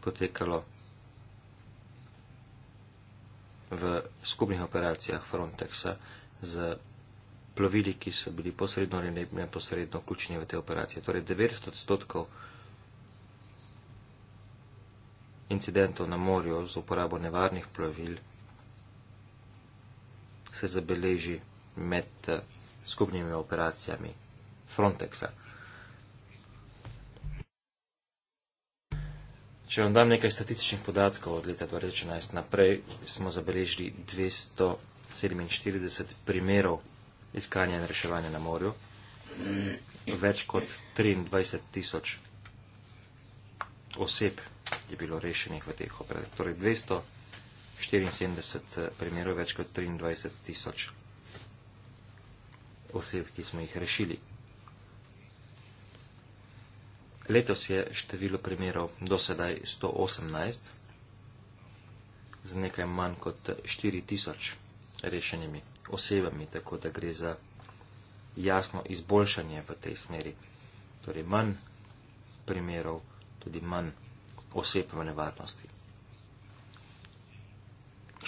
potekalo v skupnih operacijah Frontexa z plovili, ki so bili posredno ali neposredno vključeni v te operacije. Torej 900 odstotkov incidentov na morju z uporabo nevarnih plovil se zabeleži med eh, skupnimi operacijami Frontexa. Če vam dam nekaj statističnih podatkov od leta 2011 naprej, smo zabeležili 247 primerov iskanja in reševanja na morju, več kot 23 tisoč oseb je bilo rešenih v teh operacijah. Torej 200 74 eh, primerov, več kot 23 tisoč oseb, ki smo jih rešili. Letos je število primerov dosedaj 118 z nekaj manj kot 4 tisoč rešenimi osebami, tako da gre za jasno izboljšanje v tej smeri. Torej manj primerov, tudi manj oseb v nevarnosti.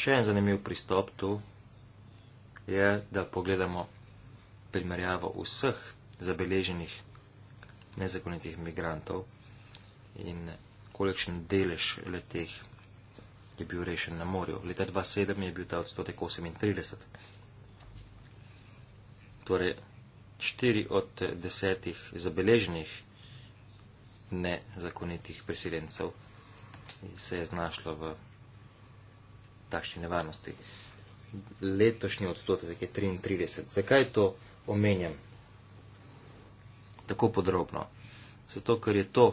Še en zanimiv pristop tu je, da pogledamo primerjavo vseh zabeleženih nezakonitih migrantov in kolikšen delež leteh je bil rešen na morju. Leta 2007 je bil ta odstotek 38. Torej, štiri od desetih zabeleženih nezakonitih priseljencev se je znašlo v takšne nevarnosti. Letošnji odstotek je 33. Zakaj to omenjam tako podrobno? Zato, ker je to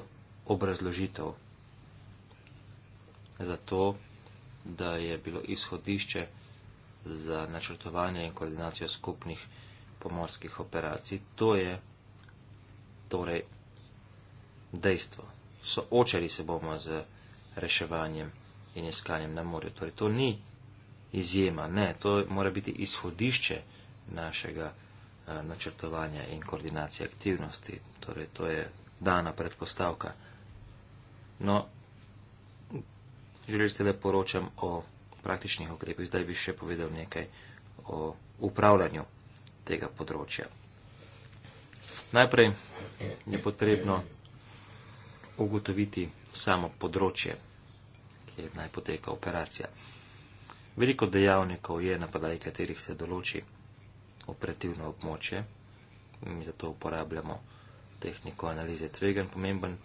obrazložitev za to, da je bilo izhodišče za načrtovanje in koordinacijo skupnih pomorskih operacij. To je torej dejstvo. Soočali se bomo z reševanjem in iskanjem na morju. Torej, to ni izjema, ne, to mora biti izhodišče našega eh, načrtovanja in koordinacije aktivnosti. Torej, to je dana predpostavka. No, želeli ste, da poročam o praktičnih ukrepih, zdaj bi še povedal nekaj o upravljanju tega področja. Najprej je potrebno ugotoviti samo področje kjer naj poteka operacija. Veliko dejavnikov je, na podlagi katerih se določi operativno območje, mi zato uporabljamo tehniko analize tvegan. Pomemben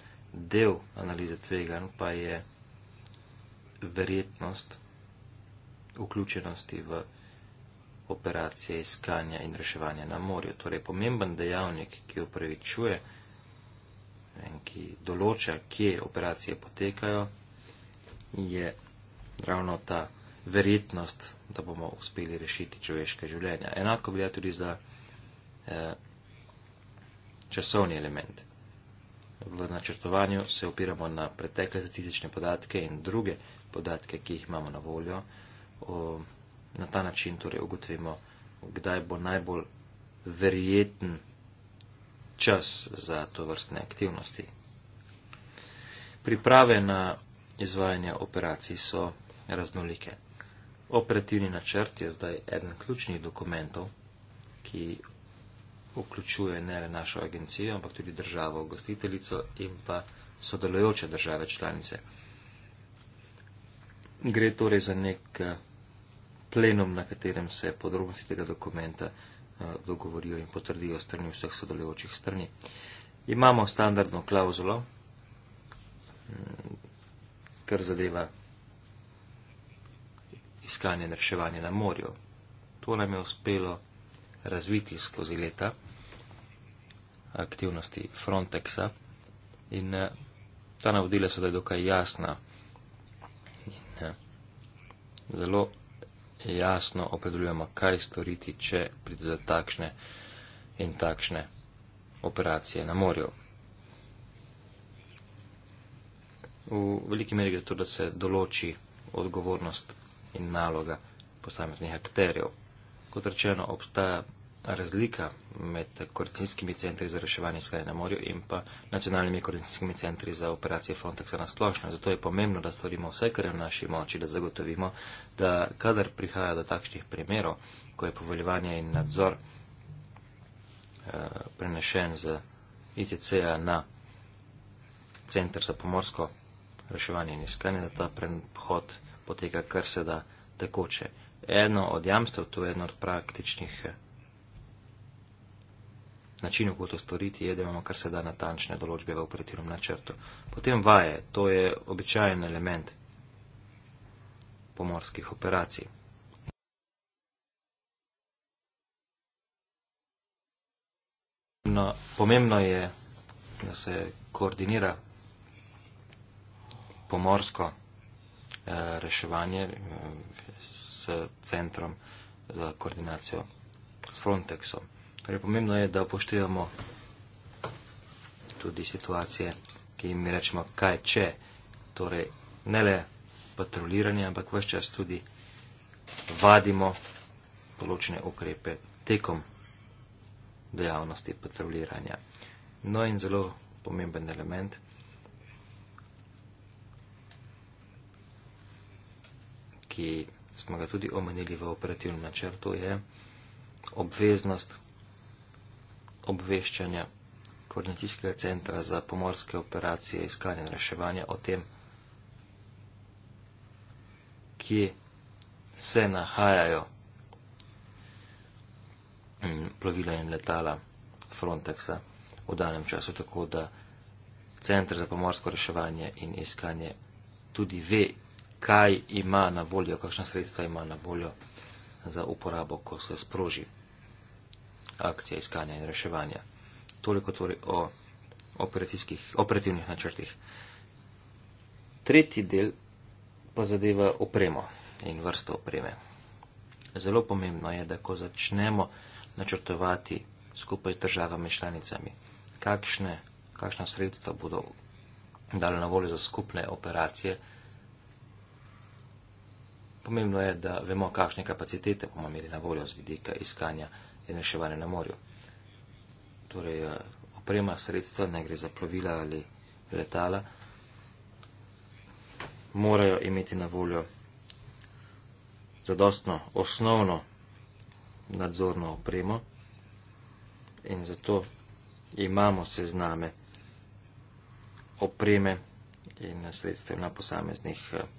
del analize tvegan pa je verjetnost vključenosti v operacije iskanja in reševanja na morju. Torej, pomemben dejavnik, ki upravičuje in ki določa, kje operacije potekajo, je ravno ta verjetnost, da bomo uspeli rešiti človeške življenja. Enako velja tudi za eh, časovni element. V načrtovanju se opiramo na pretekle statistične podatke in druge podatke, ki jih imamo na voljo. O, na ta način torej ugotovimo, kdaj bo najbolj verjeten čas za to vrstne aktivnosti. Priprave na izvajanja operacij so raznolike. Operativni načrt je zdaj eden ključnih dokumentov, ki vključuje ne le našo agencijo, ampak tudi državo, gostiteljico in pa sodelujoče države članice. Gre torej za nek eh, plenum, na katerem se podrobnosti tega dokumenta eh, dogovorijo in potrdijo strani vseh sodelujočih strani. Imamo standardno klauzulo, kar zadeva iskanje in reševanje na morju. To nam je uspelo razviti skozi leta aktivnosti Frontexa in eh, ta navodila so da dokaj jasna in eh, zelo jasno opredeljujemo, kaj storiti, če pride do takšne in takšne operacije na morju. v veliki meri gre za to, da se določi odgovornost in naloga posameznih akterjev. Kot rečeno, obstaja razlika med koordinacijskimi centri za reševanje skrajne na morju in pa nacionalnimi koordinacijskimi centri za operacije Frontexa na splošno. Zato je pomembno, da storimo vse, kar je v naši moči, da zagotovimo, da kadar prihaja do takšnih primerov, ko je povoljevanje in nadzor eh, prenešen z ITC-a na Center za pomorsko reševanje in iskanje, da ta prehod poteka kar se da tekoče. Eno od jamstev, to je eno od praktičnih eh, načinov, kako to storiti, je, da imamo kar se da natančne določbe v operativnem načrtu. Potem vaje, to je običajen element pomorskih operacij. Pomembno je, da se koordinira pomorsko eh, reševanje eh, s centrom za koordinacijo s Frontexom. Torej, pomembno je, da upoštevamo tudi situacije, ki jim rečemo, kaj če. Torej, ne le patroliranje, ampak vse čas tudi vadimo določene ukrepe tekom dejavnosti patroliranja. No in zelo pomemben element ki smo ga tudi omenili v operativnem načrtu, je obveznost obveščanja koordinacijskega centra za pomorske operacije iskanja in reševanja o tem, kje se nahajajo mm, plovila in letala Frontexa v danem času, tako da center za pomorsko reševanje in iskanje tudi ve, kaj ima na voljo, kakšna sredstva ima na voljo za uporabo, ko se sproži akcija iskanja in reševanja. Toliko torej o operativnih načrtih. Tretji del pa zadeva opremo in vrsto opreme. Zelo pomembno je, da ko začnemo načrtovati skupaj z državami članicami, kakšne, kakšna sredstva bodo dali na voljo za skupne operacije, Pomembno je, da vemo, kakšne kapacitete bomo imeli na voljo z vidika iskanja in reševanja na morju. Torej, eh, oprema, sredstva, ne gre za plovila ali letala, morajo imeti na voljo zadostno osnovno nadzorno opremo in zato imamo sezname opreme in sredstev na posameznih področjih. Eh,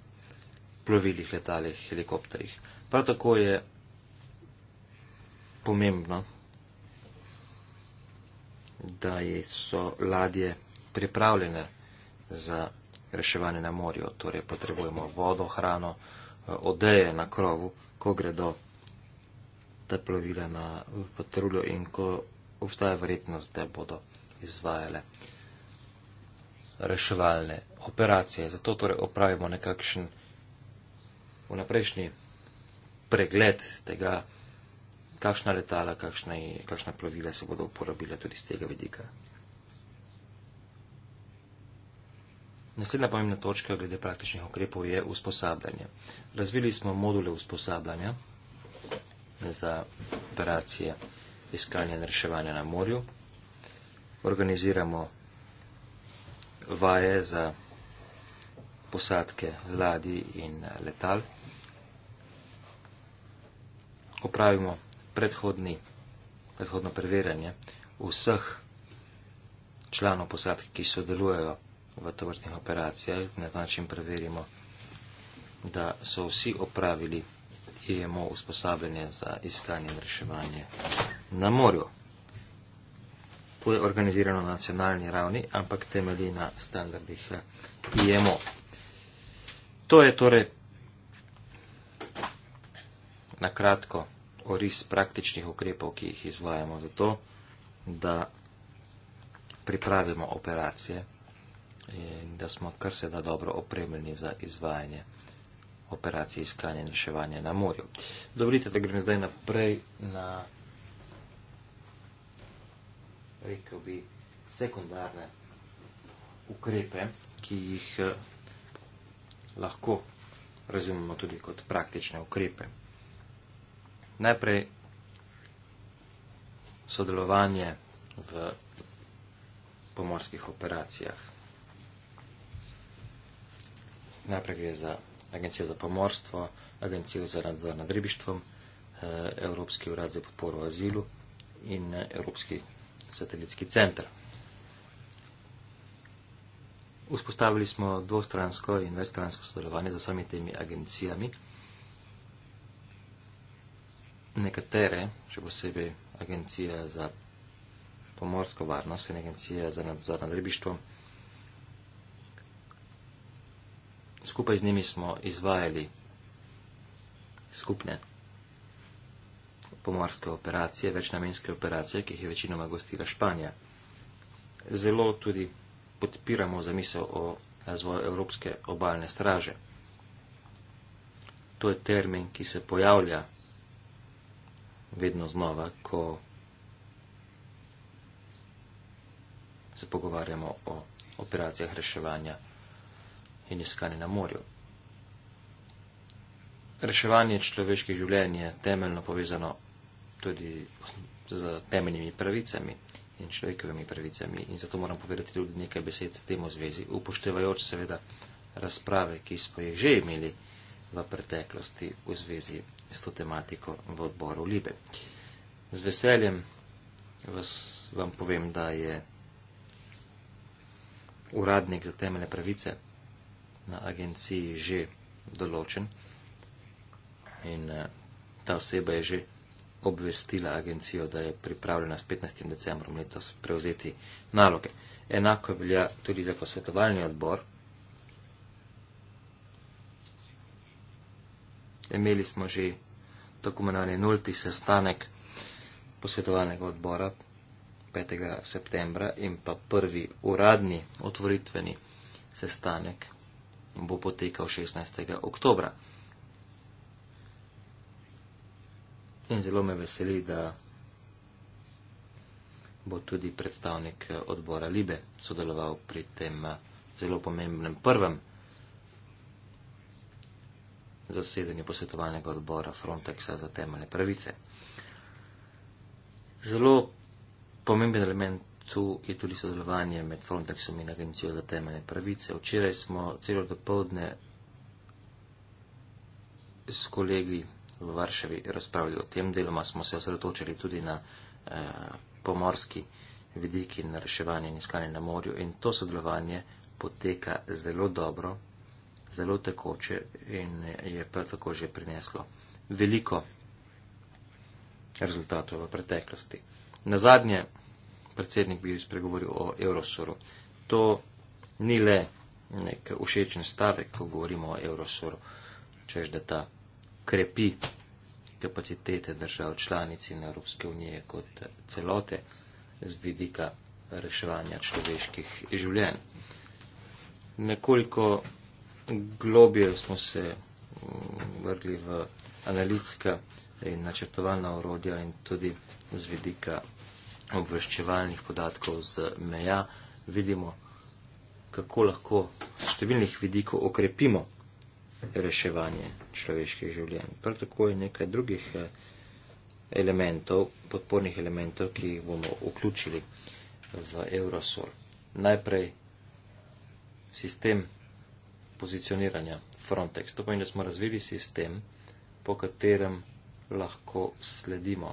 plovilih, letalih, helikopterjih. Prav tako je pomembno, da so ladje pripravljene za reševanje na morju, torej potrebujemo vodo, hrano, odeje na krovu, ko gredo te plovile na patruljo in ko obstaja verjetnost, da bodo izvajale reševalne operacije. Zato torej opravimo nekakšen vnaprejšnji pregled tega, kakšna letala, kakšna, kakšna plovila se bodo uporabila tudi z tega vidika. Naslednja pomembna točka glede praktičnih ukrepov je usposabljanje. Razvili smo module usposabljanja za operacije iskanja in reševanja na morju. Organiziramo vaje za posadke ladi in eh, letal. Opravimo predhodni, predhodno preverjanje vseh članov posadke, ki sodelujejo v tovrstnih operacijah. Na ta način preverimo, da so vsi opravili IMO e usposabljanje za iskanje in reševanje na morju. To je organizirano na nacionalni ravni, ampak temelji na standardih IMO. Eh, e To je torej na kratko oris praktičnih ukrepov, ki jih izvajamo za to, da pripravimo operacije in da smo kar se da dobro opremljeni za izvajanje operacij iskanja in reševanja na morju. Dovolite, da grem zdaj naprej na, rekel bi, sekundarne ukrepe, ki jih lahko razumemo tudi kot praktične ukrepe. Najprej sodelovanje v pomorskih operacijah. Najprej gre za Agencijo za pomorstvo, Agencijo za nadzor nad ribištvom, eh, Evropski urad za podporo azilu in eh, Evropski satelitski center. Vzpostavili smo dvostransko in večstransko sodelovanje z vsemi temi agencijami. Nekatere, še posebej agencija za pomorsko varnost in agencija za nadzor nad ribištvom, skupaj z njimi smo izvajali skupne pomorske operacije, večnamenske operacije, ki jih je večinoma gostila Španija. Zelo tudi podpiramo zamisel o razvoju Evropske obaljne straže. To je termin, ki se pojavlja vedno znova, ko se pogovarjamo o operacijah reševanja in iskanje na morju. Reševanje človeških življenj je temeljno povezano tudi z temeljnimi pravicami in človekovimi pravicami. In zato moram povedati tudi nekaj besed s tem v zvezi, upoštevajoč seveda razprave, ki smo jih že imeli v preteklosti v zvezi s to tematiko v odboru Libe. Z veseljem vas, vam povem, da je uradnik za temeljne pravice na agenciji že določen in eh, ta oseba je že obvestila agencijo, da je pripravljena s 15. decembrom letos prevzeti naloge. Enako velja tudi za posvetovalni odbor. Imeli smo že tako imenovani nulti sestanek posvetovalnega odbora 5. septembra in pa prvi uradni otvoritveni sestanek bo potekal 16. oktobra. In zelo me veseli, da bo tudi predstavnik eh, odbora Libe sodeloval pri tem eh, zelo pomembnem prvem zasedanju posvetovalnega odbora Frontexa za temeljne pravice. Zelo pomemben element tu je tudi sodelovanje med Frontexom in Agencijo za temeljne pravice. Včeraj smo celo dopoldne s kolegi v Varšavi razpravljali o tem, deloma smo se osredotočili tudi na eh, pomorski vidik in na reševanje in iskanje na morju in to sodelovanje poteka zelo dobro, zelo tekoče in je prav tako že prineslo veliko rezultatov v preteklosti. Na zadnje, predsednik bi spregovoril o Eurosuru. To ni le nek všečen stavek, ko govorimo o Eurosuru, čež da ta krepi kapacitete držav članic in Evropske unije kot celote z vidika reševanja človeških življenj. Nekoliko globje smo se mm, vrgli v analitska in načrtovalna orodja in tudi z vidika obveščevalnih podatkov z meja vidimo, kako lahko z številnih vidikov okrepimo reševanje človeških življenj. Prav tako je nekaj drugih eh, elementov, podpornih elementov, ki jih bomo vključili v Eurosol. Najprej sistem pozicioniranja Frontex. To pomeni, da smo razvili sistem, po katerem lahko sledimo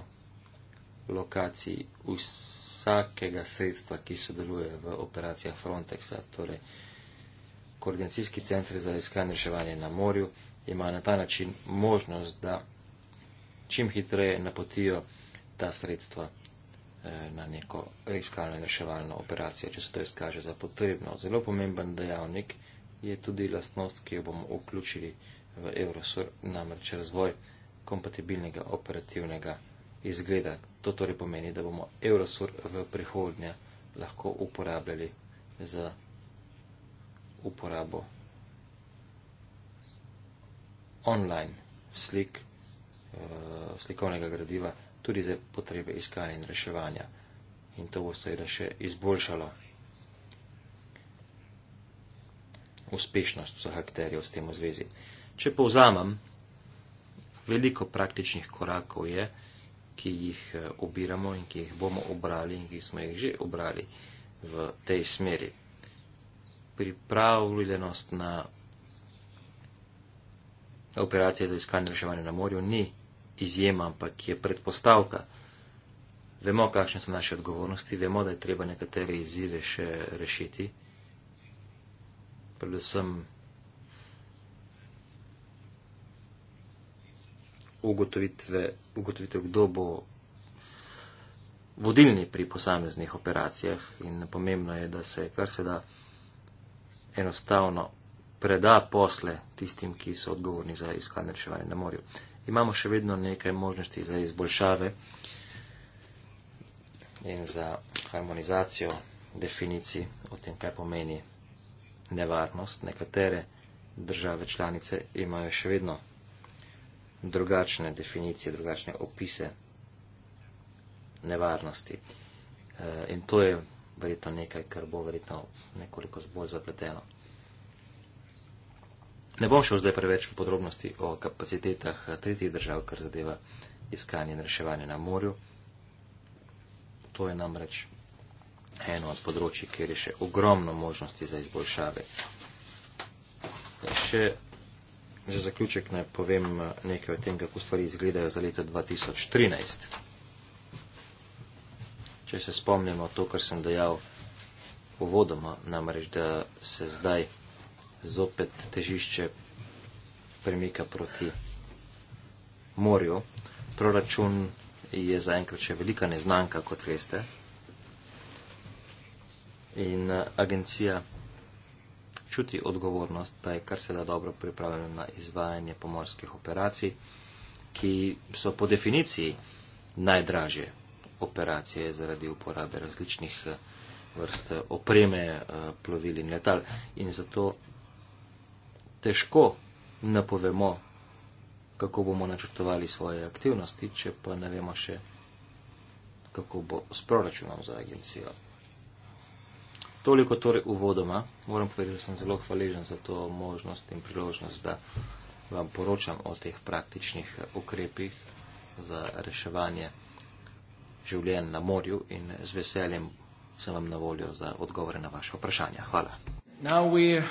lokaciji vsakega sredstva, ki sodeluje v operacijah Frontexa, torej koordinacijski centri za iskanje reševanje na morju, ima na ta način možnost, da čim hitreje napotijo ta sredstva eh, na neko iskalno reševalno operacijo, če se to izkaže za potrebno. Zelo pomemben dejavnik je tudi lastnost, ki jo bomo vključili v Eurosur, namreč razvoj kompatibilnega operativnega izgleda. To torej pomeni, da bomo Eurosur v prihodnje lahko uporabljali za uporabo online slik, eh, slikovnega gradiva, tudi za potrebe iskanja in reševanja. In to bo seveda še izboljšalo uspešnost vseh akterjev s tem v zvezi. Če povzamem, veliko praktičnih korakov je, ki jih eh, obiramo in ki jih bomo obrali in ki smo jih že obrali v tej smeri. Pripravljenost na operacija za iskanje reševanja na morju ni izjema, ampak je predpostavka. Vemo, kakšne so naše odgovornosti, vemo, da je treba nekatere izzive še rešiti. Predvsem ugotovitve, ugotovitev, kdo bo vodilni pri posameznih operacijah in pomembno je, da se kar se da enostavno preda posle tistim, ki so odgovorni za iskanje reševanja na morju. Imamo še vedno nekaj možnosti za izboljšave in za harmonizacijo definicij o tem, kaj pomeni nevarnost. Nekatere države članice imajo še vedno drugačne definicije, drugačne opise nevarnosti. Eh, in to je verjetno nekaj, kar bo verjetno nekoliko bolj zapleteno. Ne bom šel zdaj preveč v podrobnosti o kapacitetah tretjih držav, kar zadeva iskanje in reševanje na morju. To je namreč eno od področji, kjer je še ogromno možnosti za izboljšave. Ja, še za zaključek naj povem nekaj o tem, kako stvari izgledajo za leto 2013. Če se spomnimo to, kar sem dejal uvodoma, namreč da se zdaj zopet težišče premika proti morju. Proračun je zaenkrat še velika neznanka, kot veste. In eh, agencija čuti odgovornost, da je kar se da dobro pripravljena na izvajanje pomorskih operacij, ki so po definiciji najdražje operacije zaradi uporabe različnih eh, vrst eh, opreme, plovil in letal. In zato težko napovemo, kako bomo načrtovali svoje aktivnosti, če pa ne vemo še, kako bo s proračunom za agencijo. Toliko torej uvodoma. Moram povedati, da sem zelo hvaležen za to možnost in priložnost, da vam poročam o teh praktičnih ukrepih za reševanje življenj na morju in z veseljem sem vam na voljo za odgovore na vaše vprašanja. Hvala. Now we...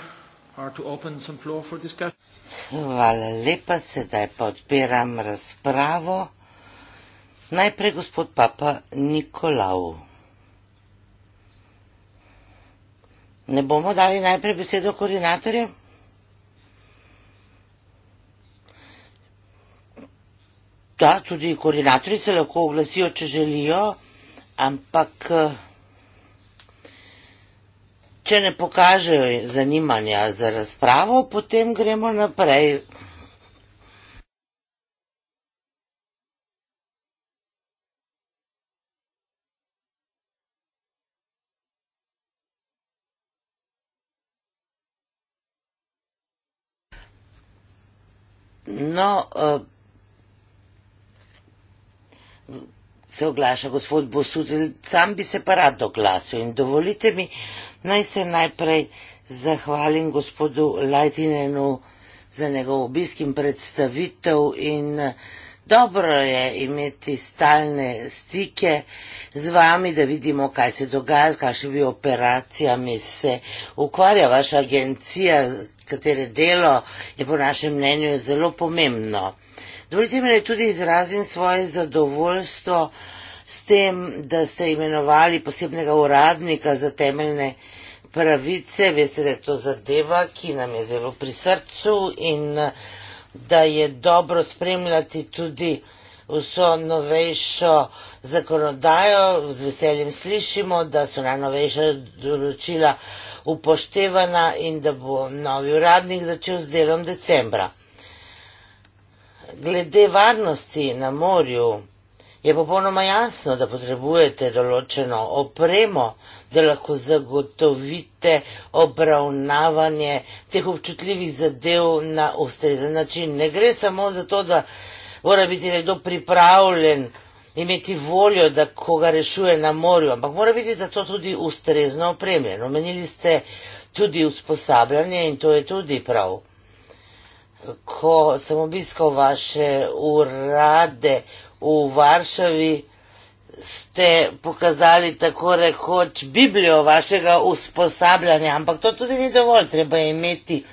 Hvala lepa, sedaj pa odpiram razpravo. Najprej gospod Papa Nikolau. Ne bomo dali najprej besedo koordinatorjem? Da, tudi koordinatorji se lahko oglasijo, če želijo, ampak. Eh, Če ne pokažejo zanimanja za razpravo, potem gremo naprej. No, uh, se oglaša gospod Bosutelj, sam bi se pa rad oglasil in dovolite mi, naj se najprej zahvalim gospodu Lajtinenu za njegov obisk in predstavitev in eh, dobro je imeti stalne stike z vami, da vidimo, kaj se dogaja, z kakšnimi operacijami se ukvarja vaša agencija, katere delo je po našem mnenju zelo pomembno. Dovolite mi, da tudi izrazim svoje zadovoljstvo s tem, da ste imenovali posebnega uradnika za temeljne pravice. Veste, da je to zadeva, ki nam je zelo pri srcu in da je dobro spremljati tudi vso novejšo zakonodajo. Z veseljem slišimo, da so najnovejša določila upoštevana in da bo novi uradnik začel z delom decembra. Glede varnosti na morju je popolnoma jasno, da potrebujete določeno opremo, da lahko zagotovite obravnavanje teh občutljivih zadev na ustrezen način. Ne gre samo za to, da mora biti nekdo pripravljen imeti voljo, da koga rešuje na morju, ampak mora biti za to tudi ustrezno opremljen. Omenili ste tudi usposabljanje in to je tudi prav ko sam obiskao vaše urade u Varšavi, ste pokazali tako rekoč biblio vašega usposabljanja, ampak to tudi ni dovolj, treba imeti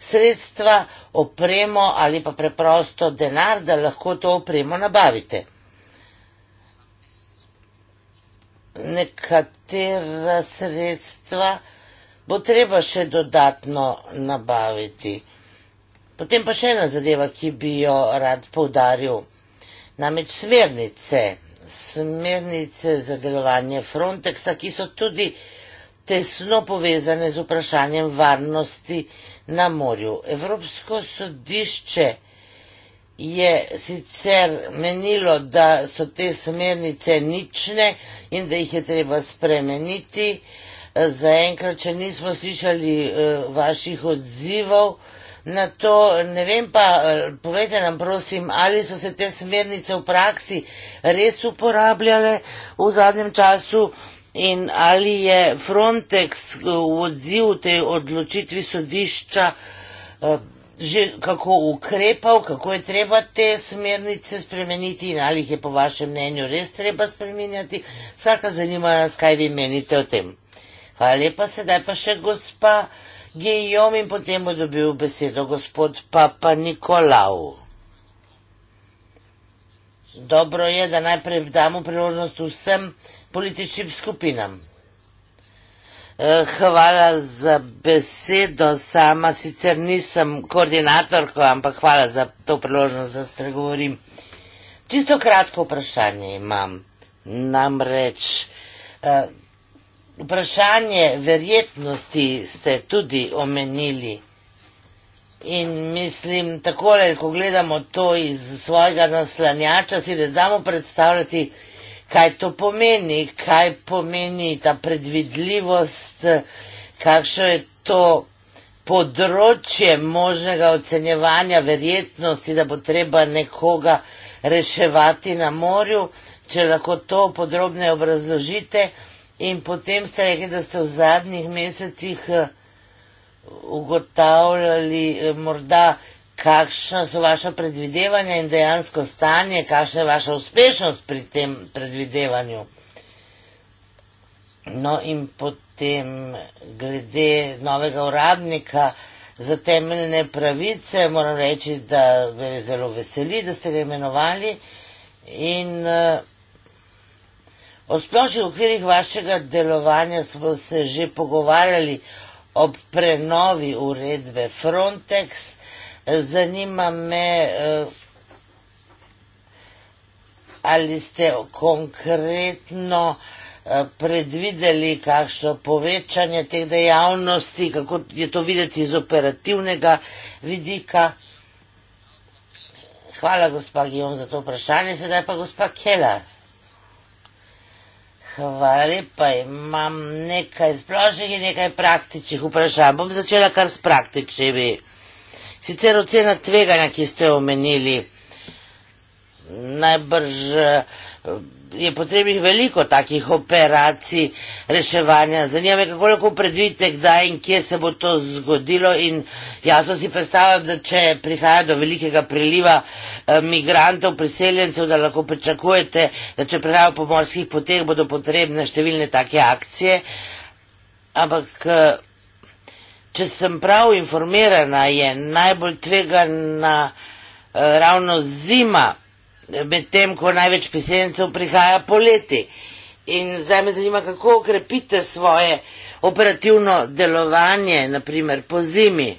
sredstva, opremo ali pa preprosto denar, da lahko to opremo nabavite. Nekatera sredstva bo treba še dodatno nabaviti. Potem pa še ena zadeva, ki bi jo rad poudaril. Namreč smernice, smernice za delovanje Frontexa, ki so tudi tesno povezane z vprašanjem varnosti na morju. Evropsko sodišče je sicer menilo, da so te smernice nične in da jih je treba spremeniti. Zaenkrat, če nismo slišali eh, vaših odzivov, na to, ne vem pa, eh, povejte nam prosim, ali so se te smernice v praksi res uporabljale v zadnjem času in ali je Frontex eh, v odziv tej odločitvi sodišča eh, že kako ukrepal, kako je treba te smernice spremeniti in ali jih je po vašem mnenju res treba spremenjati. Vsaka zanima nas, kaj vi menite o tem. Hvala lepa, sedaj pa še gospa. Gijom in potem bo dobil besedo gospod Papa Nikolau. Dobro je, da najprej damo priložnost vsem političnim skupinam. Eh, hvala za besedo, sama sicer nisem koordinatorko, ampak hvala za to priložnost, da spregovorim. Čisto kratko vprašanje imam, namreč eh, Vprašanje verjetnosti ste tudi omenili. In mislim, takole, ko gledamo to iz svojega naslanjača, si ne znamo predstavljati, kaj to pomeni, kaj pomeni ta predvidljivost, kakšno je to področje možnega ocenjevanja verjetnosti, da bo treba nekoga reševati na morju, če lahko to podrobne obrazložite. In potem ste rekli, da ste v zadnjih mesecih eh, ugotavljali eh, morda, kakšna so vaša predvidevanja in dejansko stanje, kakšna je vaša uspešnost pri tem predvidevanju. No in potem glede novega uradnika za temeljne pravice, moram reči, da me je zelo veseli, da ste ga imenovali in uh, O splošnih okvirih vašega delovanja smo se že pogovarjali ob prenovi uredbe Frontex. Zanima me, eh, ali ste konkretno eh, predvideli kakšno povečanje teh dejavnosti, kako je to videti iz operativnega vidika. Hvala, gospa Gijom, za to vprašanje. Sedaj pa gospa Kela. Hvala lepa, imam nekaj splošnih in nekaj praktičnih vprašanj. Bom začela kar s praktičnimi. Sicer ocena tveganja, ki ste omenili, najbrž eh, je potrebnih veliko takih operacij reševanja. Zanima me, kako lahko predvidite, kdaj in kje se bo to zgodilo in jasno si predstavljam, da če prihaja do velikega priliva eh, migrantov, priseljencev, da lahko pričakujete, da če prihajajo po morskih poteh, bodo potrebne številne take akcije. Ampak, eh, če sem prav informirana, je najbolj tvegana eh, ravno zima, medtem ko največ pisencev prihaja poleti. In zdaj me zanima, kako okrepite svoje operativno delovanje, naprimer po zimi.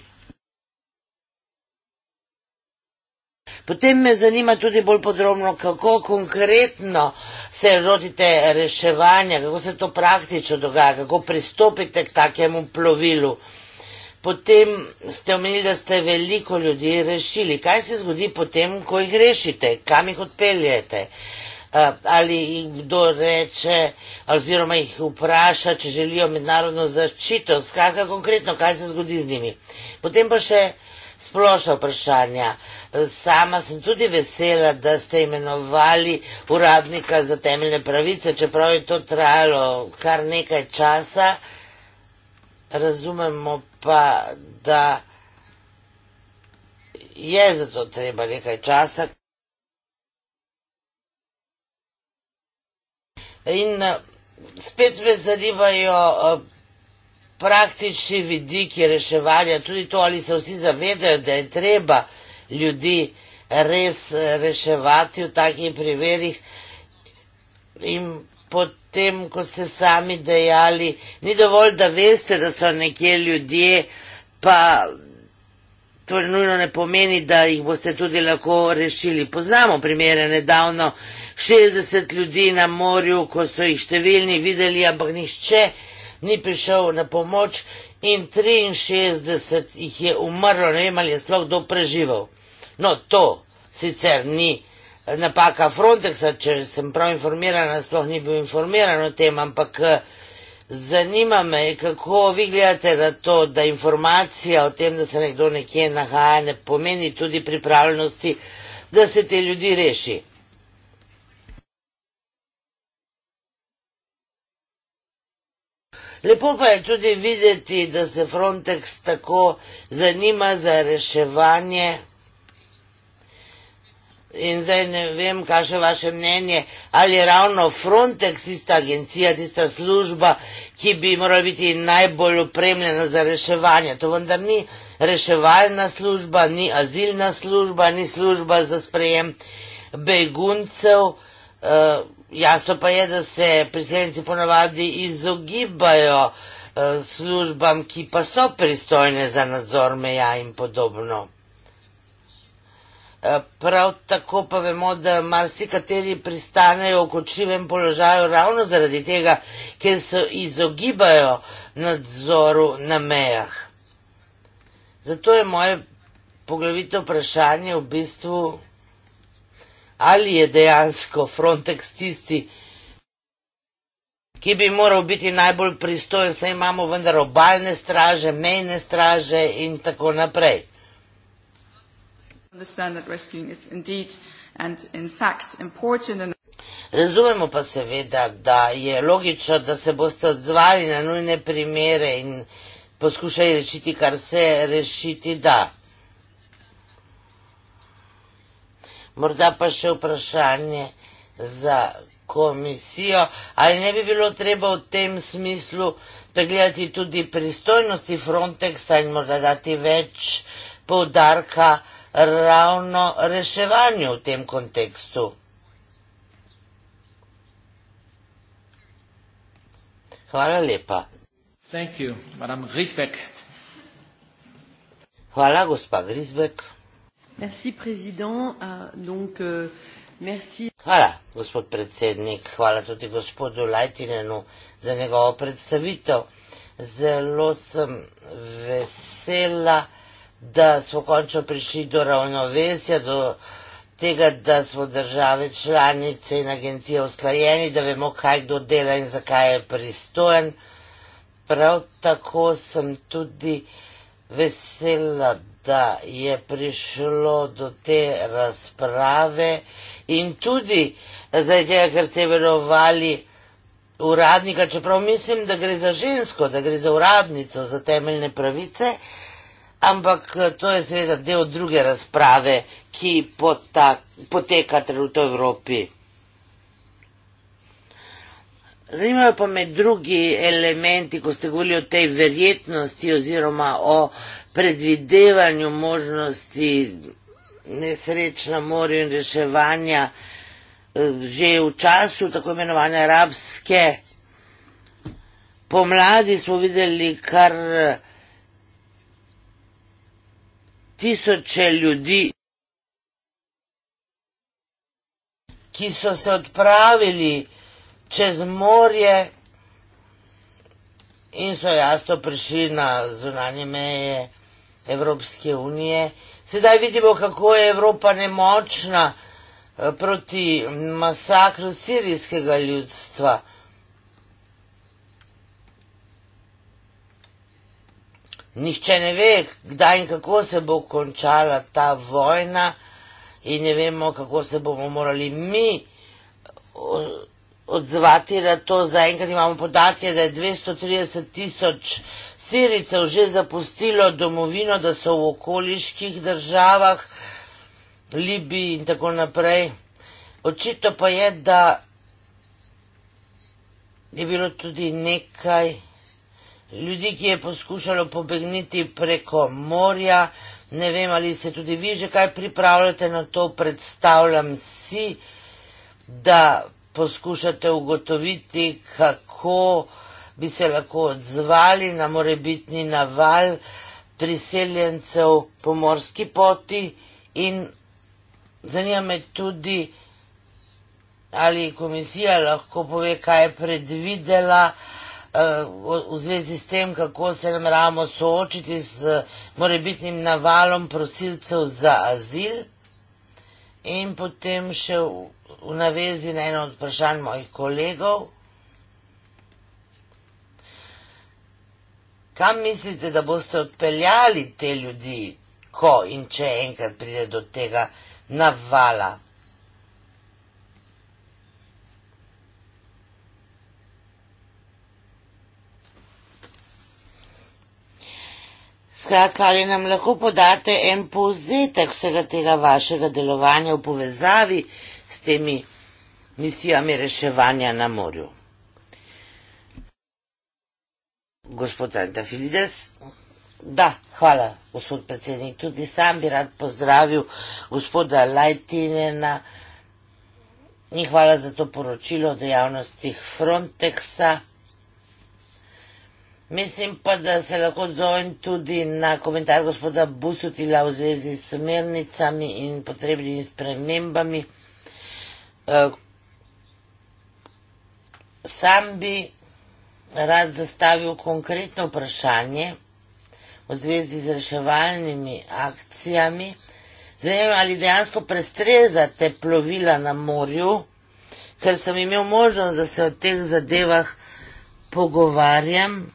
Potem me zanima tudi bolj podrobno, kako konkretno se lotite reševanja, kako se to praktično dogaja, kako pristopite k takemu plovilu. Potem ste omenili, da ste veliko ljudi rešili. Kaj se zgodi potem, ko jih rešite? Kam jih odpeljete? Ali jih kdo reče, oziroma jih vpraša, če želijo mednarodno zaščito? Skratka, konkretno, kaj se zgodi z njimi? Potem pa še splošno vprašanje. Sama sem tudi vesela, da ste imenovali uradnika za temeljne pravice, čeprav je to trajalo kar nekaj časa razumemo pa, da je zato treba nekaj časa. In eh, spet me zanimajo eh, praktični vidiki reševanja, tudi to, ali se vsi zavedajo, da je treba ljudi res eh, reševati v takih primerih. In pod tem, ko ste sami dejali, ni dovolj, da veste, da so nekje ljudje, pa to nujno ne pomeni, da jih boste tudi lahko rešili. Poznamo primere nedavno, 60 ljudi na morju, ko so jih številni videli, ampak nišče ni prišel na pomoč in 63 jih je umrlo, ne vem, ali je sploh kdo preživel. No, to sicer ni napaka Frontexa, če sem prav informirana, sploh ni bil informiran o tem, ampak eh, zanima me, kako vi gledate na to, da informacija o tem, da se nekdo nekje nahaja, ne pomeni tudi pripravljenosti, da se te ljudi reši. Lepo pa je tudi videti, da se Frontex tako zanima za reševanje In zdaj ne vem, kakšno je vaše mnenje, ali je ravno Frontex tista agencija, tista služba, ki bi morala biti najbolj upremljena za reševanje. To vendar ni reševalna služba, ni azilna služba, ni služba za sprejem beguncev. E, jasno pa je, da se priseljenci ponavadi izogibajo e, službam, ki pa so pristojne za nadzor meja in podobno. Eh, prav tako pa vemo, da marsikateri pristanejo v kočljivem položaju ravno zaradi tega, ker se izogibajo nadzoru na mejah. Zato je moje poglavito vprašanje v bistvu, ali je dejansko Frontex tisti, ki bi moral biti najbolj pristojen, saj imamo vendar obaljne straže, mejne straže in tako naprej. Razumemo pa seveda, da je logično, da se boste odzvali na nujne primere in poskušali rešiti, kar se rešiti da. Morda pa še vprašanje za komisijo, ali ne bi bilo treba v tem smislu pregledati tudi pristojnosti Frontexa in morda dati več poudarka ravno reševanju v tem kontekstu. Hvala lepa. Thank you, madam Grisbeck. Hvala, gospa Grisbeck. Merci, president. Uh, ah, donc, uh, merci. Hvala, gospod predsednik. Hvala tudi gospodu Lajtinenu za njegovo predstavitev. Zelo sem vesela da smo končno prišli do ravnovesja, do tega, da smo države članice in agencije usklajeni, da vemo, kaj kdo dela in zakaj je pristojen. Prav tako sem tudi vesela, da je prišlo do te razprave in tudi zaradi tega, ker ste verovali uradnika, čeprav mislim, da gre za žensko, da gre za uradnico, za temeljne pravice, uh, ampak eh, to je seveda del druge razprave, ki pota, poteka trenutno v Evropi. Zanimajo pa me drugi elementi, ko ste govorili o tej verjetnosti oziroma o predvidevanju možnosti nesreč na morju in reševanja eh, že v času tako imenovane arabske pomladi smo videli kar tisoče ljudi, ki so se odpravili čez morje in so jasno prišli na zunanje meje Evropske unije. Sedaj vidimo, kako je Evropa nemočna eh, proti masakru sirijskega ljudstva. Nihče ne ve, kdaj in kako se bo končala ta vojna, in ne vemo, kako se bomo morali mi odzvati na to. Zaenkrat imamo podatke, da je 230 tisoč siricev že zapustilo domovino, da so v okoliških državah, Libiji in tako naprej. Očito pa je, da je bilo tudi nekaj ljudi, ki je poskušalo pobegniti preko morja. Ne vem, ali se tudi vi že kaj pripravljate na to. Predstavljam si, da poskušate ugotoviti, kako bi se lahko odzvali na morebitni naval priseljencev po morski poti in zanima me tudi, ali komisija lahko pove, kaj je predvidela, Eh, v zvezi s tem, kako se nam ramo soočiti s morebitnim navalom prosilcev za azil in potem še v navezi na eno od vprašanj mojih kolegov. Kam mislite, da boste odpeljali te ljudi, ko in če enkrat pride do tega navala? Skratka, ali nam lahko podate en povzetek vsega tega vašega delovanja v povezavi s temi misijami reševanja na morju? Gospod Anta Filides? Da, hvala, gospod predsednik. Tudi sam bi rad pozdravil gospoda Lajtinena in hvala za to poročilo o dejavnostih Frontexa. Mislim pa, da se lahko odzovem tudi na komentar gospoda Busutila v zvezi s smernicami in potrebnimi spremembami. Eh, sam bi rad zastavil konkretno vprašanje v zvezi z reševalnimi akcijami. Zanima, ali dejansko prestrezate plovila na morju, ker sem imel možnost, da se o teh zadevah pogovarjam.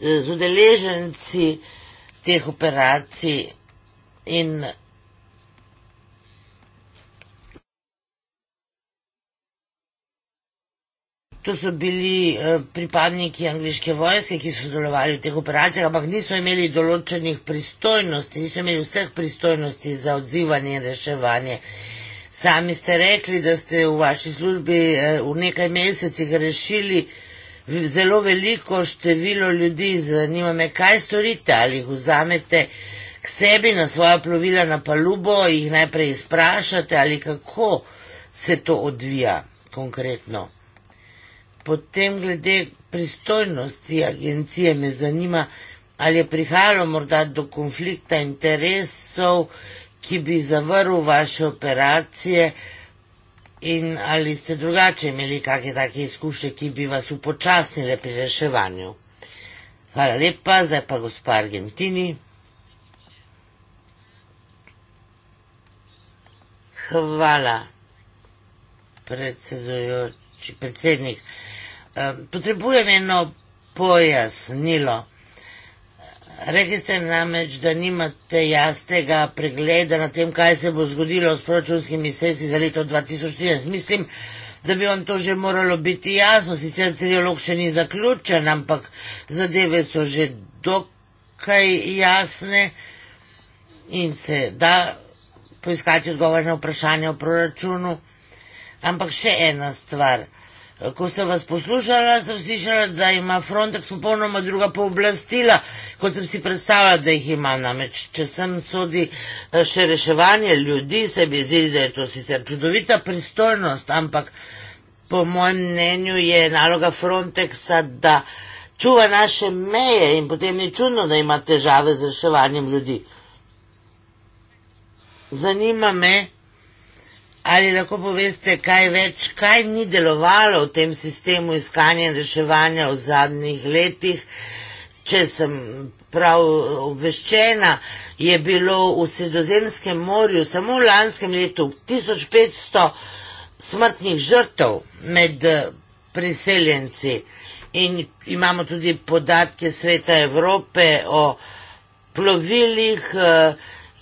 Eh, z udeleženci teh operacij in To so bili eh, pripadniki angliške vojske, ki so sodelovali v teh operacijah, ampak niso imeli določenih pristojnosti, niso imeli vseh pristojnosti za odzivanje in reševanje. Sami ste rekli, da ste v vaši službi eh, v nekaj mesecih rešili zelo veliko število ljudi, zanima me, kaj storite, ali jih vzamete k sebi na svoja plovila na palubo, jih najprej izprašate ali kako se to odvija konkretno. Potem glede pristojnosti agencije me zanima, ali je prihajalo morda do konflikta interesov, ki bi zavrl vaše operacije, In ali ste drugače imeli kakšne take izkušnje, ki bi vas upočasnile pri reševanju? Hvala lepa, zdaj pa gospa Argentini. Hvala, predsedujoči, predsednik. Potrebujem eno pojasnilo. Rekli ste namreč, da nimate jasnega pregleda na tem, kaj se bo zgodilo s proračunskimi sredstvi za leto 2013. Mislim, da bi vam to že moralo biti jasno, sicer trilog še ni zaključen, ampak zadeve so že dokaj jasne in se da poiskati odgovore na vprašanje o proračunu. Ampak še ena stvar. Ko sem vas poslušala, sem slišala, da ima Frontex popolnoma druga pooblastila, kot sem si predstavljala, da jih ima. Namreč, če sem sodi eh, še reševanje ljudi, se mi zdi, da je to sicer čudovita pristojnost, ampak po mojem mnenju je naloga Frontexa, da čuva naše meje in potem je čudno, da ima težave z reševanjem ljudi. Zanima me, Ali lahko poveste kaj več, kaj ni delovalo v tem sistemu iskanja in reševanja v zadnjih letih? Če sem prav obveščena, je bilo v Sredozemskem morju samo v lanskem letu 1500 smrtnih žrtev med eh, priseljenci in imamo tudi podatke Sveta Evrope o plovilih, eh,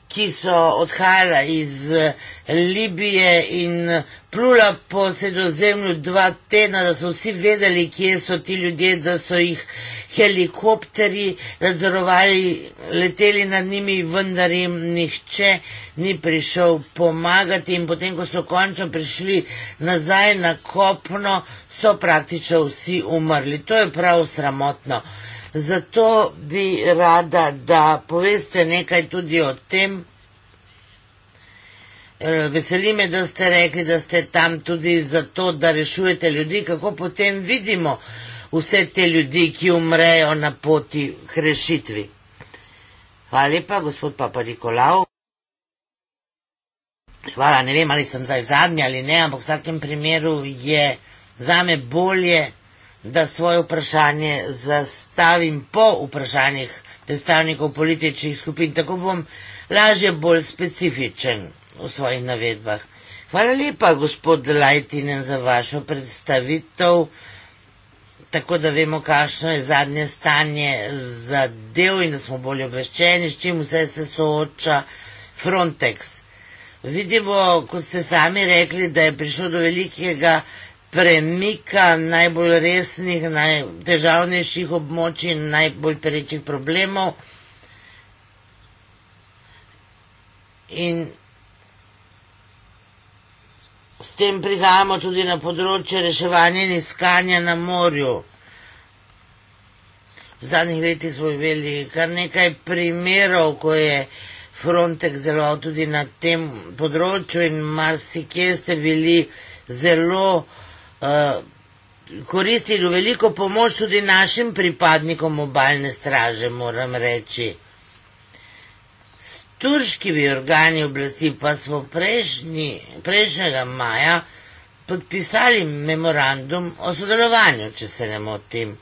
ki so odhajala iz eh, Libije in eh, plula po sredozemlju dva tedna, da so vsi vedeli, kje so ti ljudje, da so jih helikopteri nadzorovali, leteli nad njimi, vendar jim nihče ni prišel pomagati in potem, ko so končno prišli nazaj na kopno, so praktično vsi umrli. To je prav sramotno. Zato bi rada, da poveste nekaj tudi o tem. Eh, veseli me, da ste rekli, da ste tam tudi zato, da rešujete ljudi. Kako potem vidimo vse te ljudi, ki umrejo na poti k rešitvi? Hvala lepa, gospod Papa Nikolaov. Hvala, ne vem, ali sem zdaj zadnji ali ne, ampak v vsakem primeru je zame bolje da svoje vprašanje zastavim po vprašanjih predstavnikov političnih skupin, tako bom lažje bolj specifičen v svojih navedbah. Hvala lepa, gospod Lajtinen, za vašo predstavitev, tako da vemo, kakšno je zadnje stanje za del in da smo bolj obveščeni, s čim vse se sooča Frontex. Vidimo, kot ste sami rekli, da je prišlo do velikega premika najbolj resnih, najtežavnejših območij in najbolj perečih problemov. In s tem prihajamo tudi na področje reševanja in iskanja na morju. V zadnjih letih smo imeli kar nekaj primerov, ko je Frontex deloval tudi na tem področju in marsikje ste bili zelo uh, Eh, koristili v veliko pomoč tudi našim pripadnikom obaljne straže, moram reči. S turškimi organi oblasti pa smo prejšnji, prejšnjega maja podpisali memorandum o sodelovanju, če se ne motim.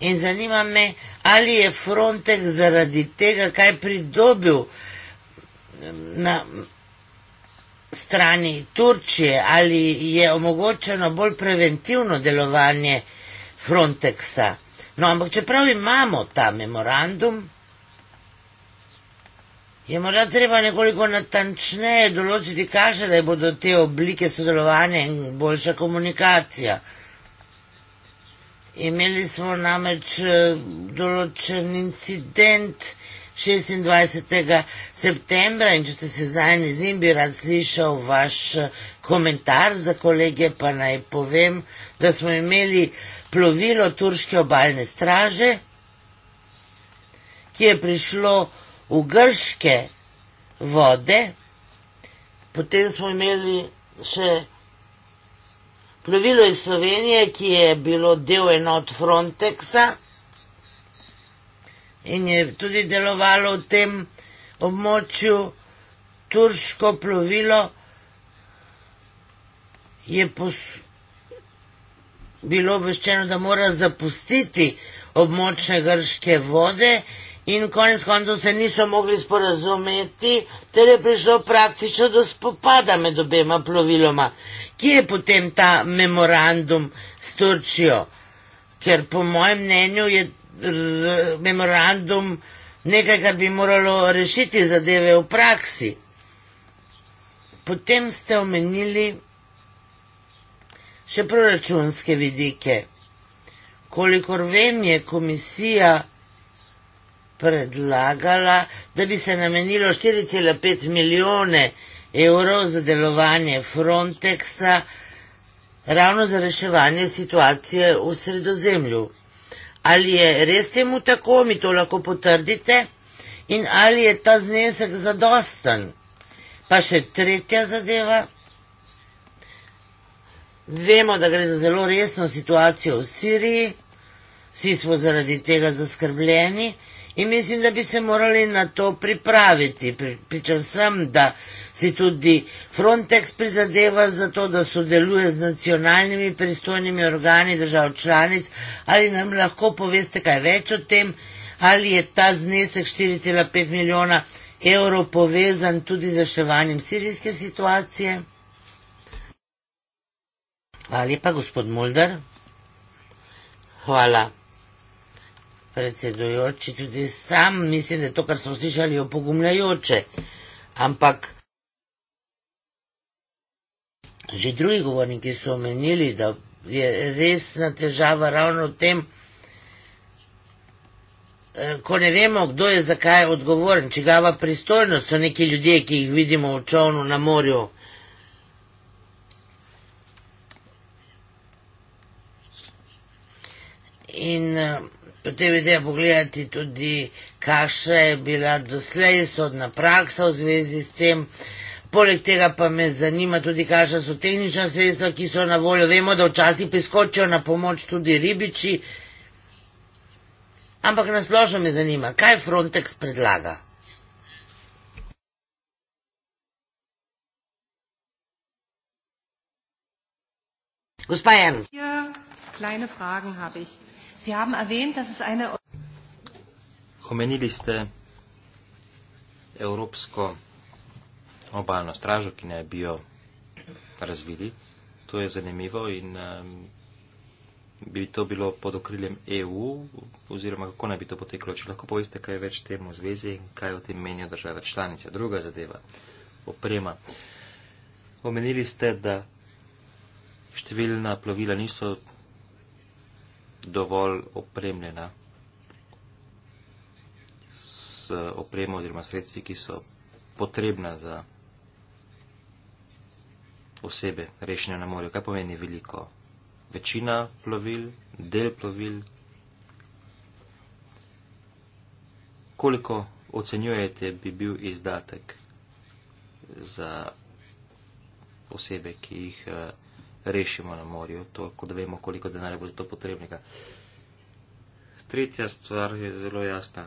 In zanima me, ali je Frontex zaradi tega kaj pridobil na strani Turčije ali je omogočeno bolj preventivno delovanje Frontexa. No, ampak čeprav imamo ta memorandum, je morda treba nekoliko natančneje določiti, kaže, da bodo te oblike sodelovanja in boljša komunikacija. Imeli smo namreč eh, določen incident, 26. septembra in če ste seznanjeni z njim, bi rad slišal vaš eh, komentar. Za kolege pa naj povem, da smo imeli plovilo turške obaljne straže, ki je prišlo v grške vode, potem smo imeli še plovilo iz Slovenije, ki je bilo del enot Frontexa in je tudi delovalo v tem območju turško plovilo, je pos... bilo obveščeno, da mora zapustiti območje grške vode in konec koncev se niso mogli sporazumeti, ter je prišlo praktično do spopada med obema ploviloma. Kje je potem ta memorandum s Turčijo? Ker po mojem mnenju je memorandum nekaj, kar bi moralo rešiti zadeve v praksi. Potem ste omenili še proračunske vidike. Kolikor vem, je komisija predlagala, da bi se namenilo 4,5 milijone evrov za delovanje Frontexa, ravno za reševanje situacije v sredozemlju ali je res temu tako, mi to lahko potrdite, in ali je ta znesek zadosten. Pa še tretja zadeva. Vemo, da gre za zelo resno situacijo v Siriji, vsi smo zaradi tega zaskrbljeni in mislim, da bi se morali na to pripraviti. Pričem sem, da si tudi Frontex prizadeva za to, da sodeluje z nacionalnimi pristojnimi organi držav članic. Ali nam lahko poveste kaj več o tem, ali je ta znesek 4,5 milijona evrov povezan tudi z reševanjem sirijske situacije? Hvala lepa, gospod Mulder. Hvala predsedujoči, tudi sam mislim, da je to, kar smo slišali, opogumljajoče. Ampak že drugi govorniki so omenili, da je resna težava ravno v tem, eh, ko ne vemo, kdo je zakaj odgovoren, čigava pristojnost so neki ljudje, ki jih vidimo v čovnu na morju. In uh, Potem je treba pogledati tudi, kakšna je bila doslej sodna praksa v zvezi s tem. Poleg tega pa me zanima tudi, kakšna so tehnična sredstva, ki so na voljo. Vemo, da včasih priskočijo na pomoč tudi ribiči. Ampak nasplošno me zanima, kaj Frontex predlaga. Gospa Jan. Kleine Fragen habe ich. Sie haben erwähnt, dass es eine. Omenili ste Evropsko obalno stražo, ki naj bi jo razvili. To je zanimivo in um, bi to bilo pod okriljem EU oziroma kako naj bi to poteklo. Če lahko poveste, kaj je več temu v zvezi in kaj o tem menijo države članice. Druga zadeva, oprema. Omenili ste, da številna plovila niso dovolj opremljena s opremo oziroma sredstvi, ki so potrebna za osebe, rešene na morju. Kaj pomeni veliko? Večina plovil, del plovil. Koliko ocenjujete, bi bil izdatek za osebe, ki jih eh, rešimo na morju, tako da vemo, koliko denarja bo za to potrebnega. Tretja stvar je zelo jasna.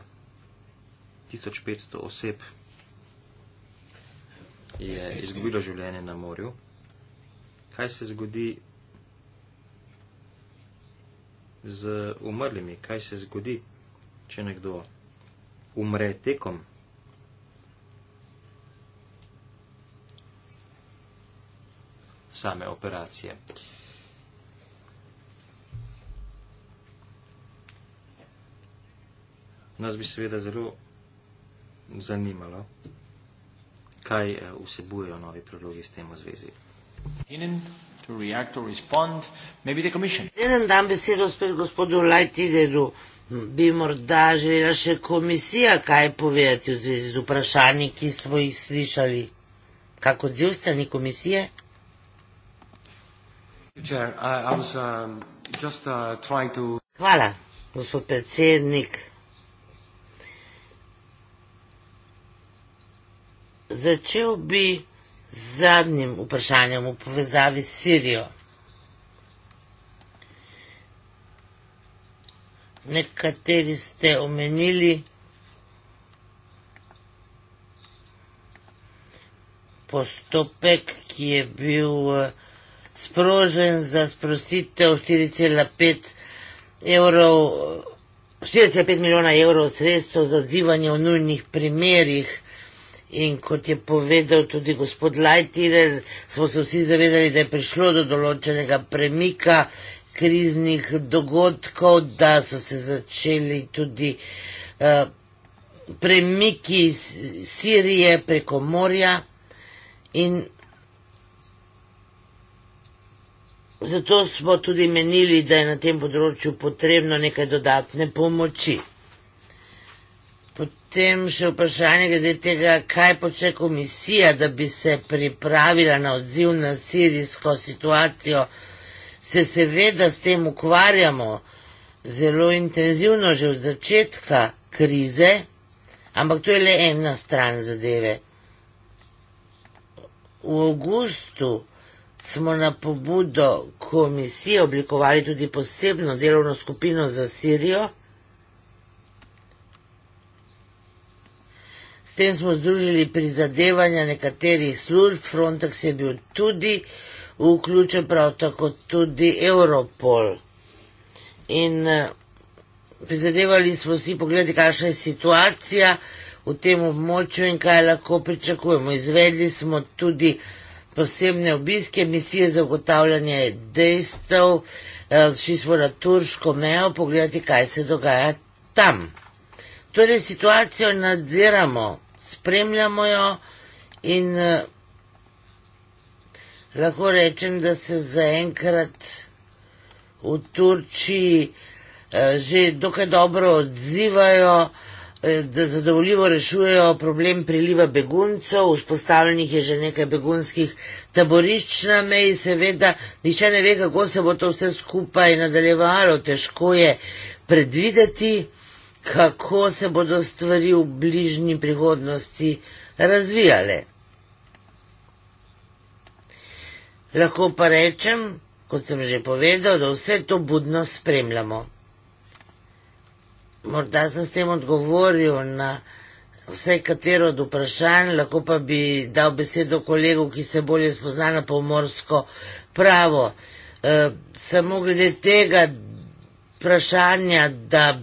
1500 oseb je izgubilo življenje na morju. Kaj se zgodi z umrlimi? Kaj se zgodi, če nekdo umre tekom? same operacije. Nas bi seveda zelo zanimalo, kaj eh, vsebujejo novi predlogi s tem v zvezi. To react or respond, maybe the commission. Eden dan besedo spet gospodu Lajtideru. Bi morda želela še komisija kaj povedati v zvezi z vprašanji, ki smo jih slišali. Kako odziv strani komisije? Um, uh, Hvala, gospod predsednik. Začel bi z zadnjim vprašanjem v povezavi s Sirijo. Nekateri ste omenili postopek, ki je bil sprožen za sprostitev 4,5 evrov. 4,5 milijona evrov sredstev za odzivanje v nujnih primerih in kot je povedal tudi gospod Lajtirer, smo se vsi zavedali, da je prišlo do določenega premika kriznih dogodkov, da so se začeli tudi uh, premiki iz Sirije preko morja in Zato smo tudi menili, da je na tem področju potrebno nekaj dodatne pomoči. Potem še vprašanje glede tega, kaj poče komisija, da bi se pripravila na odziv na sirijsko situacijo. Se seveda s tem ukvarjamo zelo intenzivno že od začetka krize, ampak to je le ena stran zadeve. V avgustu smo na pobudo komisije oblikovali tudi posebno delovno skupino za Sirijo. S tem smo združili prizadevanja nekaterih služb, Frontex je bil tudi vključen, prav tako tudi Europol. In eh, prizadevali smo si pogledati, kakšna je situacija v tem območju in kaj lahko pričakujemo. Izvedli smo tudi posebne obiske, misije za ugotavljanje dejstev, eh, šli smo na turško mejo, pogledati, kaj se dogaja tam. Torej, situacijo nadziramo, spremljamo jo in eh, lahko rečem, da se zaenkrat v Turčiji eh, že dokaj dobro odzivajo da zadovoljivo rešujejo problem priliva beguncev, vzpostavljenih je že nekaj begunskih taborišč na meji, seveda, nišče ne ve, kako se bo to vse skupaj nadaljevalo, težko je predvideti, kako se bodo stvari v bližnji prihodnosti razvijale. Lahko pa rečem, kot sem že povedal, da vse to budno spremljamo. Morda sem s tem odgovoril na vse katero od vprašanj, lahko pa bi dal besedo kolegu, ki se bolje spozna na pomorsko pravo. E, samo glede tega vprašanja, da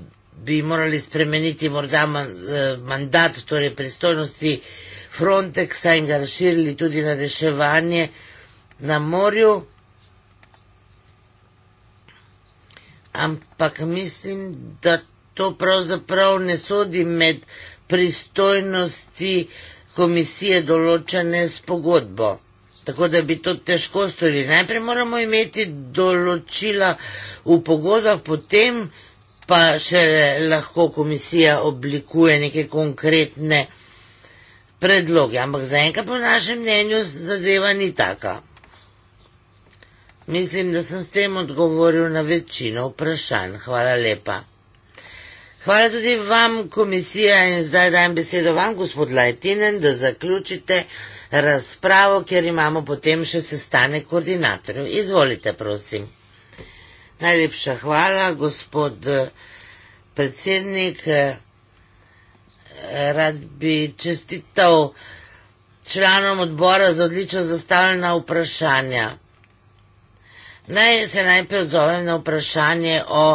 bi morali spremeniti morda eh, mandat, torej pristojnosti Frontexa in ga razširili tudi na reševanje na morju. Ampak mislim, da to pravzaprav ne sodi med pristojnosti komisije določene s pogodbo. Tako da bi to težko storili. Najprej moramo imeti določila v pogodbah, potem pa še lahko komisija oblikuje neke konkretne predloge. Ampak zaenkrat po našem mnenju zadeva ni taka. Mislim, da sem s tem odgovoril na večino vprašanj. Hvala lepa. Hvala tudi vam, komisija, in zdaj dajem besedo vam, gospod Lajtinen, da zaključite razpravo, ker imamo potem še sestanek koordinatorjev. Izvolite, prosim. Najlepša hvala, gospod predsednik. Rad bi čestital članom odbora za odlično zastavljena vprašanja. Naj se najprej odzovem na vprašanje o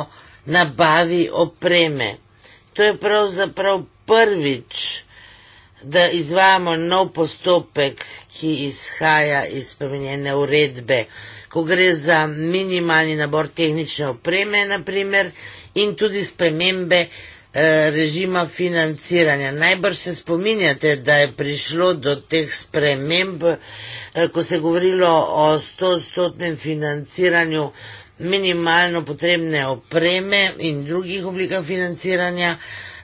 nabavi opreme. To je pravzaprav prvič, da izvajamo nov postopek, ki izhaja iz spremenjene uredbe, ko gre za minimalni nabor tehnične opreme, naprimer, in tudi spremembe eh, režima financiranja. Najbrž se spominjate, da je prišlo do teh sprememb, eh, ko se je govorilo o 100-stotnem financiranju minimalno potrebne opreme in drugih oblikah financiranja,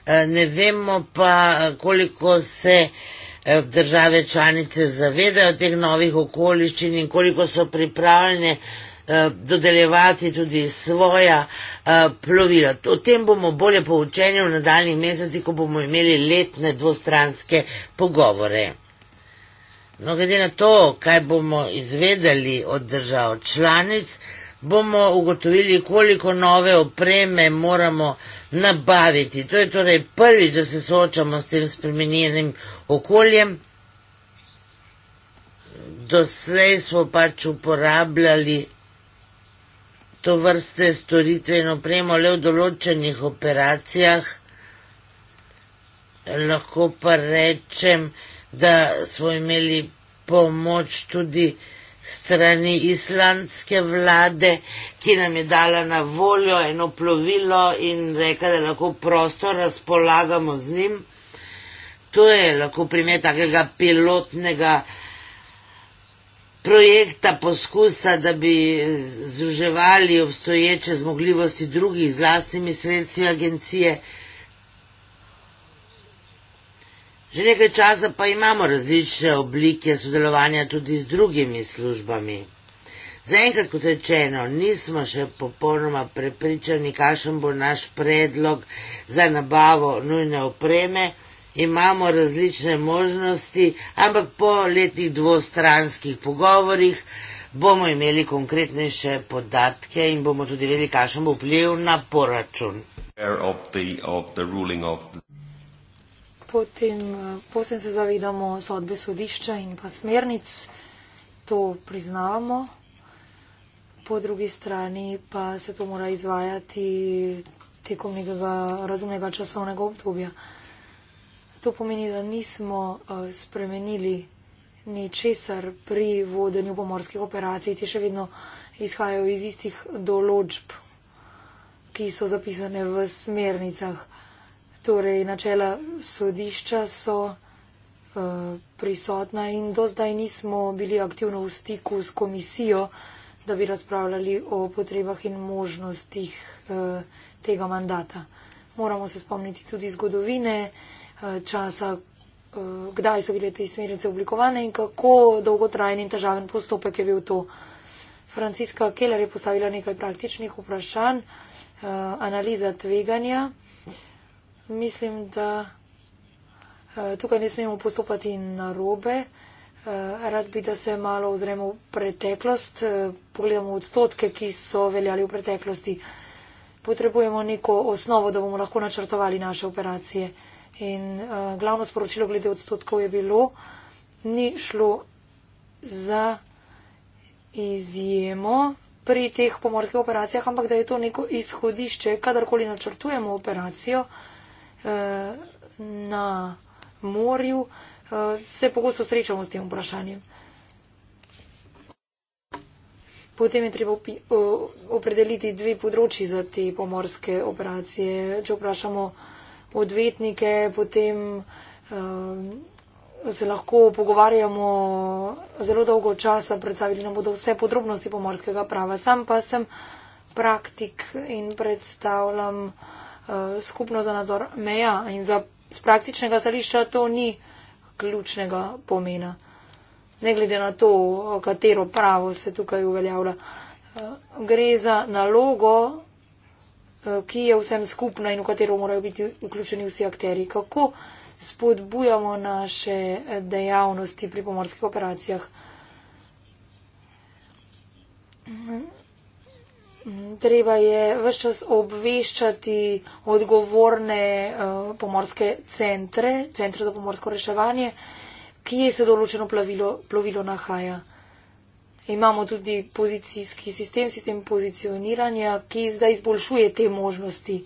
eh, ne vemo pa, eh, koliko se eh, države članice zavedajo teh novih okoliščin in koliko so pripravljene dodeljevati tudi svoja plovila. O tem bomo bolje poučeni v nadaljnih mesecih, ko bomo imeli letne dvostranske pogovore. No, glede na to, kaj bomo izvedeli od držav članic, bomo ugotovili, koliko nove opreme moramo nabaviti. To je torej prvič, da se soočamo s tem spremenjenim okoljem. Doslej smo pač uporabljali to vrste storitve in opremo le v določenih operacijah. Lahko pa rečem, da smo imeli pomoč tudi pri strani islandske vlade, ki nam je dala na voljo eno plovilo in reka, da lahko prosto razpolagamo z njim. To je lahko primer takega pilotnega projekta, poskusa, da bi združevali obstoječe zmogljivosti drugih z lastnimi sredstvi agencije. Že nekaj časa pa imamo različne oblike sodelovanja tudi z drugimi službami. Zaenkrat, kot rečeno, nismo še popolnoma prepričani, kakšen bo naš predlog za nabavo nujne opreme. Imamo različne možnosti, ampak po letnih dvostranskih pogovorih bomo imeli konkretnejše podatke in bomo tudi vedeli, kakšen bo vpliv na proračun potem, eh, potem se zavedamo sodbe sodišča in pa smernic, to priznavamo. Po drugi strani pa se to mora izvajati tekom nekega razumnega časovnega obdobja. To pomeni, da nismo eh, spremenili ničesar pri vodenju pomorskih operacij, ti še vedno izhajajo iz istih določb, ki so zapisane v smernicah. Torej, načela sodišča so uh, prisotna in do zdaj nismo bili aktivno v stiku s komisijo, da bi razpravljali o potrebah in možnostih uh, tega mandata. Moramo se spomniti tudi zgodovine, uh, časa, uh, kdaj so bile te smernice oblikovane in kako dolgotrajen in težaven postopek je bil to. Franciska Keller je postavila nekaj praktičnih vprašanj, uh, analiza tveganja mislim, da eh, tukaj ne smemo postopati na robe. Eh, rad bi, da se malo ozremo v preteklost, eh, pogledamo odstotke, ki so veljali v preteklosti. Potrebujemo neko osnovo, da bomo lahko načrtovali naše operacije. In glavno sporočilo glede odstotkov je bilo, ni šlo za izjemo pri teh pomorskih operacijah, ampak da je to neko izhodišče, kadarkoli načrtujemo operacijo, Eh, na morju, eh, se pogosto srečamo s tem vprašanjem. Potem je treba opredeliti dve področji za te pomorske operacije. Če vprašamo odvetnike, potem eh, se lahko pogovarjamo zelo dolgo časa, predstavili nam bodo vse podrobnosti pomorskega prava. Sam pa sem praktik in predstavljam. Eh, skupno za nadzor meja in za z praktičnega stališča to ni ključnega pomena. Ne glede na to, eh, katero pravo se tukaj uveljavlja. Eh, gre za nalogo, ki je vsem skupna in v katero morajo biti vključeni vsi akteri. Kako spodbujamo naše dejavnosti pri pomorskih operacijah? Treba je vse čas obveščati odgovorne eh, pomorske centre, centre za pomorsko reševanje, kje se določeno plavilo, plovilo nahaja. Imamo tudi pozicijski sistem, sistem pozicioniranja, ki zdaj izboljšuje te možnosti.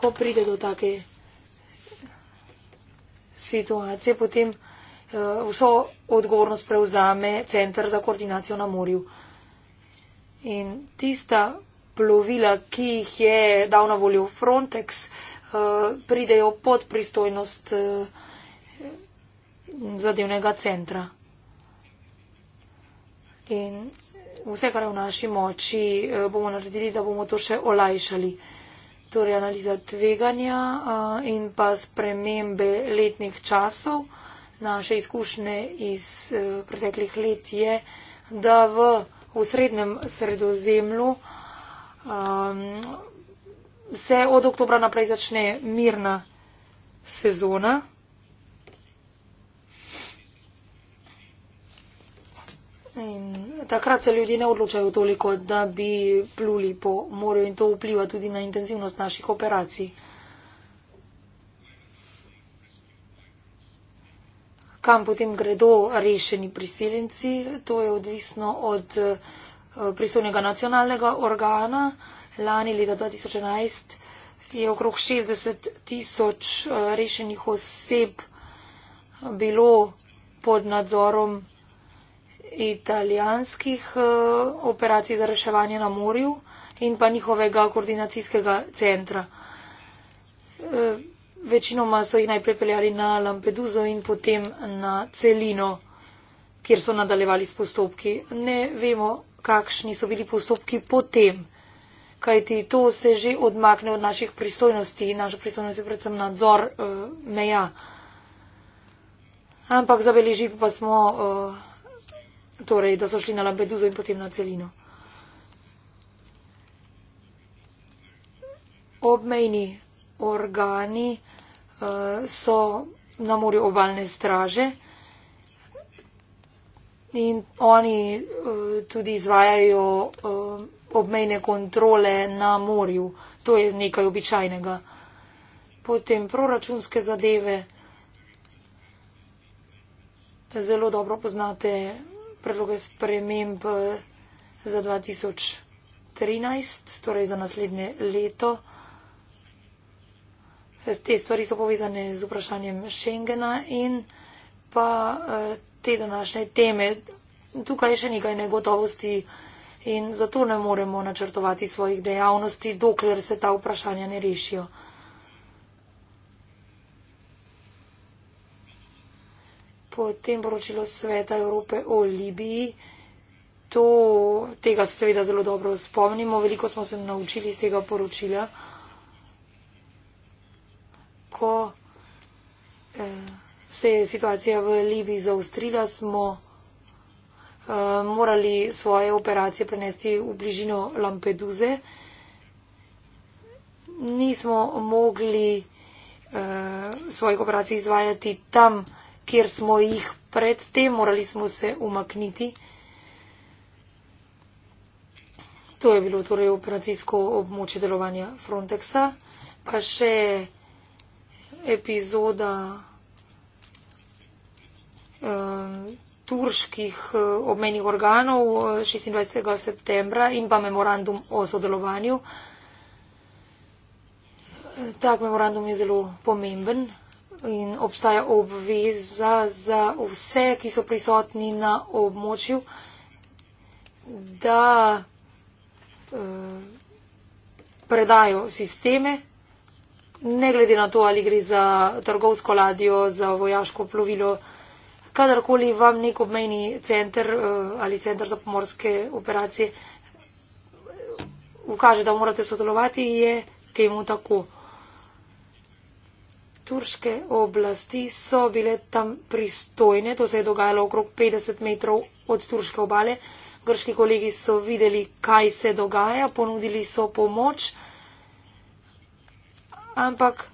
Ko pride do take situacije, potem eh, vso odgovornost prevzame Centr za koordinacijo na morju. In tista plovila, ki jih je dal na voljo Frontex, eh, pridejo pod pristojnost eh, zadevnega centra. In vse, kar je v naši moči, eh, bomo naredili, da bomo to še olajšali. Torej, analiza tveganja in pa spremembe letnih časov. Naše izkušnje iz preteklih let je, da v v srednjem sredozemlju. Um, se od oktobra naprej začne mirna sezona. In takrat se ljudje ne odločajo toliko, da bi pluli po morju in to vpliva tudi na intenzivnost naših operacij. kam potem gredo rešeni priseljenci. To je odvisno od eh, pristojnega nacionalnega organa. Lani leta 2011 je okrog 60 tisoč eh, rešenih oseb bilo pod nadzorom italijanskih eh, operacij za reševanje na morju in pa njihovega koordinacijskega centra večinoma so jih najprej peljali na Lampeduzo in potem na celino, kjer so nadaljevali s postopki. Ne vemo, kakšni so bili postopki potem, kajti to se že odmakne od naših pristojnosti. Naša pristojnost je predvsem nadzor uh, meja. Ampak zabeležili pa smo, uh, torej, da so šli na Lampeduzo in potem na celino. Obmejni organi. Eh, so na morju obalne straže in oni eh, tudi izvajajo eh, obmejne kontrole na morju. To je nekaj običajnega. Potem proračunske zadeve. Zelo dobro poznate predloge sprememb za 2013, torej za naslednje leto te stvari so povezane z vprašanjem Schengena in pa eh, te današnje teme. Tukaj je še nekaj negotovosti in zato ne moremo načrtovati svojih dejavnosti, dokler se ta vprašanja ne rešijo. Potem poročilo Sveta Evrope o Libiji. To, tega se seveda zelo dobro spomnimo, veliko smo se naučili iz tega poročila ko eh, se je situacija v Libiji zaustrila, smo eh, morali svoje operacije prenesti v bližino Lampeduze. Nismo mogli eh, svojih operacij izvajati tam, kjer smo jih predtem, morali smo se umakniti. To je bilo torej operacijsko območje delovanja Frontexa. Pa še epizoda um, turških eh, obmejnih organov 26. Eh, septembra in pa memorandum o sodelovanju. Tak memorandum je zelo pomemben in obstaja obveza za vse, ki so prisotni na območju, da uh, predajo sisteme, ne glede na to, ali gre za trgovsko ladjo, za vojaško plovilo, kadarkoli vam nek obmejni center eh, ali center za pomorske operacije eh, ukaže, da morate sodelovati, je temu tako. Turške oblasti so bile tam pristojne, to se je dogajalo okrog 50 metrov od turške obale. Grški kolegi so videli, kaj se dogaja, ponudili so pomoč ampak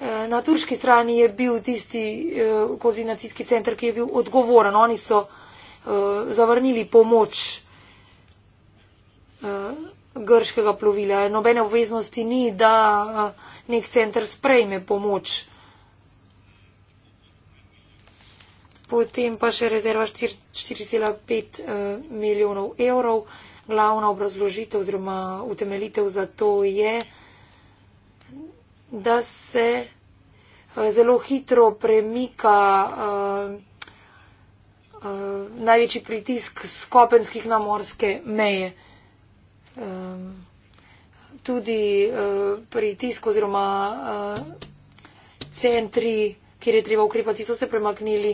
eh, na turški strani je bil tisti eh, koordinacijski center, ki je bil odgovoren. Oni so eh, zavrnili pomoč eh, grškega plovila. Nobene obveznosti ni, da eh, nek center sprejme pomoč. Potem pa še rezerva 4,5 eh, milijonov evrov. Glavna obrazložitev oziroma utemelitev za to je, da se eh, zelo hitro premika eh, eh, največji pritisk z kopenskih na morske meje. Tudi pritisk oziroma centri, kjer je treba ukrepati, so se premaknili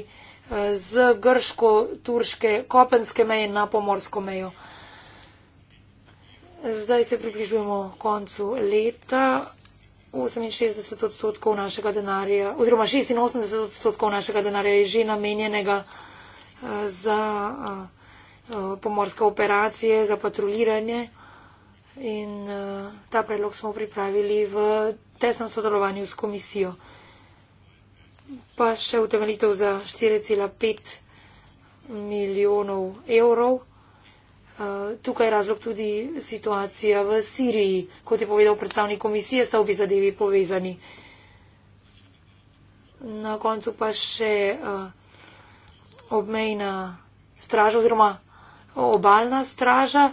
z grško-turške kopenske meje na pomorsko mejo. Zdaj se približujemo koncu leta. 68 odstotkov našega denarja, oziroma 86 odstotkov našega denarja je že namenjenega eh, za eh, eh, pomorske operacije, za patruliranje. In ta predlog smo pripravili v tesnem sodelovanju s komisijo. Pa še utemeljitev za 4,5 milijonov evrov. Eh, tukaj je razlog tudi situacija v Siriji. Kot je povedal predstavnik komisije, sta obi zadevi povezani. Na koncu pa še uh, obmejna straža oziroma obaljna straža.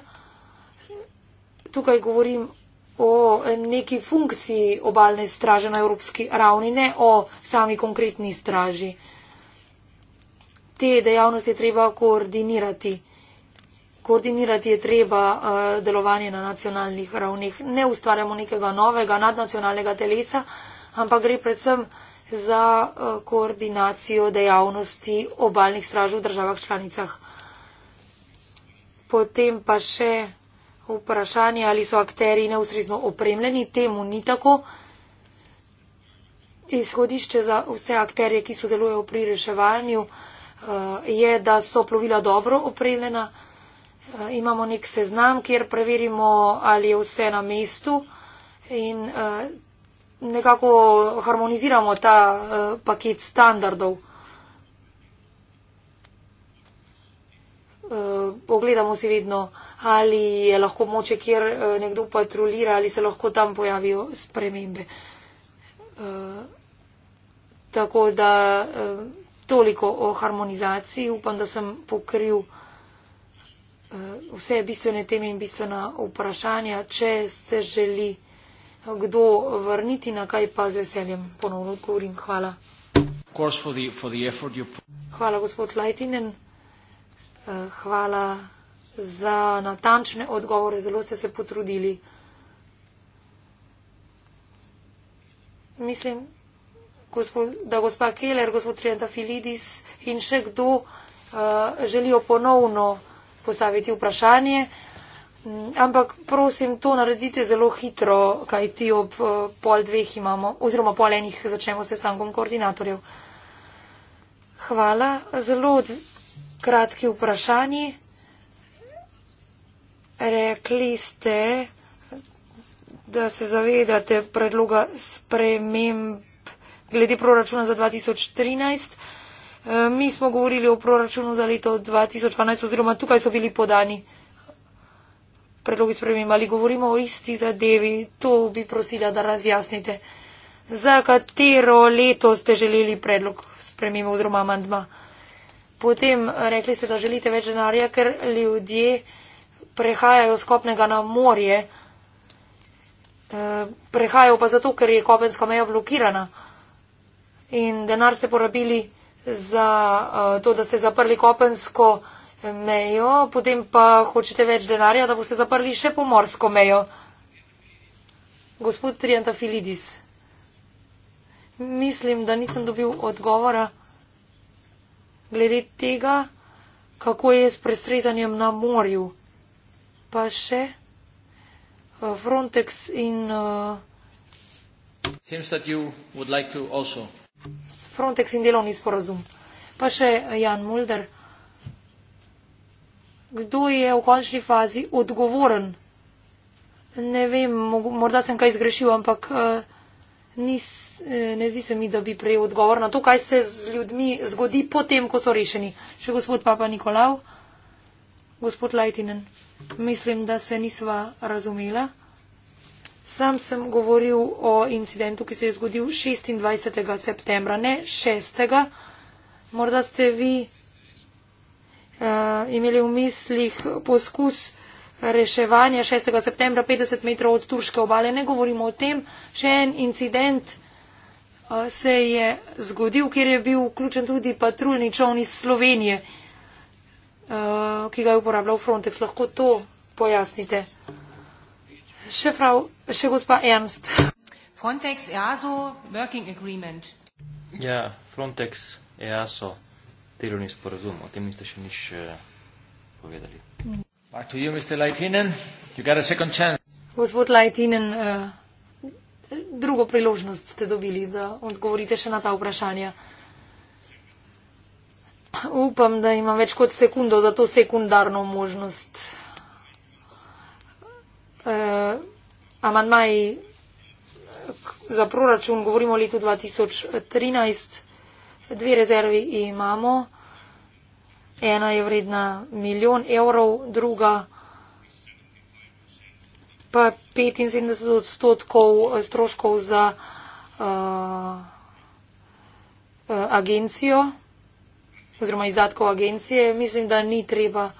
Tukaj govorim o neki funkciji obaljne straže na evropski ravni, ne o sami konkretni straži. Te dejavnosti je treba koordinirati koordinirati je treba eh, delovanje na nacionalnih ravnih. Ne ustvarjamo nekega novega nadnacionalnega telesa, ampak gre predvsem za eh, koordinacijo dejavnosti obaljnih stražov v državah članicah. Potem pa še vprašanje, ali so akteri neustrezno opremljeni. Temu ni tako. Izhodišče za vse akterje, ki sodelujejo pri reševanju, eh, je, da so plovila dobro opremljena. Eh, imamo nek seznam, kjer preverimo, ali je vse na mestu in eh, nekako harmoniziramo ta eh, paket standardov. Pogledamo si vedno, ali je lahko moče, kjer nekdo patrolira, ali se lahko tam pojavijo spremembe. Tako da toliko o harmonizaciji. Upam, da sem pokril. Eh, vse bistvene teme in bistvena vprašanja, če se želi kdo vrniti, na kaj pa z veseljem ponovno odgovorim. Hvala. Hvala, gospod Lajtinen. Eh, hvala za natančne odgovore. Zelo ste se potrudili. Mislim, gospod, da gospod Keller, gospod Trienta Filidis in še kdo uh, želijo ponovno postaviti vprašanje. Ampak prosim, to naredite zelo hitro, kaj ti ob eh, pol dveh imamo, oziroma pol enih začnemo se stankom koordinatorjev. Hvala. Zelo kratki vprašanje. Rekli ste, da se zavedate predloga sprememb glede proračuna za 2013. Eh, mi smo govorili o proračunu za leto 2012 oziroma tukaj so bili podani predlogi spremem ali govorimo o isti zadevi. To bi prosila, da razjasnite. Za katero leto ste želeli predlog spremem oziroma amandma? Potem eh, rekli ste, da želite več denarja, ker ljudje prehajajo z kopnega na morje. Eh, prehajajo pa zato, ker je kopenska meja blokirana. In denar ste porabili za uh, to, da ste zaprli kopensko mejo, potem pa hočete več denarja, da boste zaprli še pomorsko mejo. Gospod Triantafilidis, mislim, da nisem dobil odgovora glede tega, kako je s prestrezanjem na morju. Pa še eh, Frontex in. Uh, Seems that you would like to also Frontex in delovni sporozum. Pa še Jan Mulder. Kdo je v končni fazi odgovoren? Ne vem, morda sem kaj zgrešil, ampak eh, nis, eh, ne zdi se mi, da bi prejel odgovor na to, kaj se z ljudmi zgodi potem, ko so rešeni. Še gospod Papa Nikolav, gospod Lajtinen, mislim, da se nisva razumela. Sam sem govoril o incidentu, ki se je zgodil 26. septembra, ne 6. Morda ste vi uh, imeli v mislih poskus reševanja 6. septembra 50 metrov od turške obale. Ne govorimo o tem. Še en incident uh, se je zgodil, kjer je bil vključen tudi patruljni čovn iz Slovenije, uh, ki ga je uporabljal Frontex. Lahko to pojasnite. Še frau, še gospa Ernst. Frontex, EASO, working agreement. Ja, Frontex, EASO, delovni sporazum. O tem niste še nič eh, povedali. Back to you, Mr. Leitinen. You got a second chance. Gospod Leitinen, eh, drugo priložnost ste dobili, da odgovorite še na ta vprašanja. Upam, da imam več kot sekundo za to sekundarno možnost eh, amadmaji eh, za proračun, govorimo o letu 2013, dve rezervi imamo. Ena je vredna milijon evrov, druga pa 75 odstotkov eh, stroškov za uh, uh, agencijo oziroma izdatkov agencije. Mislim, da ni treba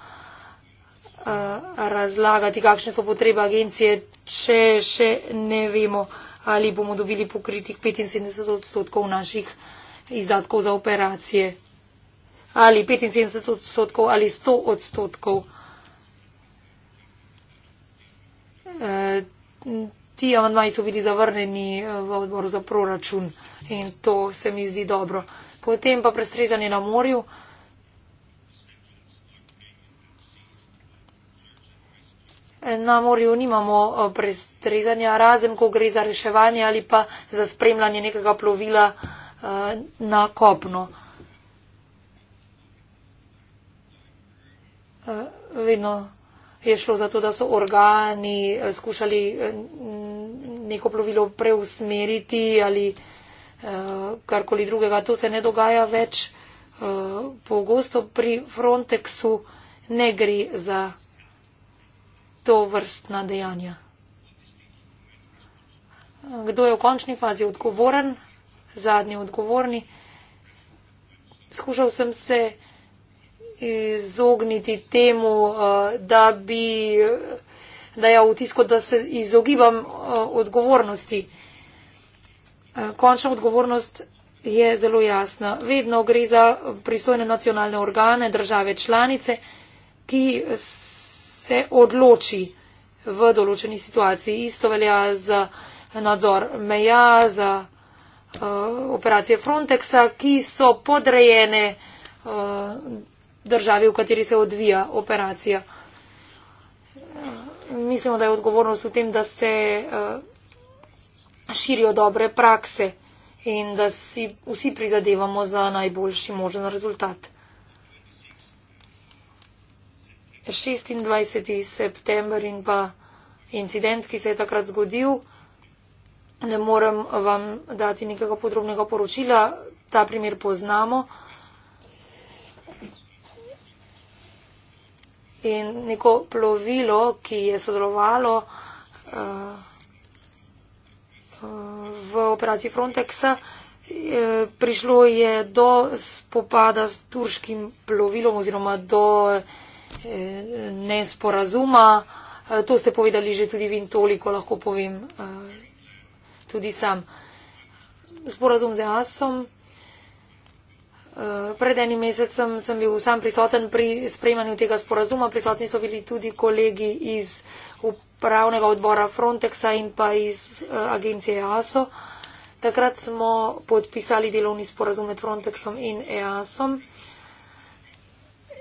Eh, razlagati, kakšne so potrebe agencije, če še ne vemo, ali bomo dobili pokritih 75 odstotkov naših izdatkov za operacije. Ali 75 odstotkov ali 100 odstotkov. E, ti amandmaji so bili zavrneni eh, v odboru za proračun in to se mi zdi dobro. Potem pa prestrezanje na morju. na morju nimamo eh, prestrezanja, razen ko gre za reševanje ali pa za spremljanje nekega plovila eh, na kopno. Eh, vedno je šlo za to, da so organi skušali neko plovilo preusmeriti ali karkoli drugega. To se ne dogaja več. Pogosto pri Frontexu ne gre za to vrstna dejanja. Kdo je v končni fazi odgovoren, zadnji odgovorni? Skušal sem se izogniti temu, eh, da bi dajal vtisko, da se izogibam eh, odgovornosti. Eh, končna odgovornost je zelo jasna. Vedno gre za pristojne nacionalne organe, države članice, ki se odloči v določeni situaciji. Isto velja za nadzor meja, za uh, operacije Frontexa, ki so podrejene uh, državi, v kateri se odvija operacija. Eh, mislimo, da je odgovornost v tem, da se uh, širijo dobre prakse in da si vsi prizadevamo za najboljši možen rezultat. 26. september in pa incident, ki se je takrat zgodil. Ne morem vam dati nekega podrobnega poročila, ta primer poznamo. In neko plovilo, ki je sodelovalo uh, v operaciji Frontexa, eh, prišlo je do spopada s turškim plovilom oziroma do. Uh, nesporazuma. Eh, to ste povedali že tudi vi in toliko lahko povem eh, tudi sam. Sporazum z Asom. Eh, pred enim mesecem sem bil sam prisoten pri sprejemanju tega sporazuma. Prisotni so bili tudi kolegi iz upravnega odbora Frontexa in pa iz agencije EASO. Takrat smo podpisali delovni sporazum med Frontexom in EASOM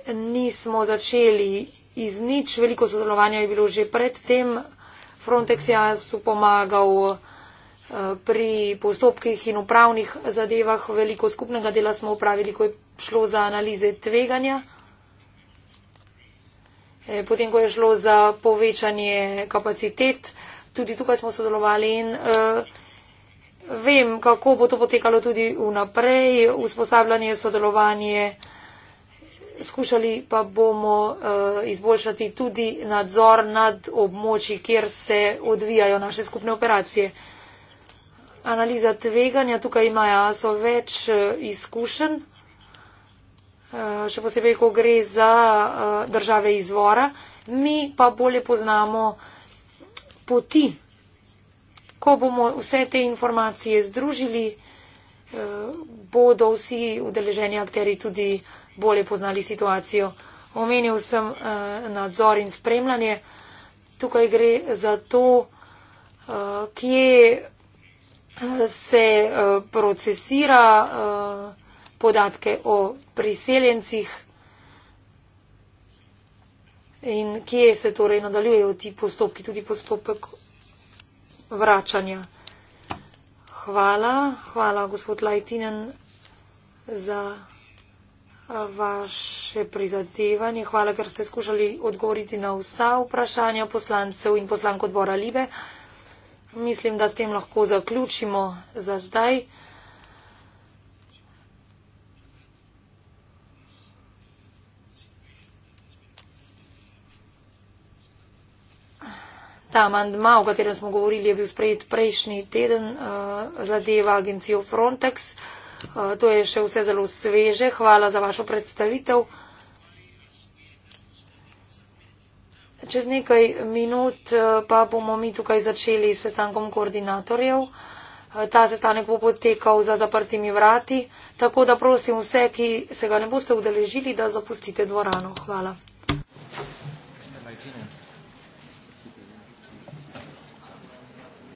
nismo začeli iz nič, veliko sodelovanja je bilo že predtem. Frontex je su pomagal eh, pri postopkih in upravnih zadevah, veliko skupnega dela smo upravili, ko je šlo za analize tveganja. Eh, potem, ko je šlo za povečanje kapacitet, tudi tukaj smo sodelovali in uh, vem, kako bo to potekalo tudi vnaprej, usposabljanje, sodelovanje. Uh, skušali pa bomo eh, izboljšati tudi nadzor nad območji, kjer se odvijajo naše skupne operacije. Analiza tveganja, tukaj imajo so več eh, izkušenj, eh, še posebej, ko gre za države izvora. Mi pa bolje poznamo poti. Ko bomo vse te informacije združili, bodo vsi udeleženi akteri tudi bolje poznali situacijo. Omenil sem eh, nadzor in spremljanje. Tukaj gre za to, eh, kje eh, se eh, procesira eh, podatke o priseljencih in kje se torej nadaljujejo ti postopki, tudi postopek vračanja. Hvala, hvala gospod Lajtinen za vaše prizadevanje. Hvala, ker ste skušali odgovoriti na vsa vprašanja poslancev in poslank odbora Libe. Mislim, da s tem lahko zaključimo za zdaj. Ta mandma, o katerem smo govorili, je bil sprejet prejšnji teden, eh, zadeva agencijo Frontex. Eh, to je še vse zelo sveže. Hvala za vašo predstavitev. Čez nekaj minut eh, pa bomo mi tukaj začeli s sestankom koordinatorjev. Eh, ta sestanek bo potekal za zaprtimi vrati, tako da prosim vse, ki se ga ne boste udeležili, da zapustite dvorano. Hvala.